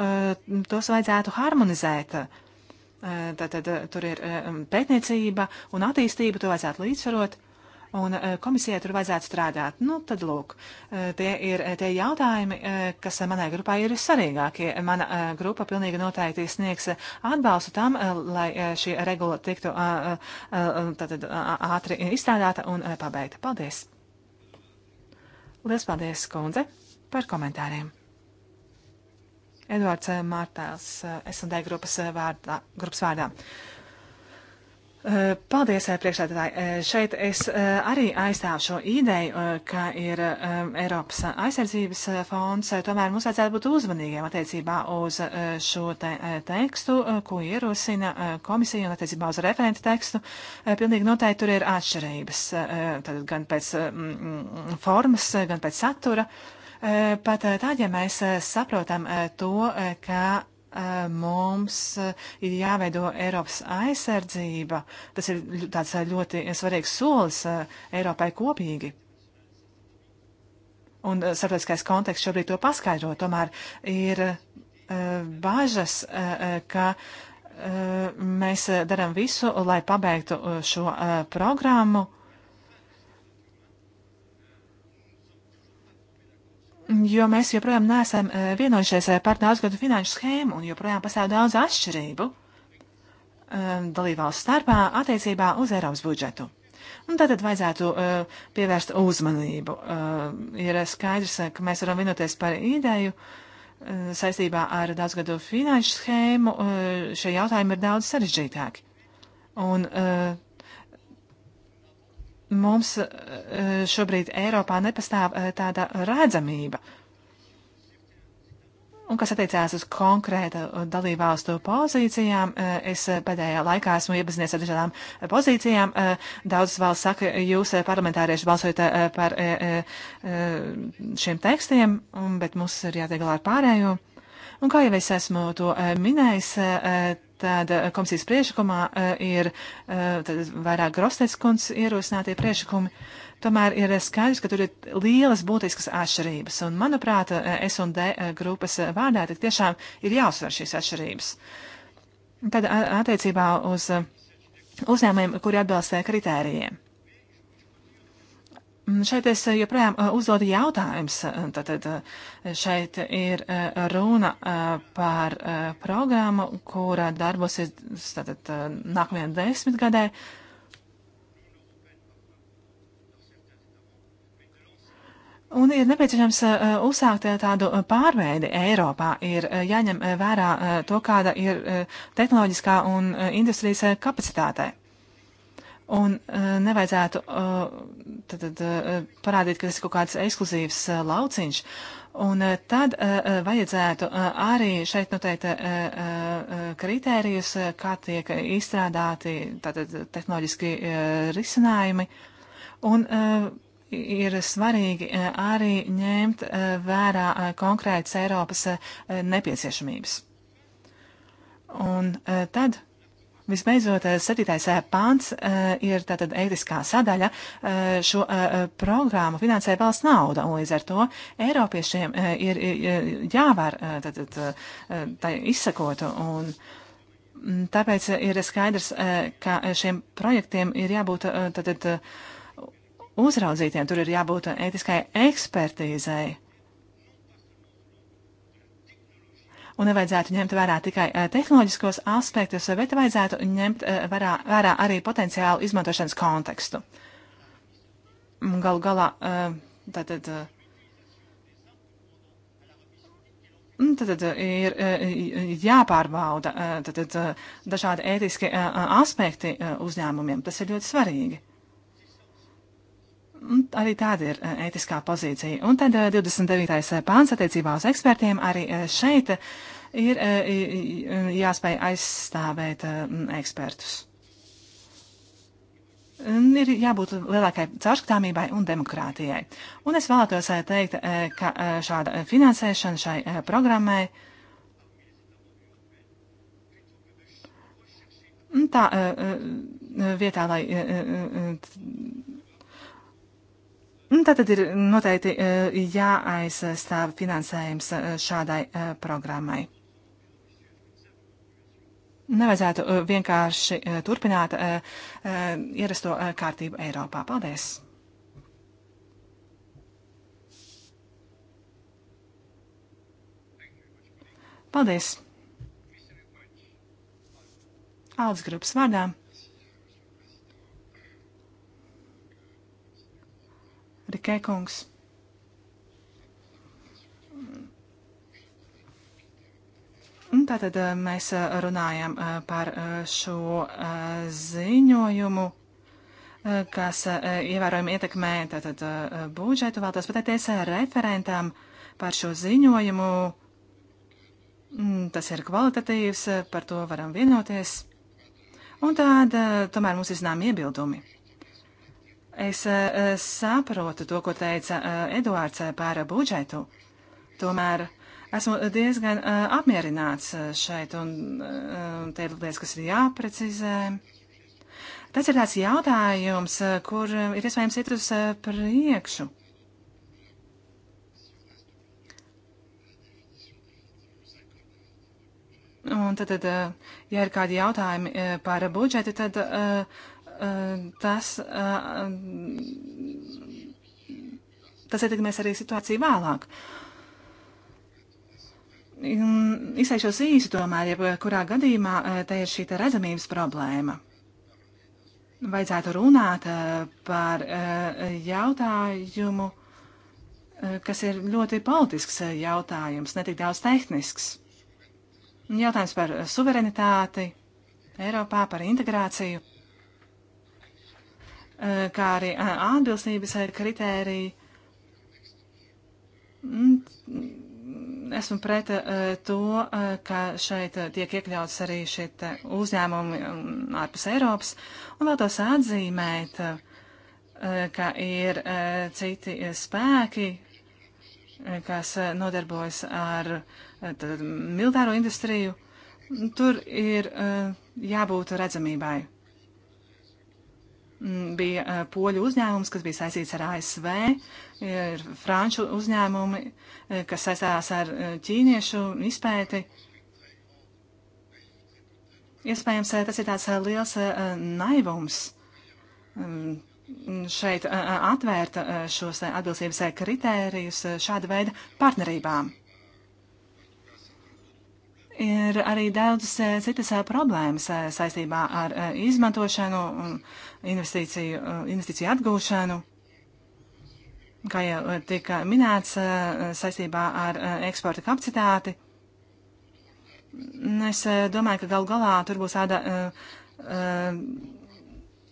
tos vajadzētu harmonizēt. Tātad tur ir um, pētniecība un attīstība, to vajadzētu līdzsvarot un eh, komisijai tur vajadzētu strādāt. Nu, tad lūk, eh, tie ir eh, tie jautājumi, kas manai grupai ir svarīgākie. Mana grupa pilnīgi noteikti sniegs atbalstu tam, lai šī regula tiktu tātad, ātri izstrādāta un pabeigta. Paldies! Lielas paldies, kundze, par komentāriem! Edvards Mārtēls, SD grupas vārdā. Grupas vārdā. Eh, paldies, eh, priekšsēdētāji. Eh, šeit es arī aizstāvu šo ideju, ka ir Eiropas aizsardzības fonds. Tomēr mums vajadzētu būt uzmanīgiem attiecībā uz šo te tekstu, ko ierosina komisija un attiecībā uz referenta tekstu. Pilnīgi noteikti tur ir atšķirības, tad gan pēc formas, gan pēc satura. Pat tādiem ja mēs saprotam to, ka Eh, mums eh, ir jāveido Eiropas aizsardzība. Tas ir tāds eh, ļoti svarīgs solis Eiropai kopīgi. Un starptautiskais konteksts šobrīd to paskaidro. Tomēr ir bažas, ka mēs darām visu, lai pabeigtu šo programmu jo mēs joprojām neesam e, vienojušies e, par daudzgadu finanšu schēmu un joprojām pastāv daudz atšķirību e, dalībvalsts starpā attiecībā uz Eiropas budžetu. Un tātad vajadzētu uh, pievērst uzmanību. Uh, ir skaidrs, ka mēs varam vienoties par ideju uh, saistībā ar daudzgadu finanšu schēmu. Uh, šie jautājumi ir daudz sarežģītāki. Un uh, mums eh, šobrīd Eiropā nepastāv eh, tāda redzamība. Un kas attiecās uz konkrētu eh, dalībvalstu pozīcijām, es pēdējā laikā esmu iepazinies ar dažādām pozīcijām. Daudzas valsts saka, jūs parlamentārieši balsojat par šiem tekstiem, bet mums ir jātiek galā ar pārējo. Un kā jau es esmu to minējis, Tad eh, komisijas priešakumā eh, ir eh, vairāk grosteskunds ierosinātie priešakumi. Tomēr ir skaidrs, ka tur ir lielas būtiskas atšķirības. Un, manuprāt, S un D grupas vārdā tik tiešām ir jāuzsver šīs atšķirības. Tad attiecībā uz uzņēmumiem, kuri atbilst kritērijiem. Mm, šeit es eh, joprojām eh, uzdodu jautājums. Eh, tātad šeit ir runa par programmu, kura darbosies tātad nākamajā desmitgadē. Un ir nepieciešams uzsākt tādu pārveidi Eiropā. Ir jāņem vērā to, kāda ir tehnoloģiskā un industrijas kapacitātei. Un eh, nevajadzētu eh, tad, tad, eh, parādīt, ka tas ir kaut kāds ekskluzīvs lauciņš. Un tad vajadzētu arī šeit noteikt kritērijus, kā tiek izstrādāti tātad, tehnoloģiski risinājumi. Un ir svarīgi arī ņemt vērā konkrētas Eiropas nepieciešamības. Un tad Visbeidzot, eh, septītais eh, pāns eh, ir tātad ētiskā sadaļa. Šo programmu finansē valsts nauda, un līdz ar to Eiropiešiem ir jāvar tātad, tā izsakot. Un, mm, tāpēc ir skaidrs, ka šiem projektiem ir jābūt tātad, uzraudzītiem, tur ir jābūt ētiskai ekspertīzei un nevajadzētu ņemt vērā tikai eh, tehnoloģiskos aspektus, bet vajadzētu ņemt eh, vērā, vērā arī potenciālu izmantošanas kontekstu. Galu galā, eh, tātad. Mm, tad ir jāpārbauda tad, dažādi ētiski aspekti uzņēmumiem. Tas ir ļoti svarīgi. Arī tāda ir eh, ētiskā pozīcija. Un tad 29. Eh, eh, pāns attiecībā uz ekspertiem arī šeit ir jāspēj aizstāvēt ekspertus. Ir jābūt lielākai caurskatāmībai un demokrātijai. Un es vēlētos teikt, ka šāda finansēšana šai programmai tā vietā, lai Nu, tātad ir noteikti eh, jāaizstāv finansējums eh, šādai eh, programmai. Nevajadzētu vienkārši turpināt ierasto kārtību Eiropā. Paldies! Paldies! Aldis grupas vārdā. Rikēkungs. Tātad eh, mēs eh, runājam eh, par šo ziņojumu, kas ievērojami ietekmē tātad, budžetu. Vēlos pateikties referentam par šo ziņojumu. Mm, tas ir kvalitatīvs, par to varam vienoties. Un tāda tomēr mums ir zināmi iebildumi. Es eh, eh, saprotu to, ko teica eh, Eduards par budžetu. Tomēr esmu diezgan apmierināts šeit, un te ir lietas, kas ir jāprecizē. Tas ir tāds jautājums, kur ir iespējams iet uz priekšu. Un tad, tad, ja ir kādi jautājumi par budžetu, tad Eh, tas, eh, tas ietekmēs arī situāciju vēlāk. Izsēšos īsi tomēr, ja kurā gadījumā eh, te ir šī redzamības problēma. Vajadzētu runāt par jautājumu, kas ir ļoti politisks jautājums, netik daudz tehnisks. Jautājums par suverenitāti Eiropā, par integrāciju. Eh, kā arī eh, atbilstības eh, kritēriji. Mm, mm, esmu pret to, ka šeit tiek iekļauts arī šie uzņēmumi mm, ārpus Eiropas, un vēl tos atzīmēt, ka ir citi spēki, kas nodarbojas ar militāro industriju. Tur ir jābūt redzamībai. Mm, bija eh, poļu uzņēmums, kas bija saistīts ar ASV, ir franču uzņēmumi, eh, kas saistās ar eh, ķīniešu izpēti. Iespējams, tas ir tāds liels naivums mm, šeit atvērt šos atbilstības kritērijus šāda veida partnerībām ir arī daudzas eh, citas eh, problēmas eh, saistībā ar izmantošanu un mm, investīciju, investīciju atgūšanu. Kā jau tika minēts, saistībā ar eksporta kapacitāti. Mm, es domāju, ka gal galā tur būs tāda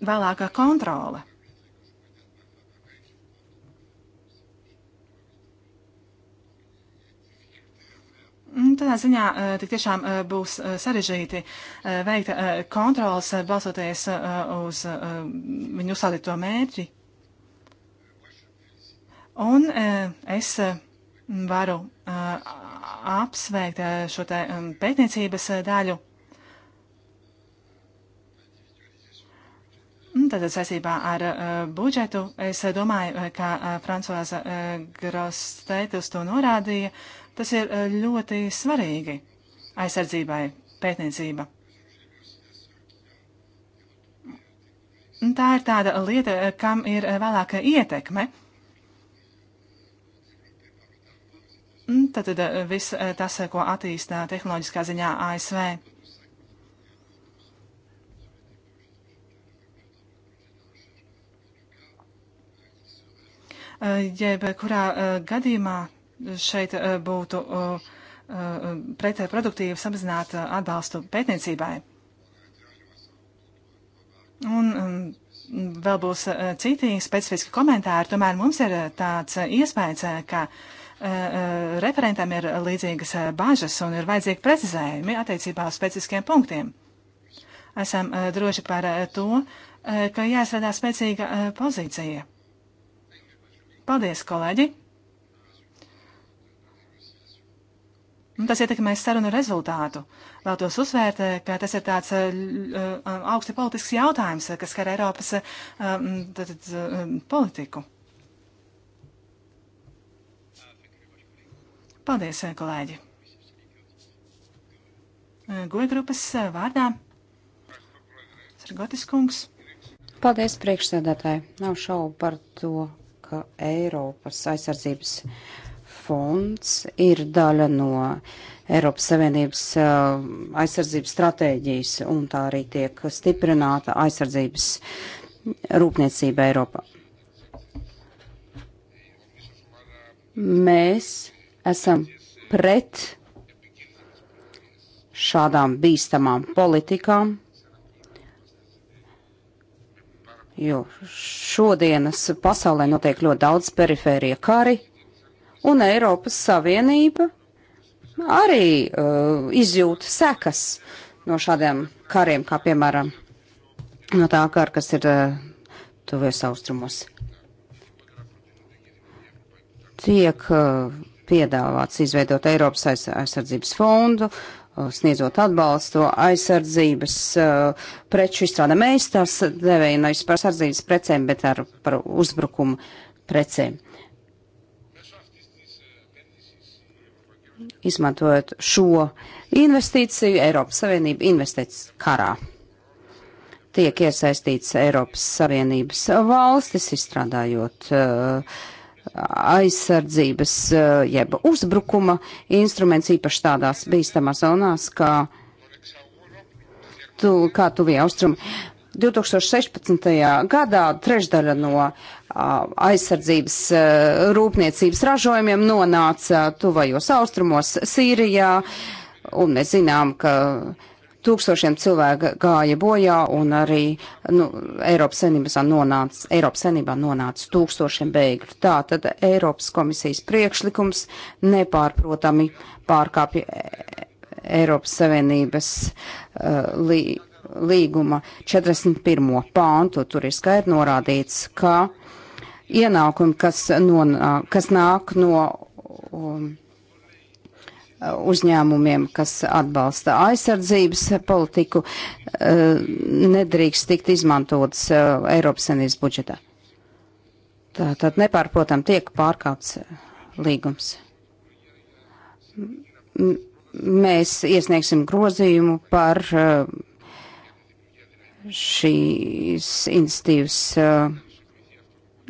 vēlākā kontrole. Mm, tādā ziņā eh, tik tiešām eh, būs eh, sarežģīti veikt kontrols, balsoties uz viņu uzstādīto mērķi. Un es varu apsveikt šo te pētniecības daļu. Tātad mm, saistībā ar uh, budžetu es domāju, ka uh, Francoza uh, Grostētus to norādīja. Uh, Tas ir eh, ļoti svarīgi aizsardzībai, pētniecība. Tā ir tāda lieta, eh, kam ir eh, vēlāka ietekme. Tad, tad viss tas, ko attīstā tehnoloģiskā ziņā ASV. Jebkurā gadījumā šeit eh, būtu eh, eh, pretēji produktīvi samazināt atbalstu pētniecībai. Un mm, vēl būs citi specifiski komentāri, tomēr mums ir tāds iespējas, ka referentam ir līdzīgas bažas un ir vajadzīgi precizējumi attiecībā uz specifiskiem punktiem. Esam droši par to, ka jāsradā spēcīga pozīcija. Paldies, kolēģi! tas ietekmēs sarunu rezultātu. Vēlos uzsvērt, ka tas ir tāds eh, eh, augsti politisks jautājums, eh, kas skar Eiropas tad, politiku. Paldies, kolēģi! Goja grupas vārdā Sargotis kungs. Paldies, priekšsēdētāji. Nav šaubu par to, ka Eiropas aizsardzības fonds ir daļa no Eiropas Savienības uh, aizsardzības stratēģijas, un tā arī tiek stiprināta aizsardzības rūpniecība Eiropā. Mēs esam pret šādām bīstamām politikām, jo šodienas pasaulē notiek ļoti daudz perifērie kari un Eiropas Savienība arī uh, izjūt sekas no šādiem kariem, kā piemēram no tā kara, kas ir uh, tuvies austrumos. Tiek uh, piedāvāts izveidot Eiropas aiz, aizsardzības fondu, uh, sniedzot atbalstu aizsardzības uh, preču izstrāde. Mēs tās devējam nevis par aizsardzības precēm, bet ar, par uzbrukumu precēm. izmantojot šo investīciju, Eiropas Savienība investēs karā. Tiek iesaistīts Eiropas Savienības valstis, izstrādājot uh, aizsardzības, uh, jeb uzbrukuma instruments īpaši tādās bīstamās zonās, kā, tu, kā tuvie austrumi. 2016. gadā trešdaļa no uh, aizsardzības eh, rūpniecības ražojumiem nonāca tuvajos austrumos Sīrijā, un mēs zinām, ka tūkstošiem cilvēku gāja bojā, un arī nu, Eiropas Savienībā nonāca, Eiropas Savienībā nonāca tūkstošiem bēgļu. Tā tad Eiropas komisijas priekšlikums nepārprotami pārkāpja eh, Eiropas Savienības uh, lī, līguma 41. pāntu. Tur ir skaidri norādīts, ka ienākumi, kas, nonāk, kas nāk no um, uzņēmumiem, kas atbalsta aizsardzības politiku, uh, nedrīkst tikt izmantotas uh, Eiropas senības budžetā. Tā tad nepārprotam tiek pārkāpts līgums. M mēs iesniegsim grozījumu par uh, šīs institīvas uh,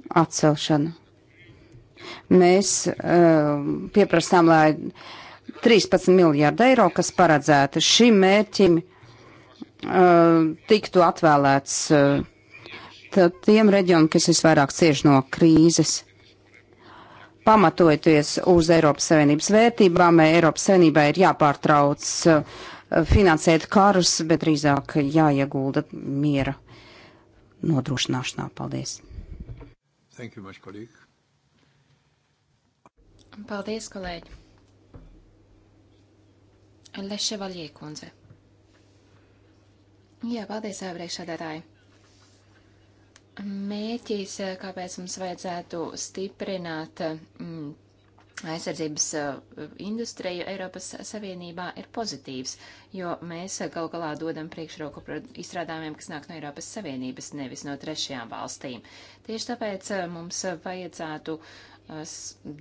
atcelšanu. Mēs uh, pieprasām, lai 13 miljārdi eiro, kas paredzēta šim mērķim, uh, tiktu atvēlēts uh, tiem reģioniem, kas visvairāk cieš no krīzes. Pamatojoties uz Eiropas Savienības vērtībām, Eiropas Savienībai ir jāpārtrauc uh, finansēt karus, bet drīzāk jāiegulda miera nodrošināšanā. Paldies! Thank you much, kolēģi. Paldies, kolēģi. Leševaļie kundze. Jā, paldies, priekšsēdētāji. Mēķis, kāpēc mums vajadzētu stiprināt mm, aizsardzības uh, industriju Eiropas Savienībā ir pozitīvs, jo mēs uh, gal galā dodam priekšroku izstrādājumiem, kas nāk no Eiropas Savienības, nevis no trešajām valstīm. Tieši tāpēc uh, mums vajadzētu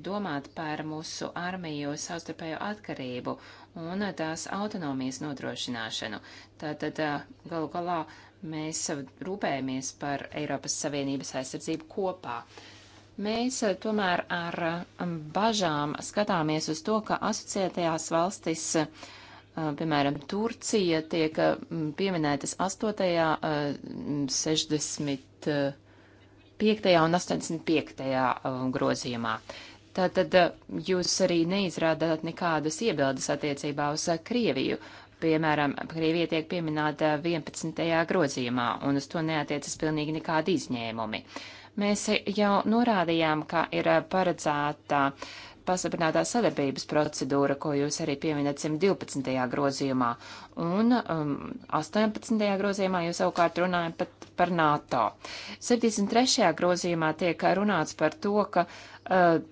domāt par mūsu armiju savstarpējo atkarību un tās autonomijas nodrošināšanu. Tātad galu galā mēs rūpējamies par Eiropas Savienības aizsardzību kopā. Uh, Mēs eh, tomēr ar um, bažām skatāmies uz to, ka asociētajās valstis, eh, piemēram, Turcija, tiek eh, pieminētas 8., 65. un 85. grozījumā. Tātad jūs arī neizrādāt nekādas iebildes attiecībā uz Krieviju. Piemēram, Krievija tiek pieminēta 11. grozījumā, un uz to neatiecas pilnīgi nekādi izņēmumi. Uh, Mēs jau norādījām, ka ir paredzēta pastiprinātā sadarbības procedūra, ko jūs arī pieminat 112. grozījumā, un um, 18. grozījumā jūs savukārt runājat pat par NATO. 73. grozījumā tiek runāts par to, ka uh,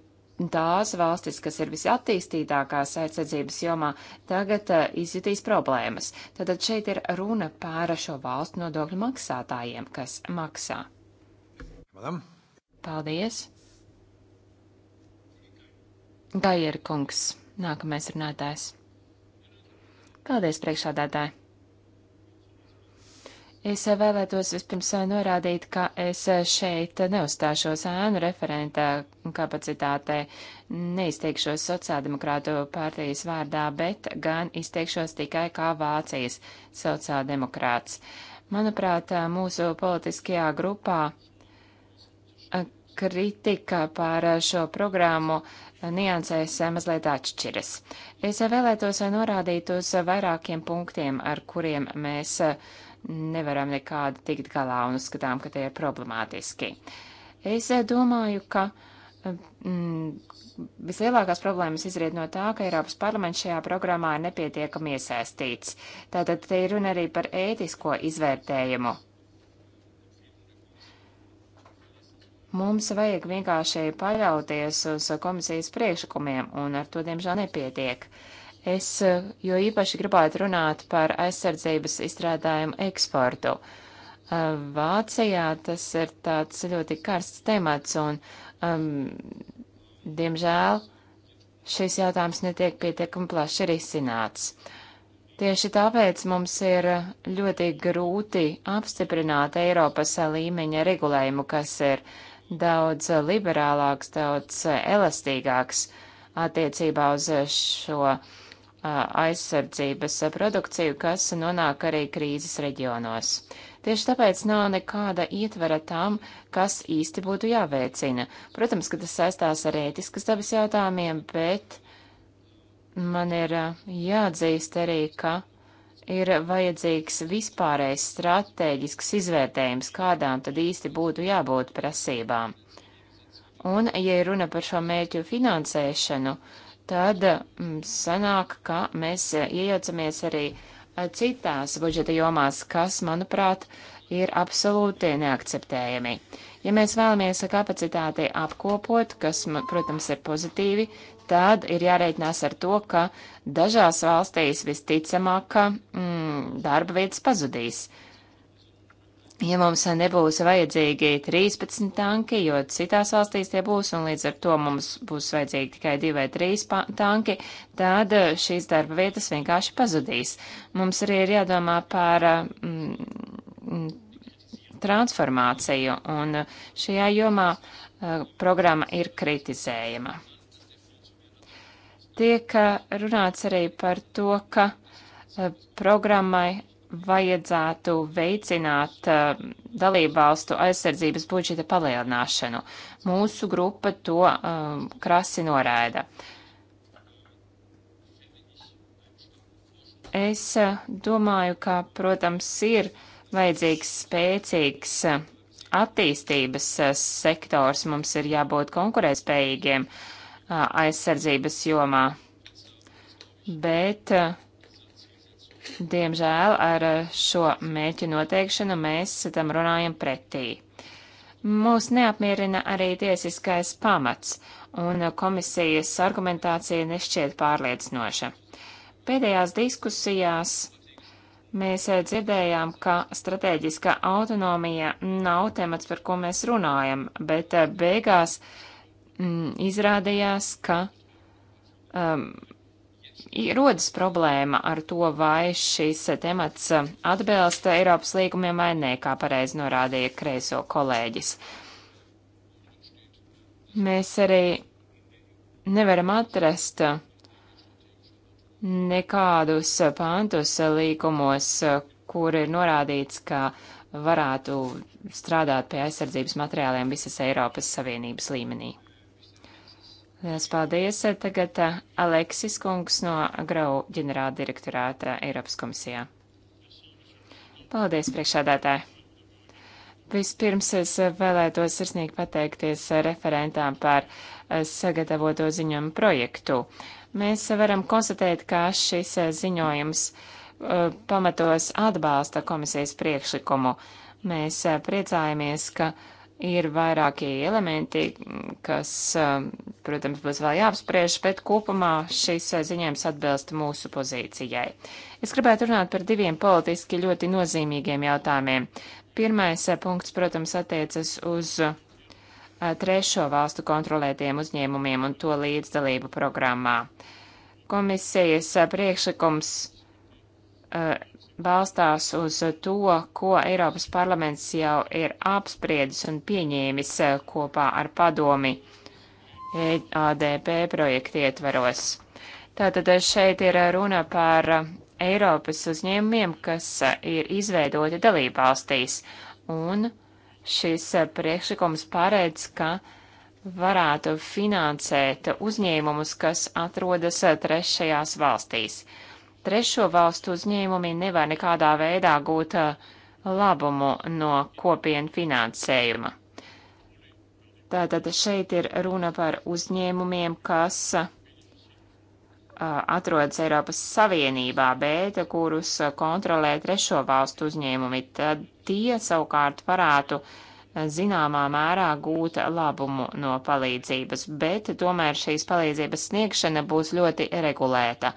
tās valstis, kas ir visattīstītākās aizsardzības jomā, tagad uh, izjutīs problēmas. Tātad šeit ir runa pāra šo valstu nodokļu maksātājiem, kas maksā. Madam. Paldies. Gajer kungs, nākamais runātājs. Paldies, priekšādātāji. Es vēlētos vispirms norādīt, ka es šeit neuzstāšos ēnu referenta kapacitātē, neizteikšos sociāldemokrātu partijas vārdā, bet gan izteikšos tikai kā Vācijas sociāldemokrāts. Manuprāt, mūsu politiskajā grupā kritika par eh, šo programmu eh, niansēs eh, mazliet atšķiras. Es vēlētos norādīt uz vairākiem punktiem, ar kuriem mēs nevaram nekādi tikt galā un uzskatām, ka tie ir problemātiski. Es domāju, ka mm, vislielākās problēmas izriet no tā, ka Eiropas parlaments šajā programmā ir nepietiekami iesaistīts. Tātad te ir runa arī par ētisko izvērtējumu Mums vajag vienkārši paļauties uz komisijas priekšlikumiem, un ar to, diemžēl, nepietiek. Es jo īpaši gribētu runāt par aizsardzības izstrādājumu eksportu. Vācijā tas ir tāds ļoti karsts temats, un, um, diemžēl, šis jautājums netiek pietiekami plaši risināts. Tieši tāpēc mums ir ļoti grūti apstiprināt Eiropas līmeņa regulējumu, kas ir daudz liberālāks, daudz eh, elastīgāks attiecībā uz šo eh, aizsardzības produkciju, kas nonāk arī krīzes reģionos. Tieši tāpēc nav nekāda ietvera tam, kas īsti būtu jāveicina. Protams, ka tas saistās ar ētiskas dabas jautājumiem, bet man ir eh, jāatzīst arī, ka ir vajadzīgs vispārējs strateģisks izvērtējums, kādām tad īsti būtu jābūt prasībām. Un, ja runa par šo mērķu finansēšanu, tad mm, sanāk, ka mēs iejaucamies arī eh, citās budžeta jomās, kas, manuprāt, ir absolūti neakceptējami. Ja mēs vēlamies kapacitāti apkopot, kas, protams, ir pozitīvi, tad ir jārēķinās ar to, ka dažās valstīs visticamāk, ka mm, darba vietas pazudīs. Ja mums nebūs vajadzīgi 13 tanki, jo citās valstīs tie būs, un līdz ar to mums būs vajadzīgi tikai 2 vai 3 tanki, tad eh, šīs darba vietas vienkārši pazudīs. Mums arī ir jādomā par eh, mm, mm, transformāciju, un eh, šajā jomā uh, programma ir kritizējama. Tiek eh, runāts arī par to, ka eh, programmai vajadzētu veicināt eh, dalībvalstu aizsardzības budžeta palielināšanu. Mūsu grupa to um, krasi norēda. Es domāju, ka, protams, ir vajadzīgs spēcīgs attīstības sektors, mums ir jābūt konkurētspējīgiem. Uh, aizsardzības jomā. Bet, diemžēl, ar šo mērķu noteikšanu mēs tam runājam pretī. Mūs neapmierina arī tiesiskais pamats, un komisijas argumentācija nešķiet pārliecinoša. Pēdējās diskusijās mēs dzirdējām, ka strateģiskā autonomija nav temats, par ko mēs runājam, bet beigās uh, mm, izrādījās, ka um, rodas problēma ar to, vai šis temats um, atbilst Eiropas līgumiem vai nē, kā pareizi norādīja kreiso kolēģis. Mēs arī nevaram atrast uh, nekādus pāntus līgumos, uh, kur ir norādīts, ka varētu strādāt pie aizsardzības materiāliem visas Eiropas Savienības līmenī. Lielas paldies. Tagad eh, Aleksis Kungs no Grau ģenerāla direktorāta Eiropas komisijā. Paldies, priekšādātāji. Vispirms es vēlētos sirsnīgi pateikties referentām par eh, sagatavoto ziņojumu projektu. Mēs varam konstatēt, ka šis eh, ziņojums pamatos atbalsta komisijas priekšlikumu. Mēs priecājamies, ka uh, Ir vairākie elementi, kas, um, protams, būs vēl jāapspriež, bet kopumā šis uh, ziņojums atbilst mūsu pozīcijai. Es gribētu runāt par diviem politiski ļoti nozīmīgiem jautājumiem. Pirmais uh, punkts, protams, attiecas uz uh, trešo valstu kontrolētiem uzņēmumiem un to līdzdalību programmā. Komisijas priekšlikums balstās uz to, ko Eiropas parlaments jau ir apspriedis un pieņēmis eh, kopā ar padomi eh, ADP projektu ietveros. Tātad eh, šeit ir runa par Eiropas uzņēmumiem, kas ir izveidoti dalībvalstīs, un šis priekšlikums paredz, ka varētu finansēt uzņēmumus, kas atrodas trešajās valstīs trešo valstu uzņēmumi nevar nekādā veidā gūt uh, labumu no kopienu finansējuma. Tātad šeit ir runa par uzņēmumiem, kas uh, atrodas Eiropas Savienībā, bet kurus uh, kontrolē trešo valstu uzņēmumi, tad tie savukārt varētu zināmā mērā gūt labumu no palīdzības, bet tomēr šīs palīdzības sniegšana būs ļoti regulēta,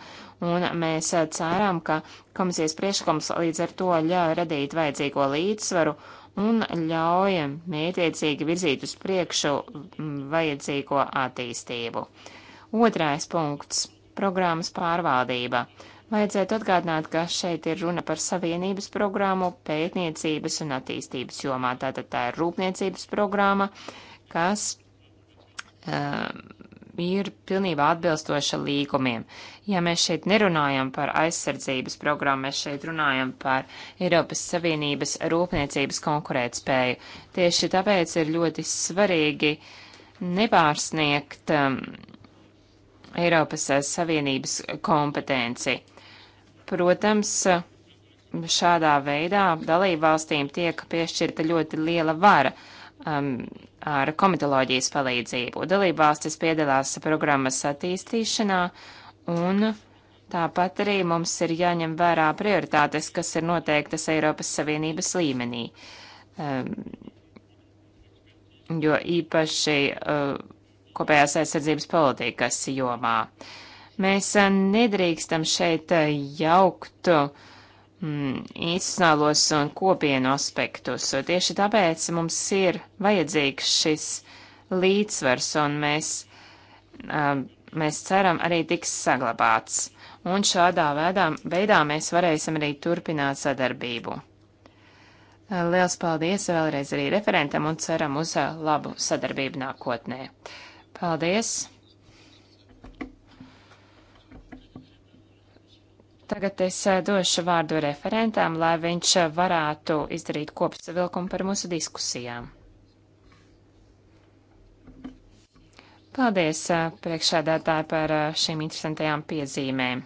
un mēs eh, ceram, ka komisijas priekšlikums līdz ar to ļauj radīt vajadzīgo līdzsvaru un ļauj mētiecīgi virzīt uz priekšu mm, vajadzīgo attīstību. Otrais punkts - programmas pārvaldība. Vajadzētu atgādināt, ka šeit ir runa par savienības programmu pētniecības un attīstības jomā. Tātad tā ir rūpniecības programma, kas um, ir pilnībā atbilstoša līgumiem. Ja mēs šeit nerunājam par aizsardzības programmu, mēs šeit runājam par Eiropas Savienības rūpniecības konkurētspēju. Tieši tāpēc ir ļoti svarīgi nepārsniegt um, Eiropas Savienības kompetenci. Protams, šādā veidā dalībvalstīm tiek piešķirta ļoti liela vara um, ar komitoloģijas palīdzību. Dalībvalstis piedalās programmas attīstīšanā un tāpat arī mums ir jāņem vērā prioritātes, kas ir noteiktas Eiropas Savienības līmenī. Um, jo īpaši uh, kopējās aizsardzības politikas jomā. Mēs uh, nedrīkstam šeit jauktu uh, mm, institucionālos un kopienu aspektus. Tieši tāpēc mums ir vajadzīgs šis līdzsvars, un mēs, um, mēs ceram, arī tiks saglabāts. Un šādā veidā, veidā mēs varēsim arī turpināt sadarbību. Liels paldies vēlreiz arī referentam un ceram uz labu sadarbību nākotnē. Paldies! Tagad es eh, došu vārdu referentam, lai viņš eh, varētu izdarīt kopsavilkumu par mūsu diskusijām. Paldies eh, priekšādātāji par šīm interesantajām piezīmēm.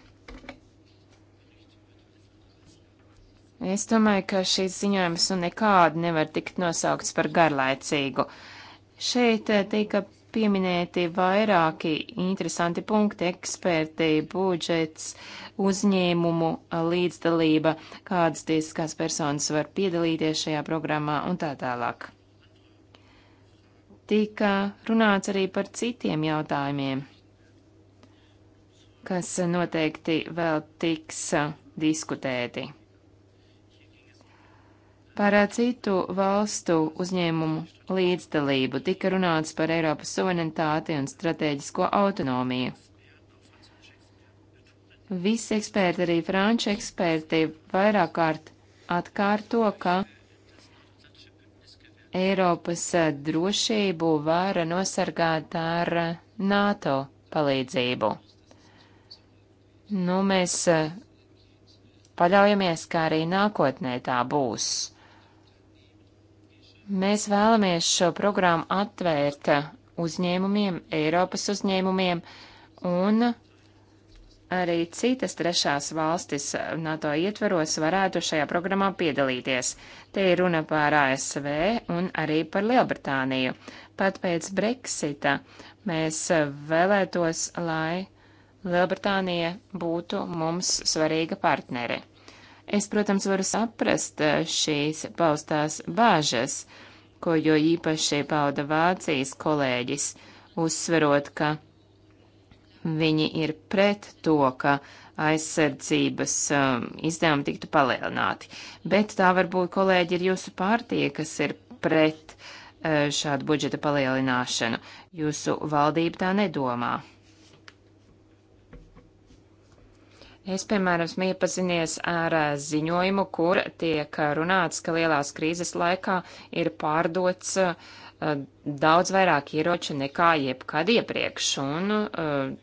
Es domāju, ka šīs ziņojums un nu nekādi nevar tikt nosaukts par garlaicīgu. Šeit tika pieminēti vairāki interesanti punkti - eksperti, budžets, uzņēmumu līdzdalība, kādas tiesiskās personas var piedalīties šajā programmā un tā tālāk. Tika runāts arī par citiem jautājumiem, kas noteikti vēl tiks diskutēti. Par eh, citu valstu uzņēmumu līdzdalību tika runāts par Eiropas suverenitāti un strateģisko autonomiju. Visi eksperti, arī franču eksperti, vairāk kārt atkārto, ka Eiropas eh, drošību var nosargāt ar eh, NATO palīdzību. Nu, mēs paļaujamies, ka arī nākotnē tā būs. Mēs vēlamies šo programmu atvērt uzņēmumiem, Eiropas uzņēmumiem un arī citas trešās valstis NATO ietveros varētu šajā programmā piedalīties. Te ir runa par ASV un arī par Lielbritāniju. Pat pēc Brexita mēs vēlētos, lai Lielbritānija būtu mums svarīga partneri. Es, protams, varu saprast eh, šīs paustās bāžas, ko jo īpaši pauda Vācijas kolēģis, uzsverot, ka viņi ir pret to, ka aizsardzības um, izdevumi tiktu palielināti. Bet tā varbūt kolēģi ir jūsu pārtie, kas ir pret uh, šādu budžeta palielināšanu. Jūsu valdība tā nedomā. Es, piemēram, esmu iepazinies ar eh, ziņojumu, kur tiek eh, runāts, ka lielās krīzes laikā ir pārdots eh, daudz vairāk ieroču nekā jebkad iepriekš, un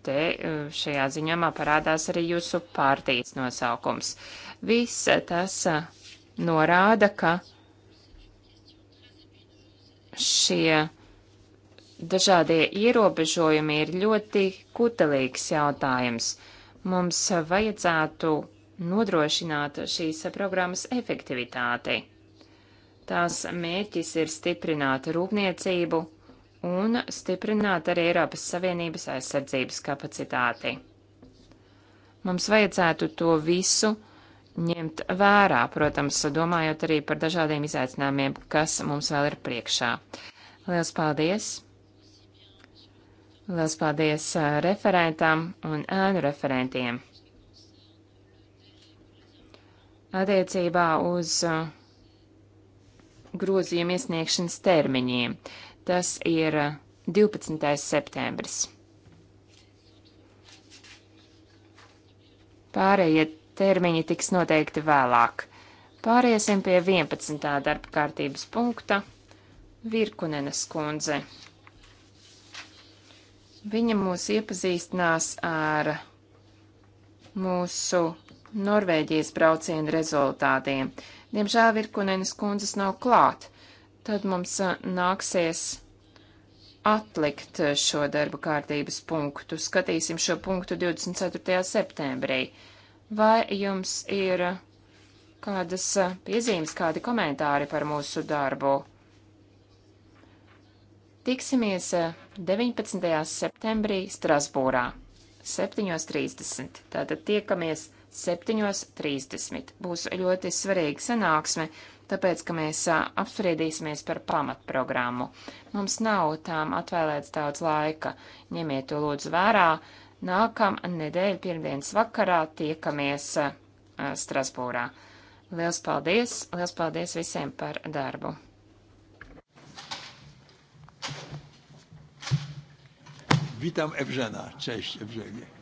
te šajā ziņojumā parādās arī jūsu pārtīts nosaukums. Viss tas norāda, ka šie dažādie ierobežojumi ir ļoti kutelīgs jautājums Mums vajadzētu nodrošināt šīs programmas efektivitāti. Tās mērķis ir stiprināt rūpniecību un stiprināt arī Eiropas Savienības aizsardzības kapacitāti. Mums vajadzētu to visu ņemt vērā, protams, domājot arī par dažādiem izaicinājumiem, kas mums vēl ir priekšā. Lielas paldies! Lielas paldies referentam un ēnu referentiem. Attiecībā uz grozījumu iesniegšanas termiņiem. Tas ir 12. septembris. Pārējie termiņi tiks noteikti vēlāk. Pāriesim pie 11. darba kārtības punkta - Virkunenes kundze. Viņa mūs iepazīstinās ar mūsu Norvēģijas brauciena rezultātiem. Diemžēl Virkunenes kundzes nav klāt, tad mums nāksies atlikt šo darba kārtības punktu. Skatīsim šo punktu 24. septembrī. Vai jums ir kādas piezīmes, kādi komentāri par mūsu darbu? Tiksimies 19. septembrī Strasbūrā 7.30. Tātad tiekamies 7.30. Būs ļoti svarīga sanāksme, tāpēc, ka mēs apspriedīsimies par pamatprogrammu. Mums nav tām atvēlēts daudz laika. Ņemiet to lūdzu vērā. Nākam nedēļa pirmdienas vakarā tiekamies Strasbūrā. Liels paldies! Liels paldies visiem par darbu! Witam Ewżena. Cześć Ewżenie.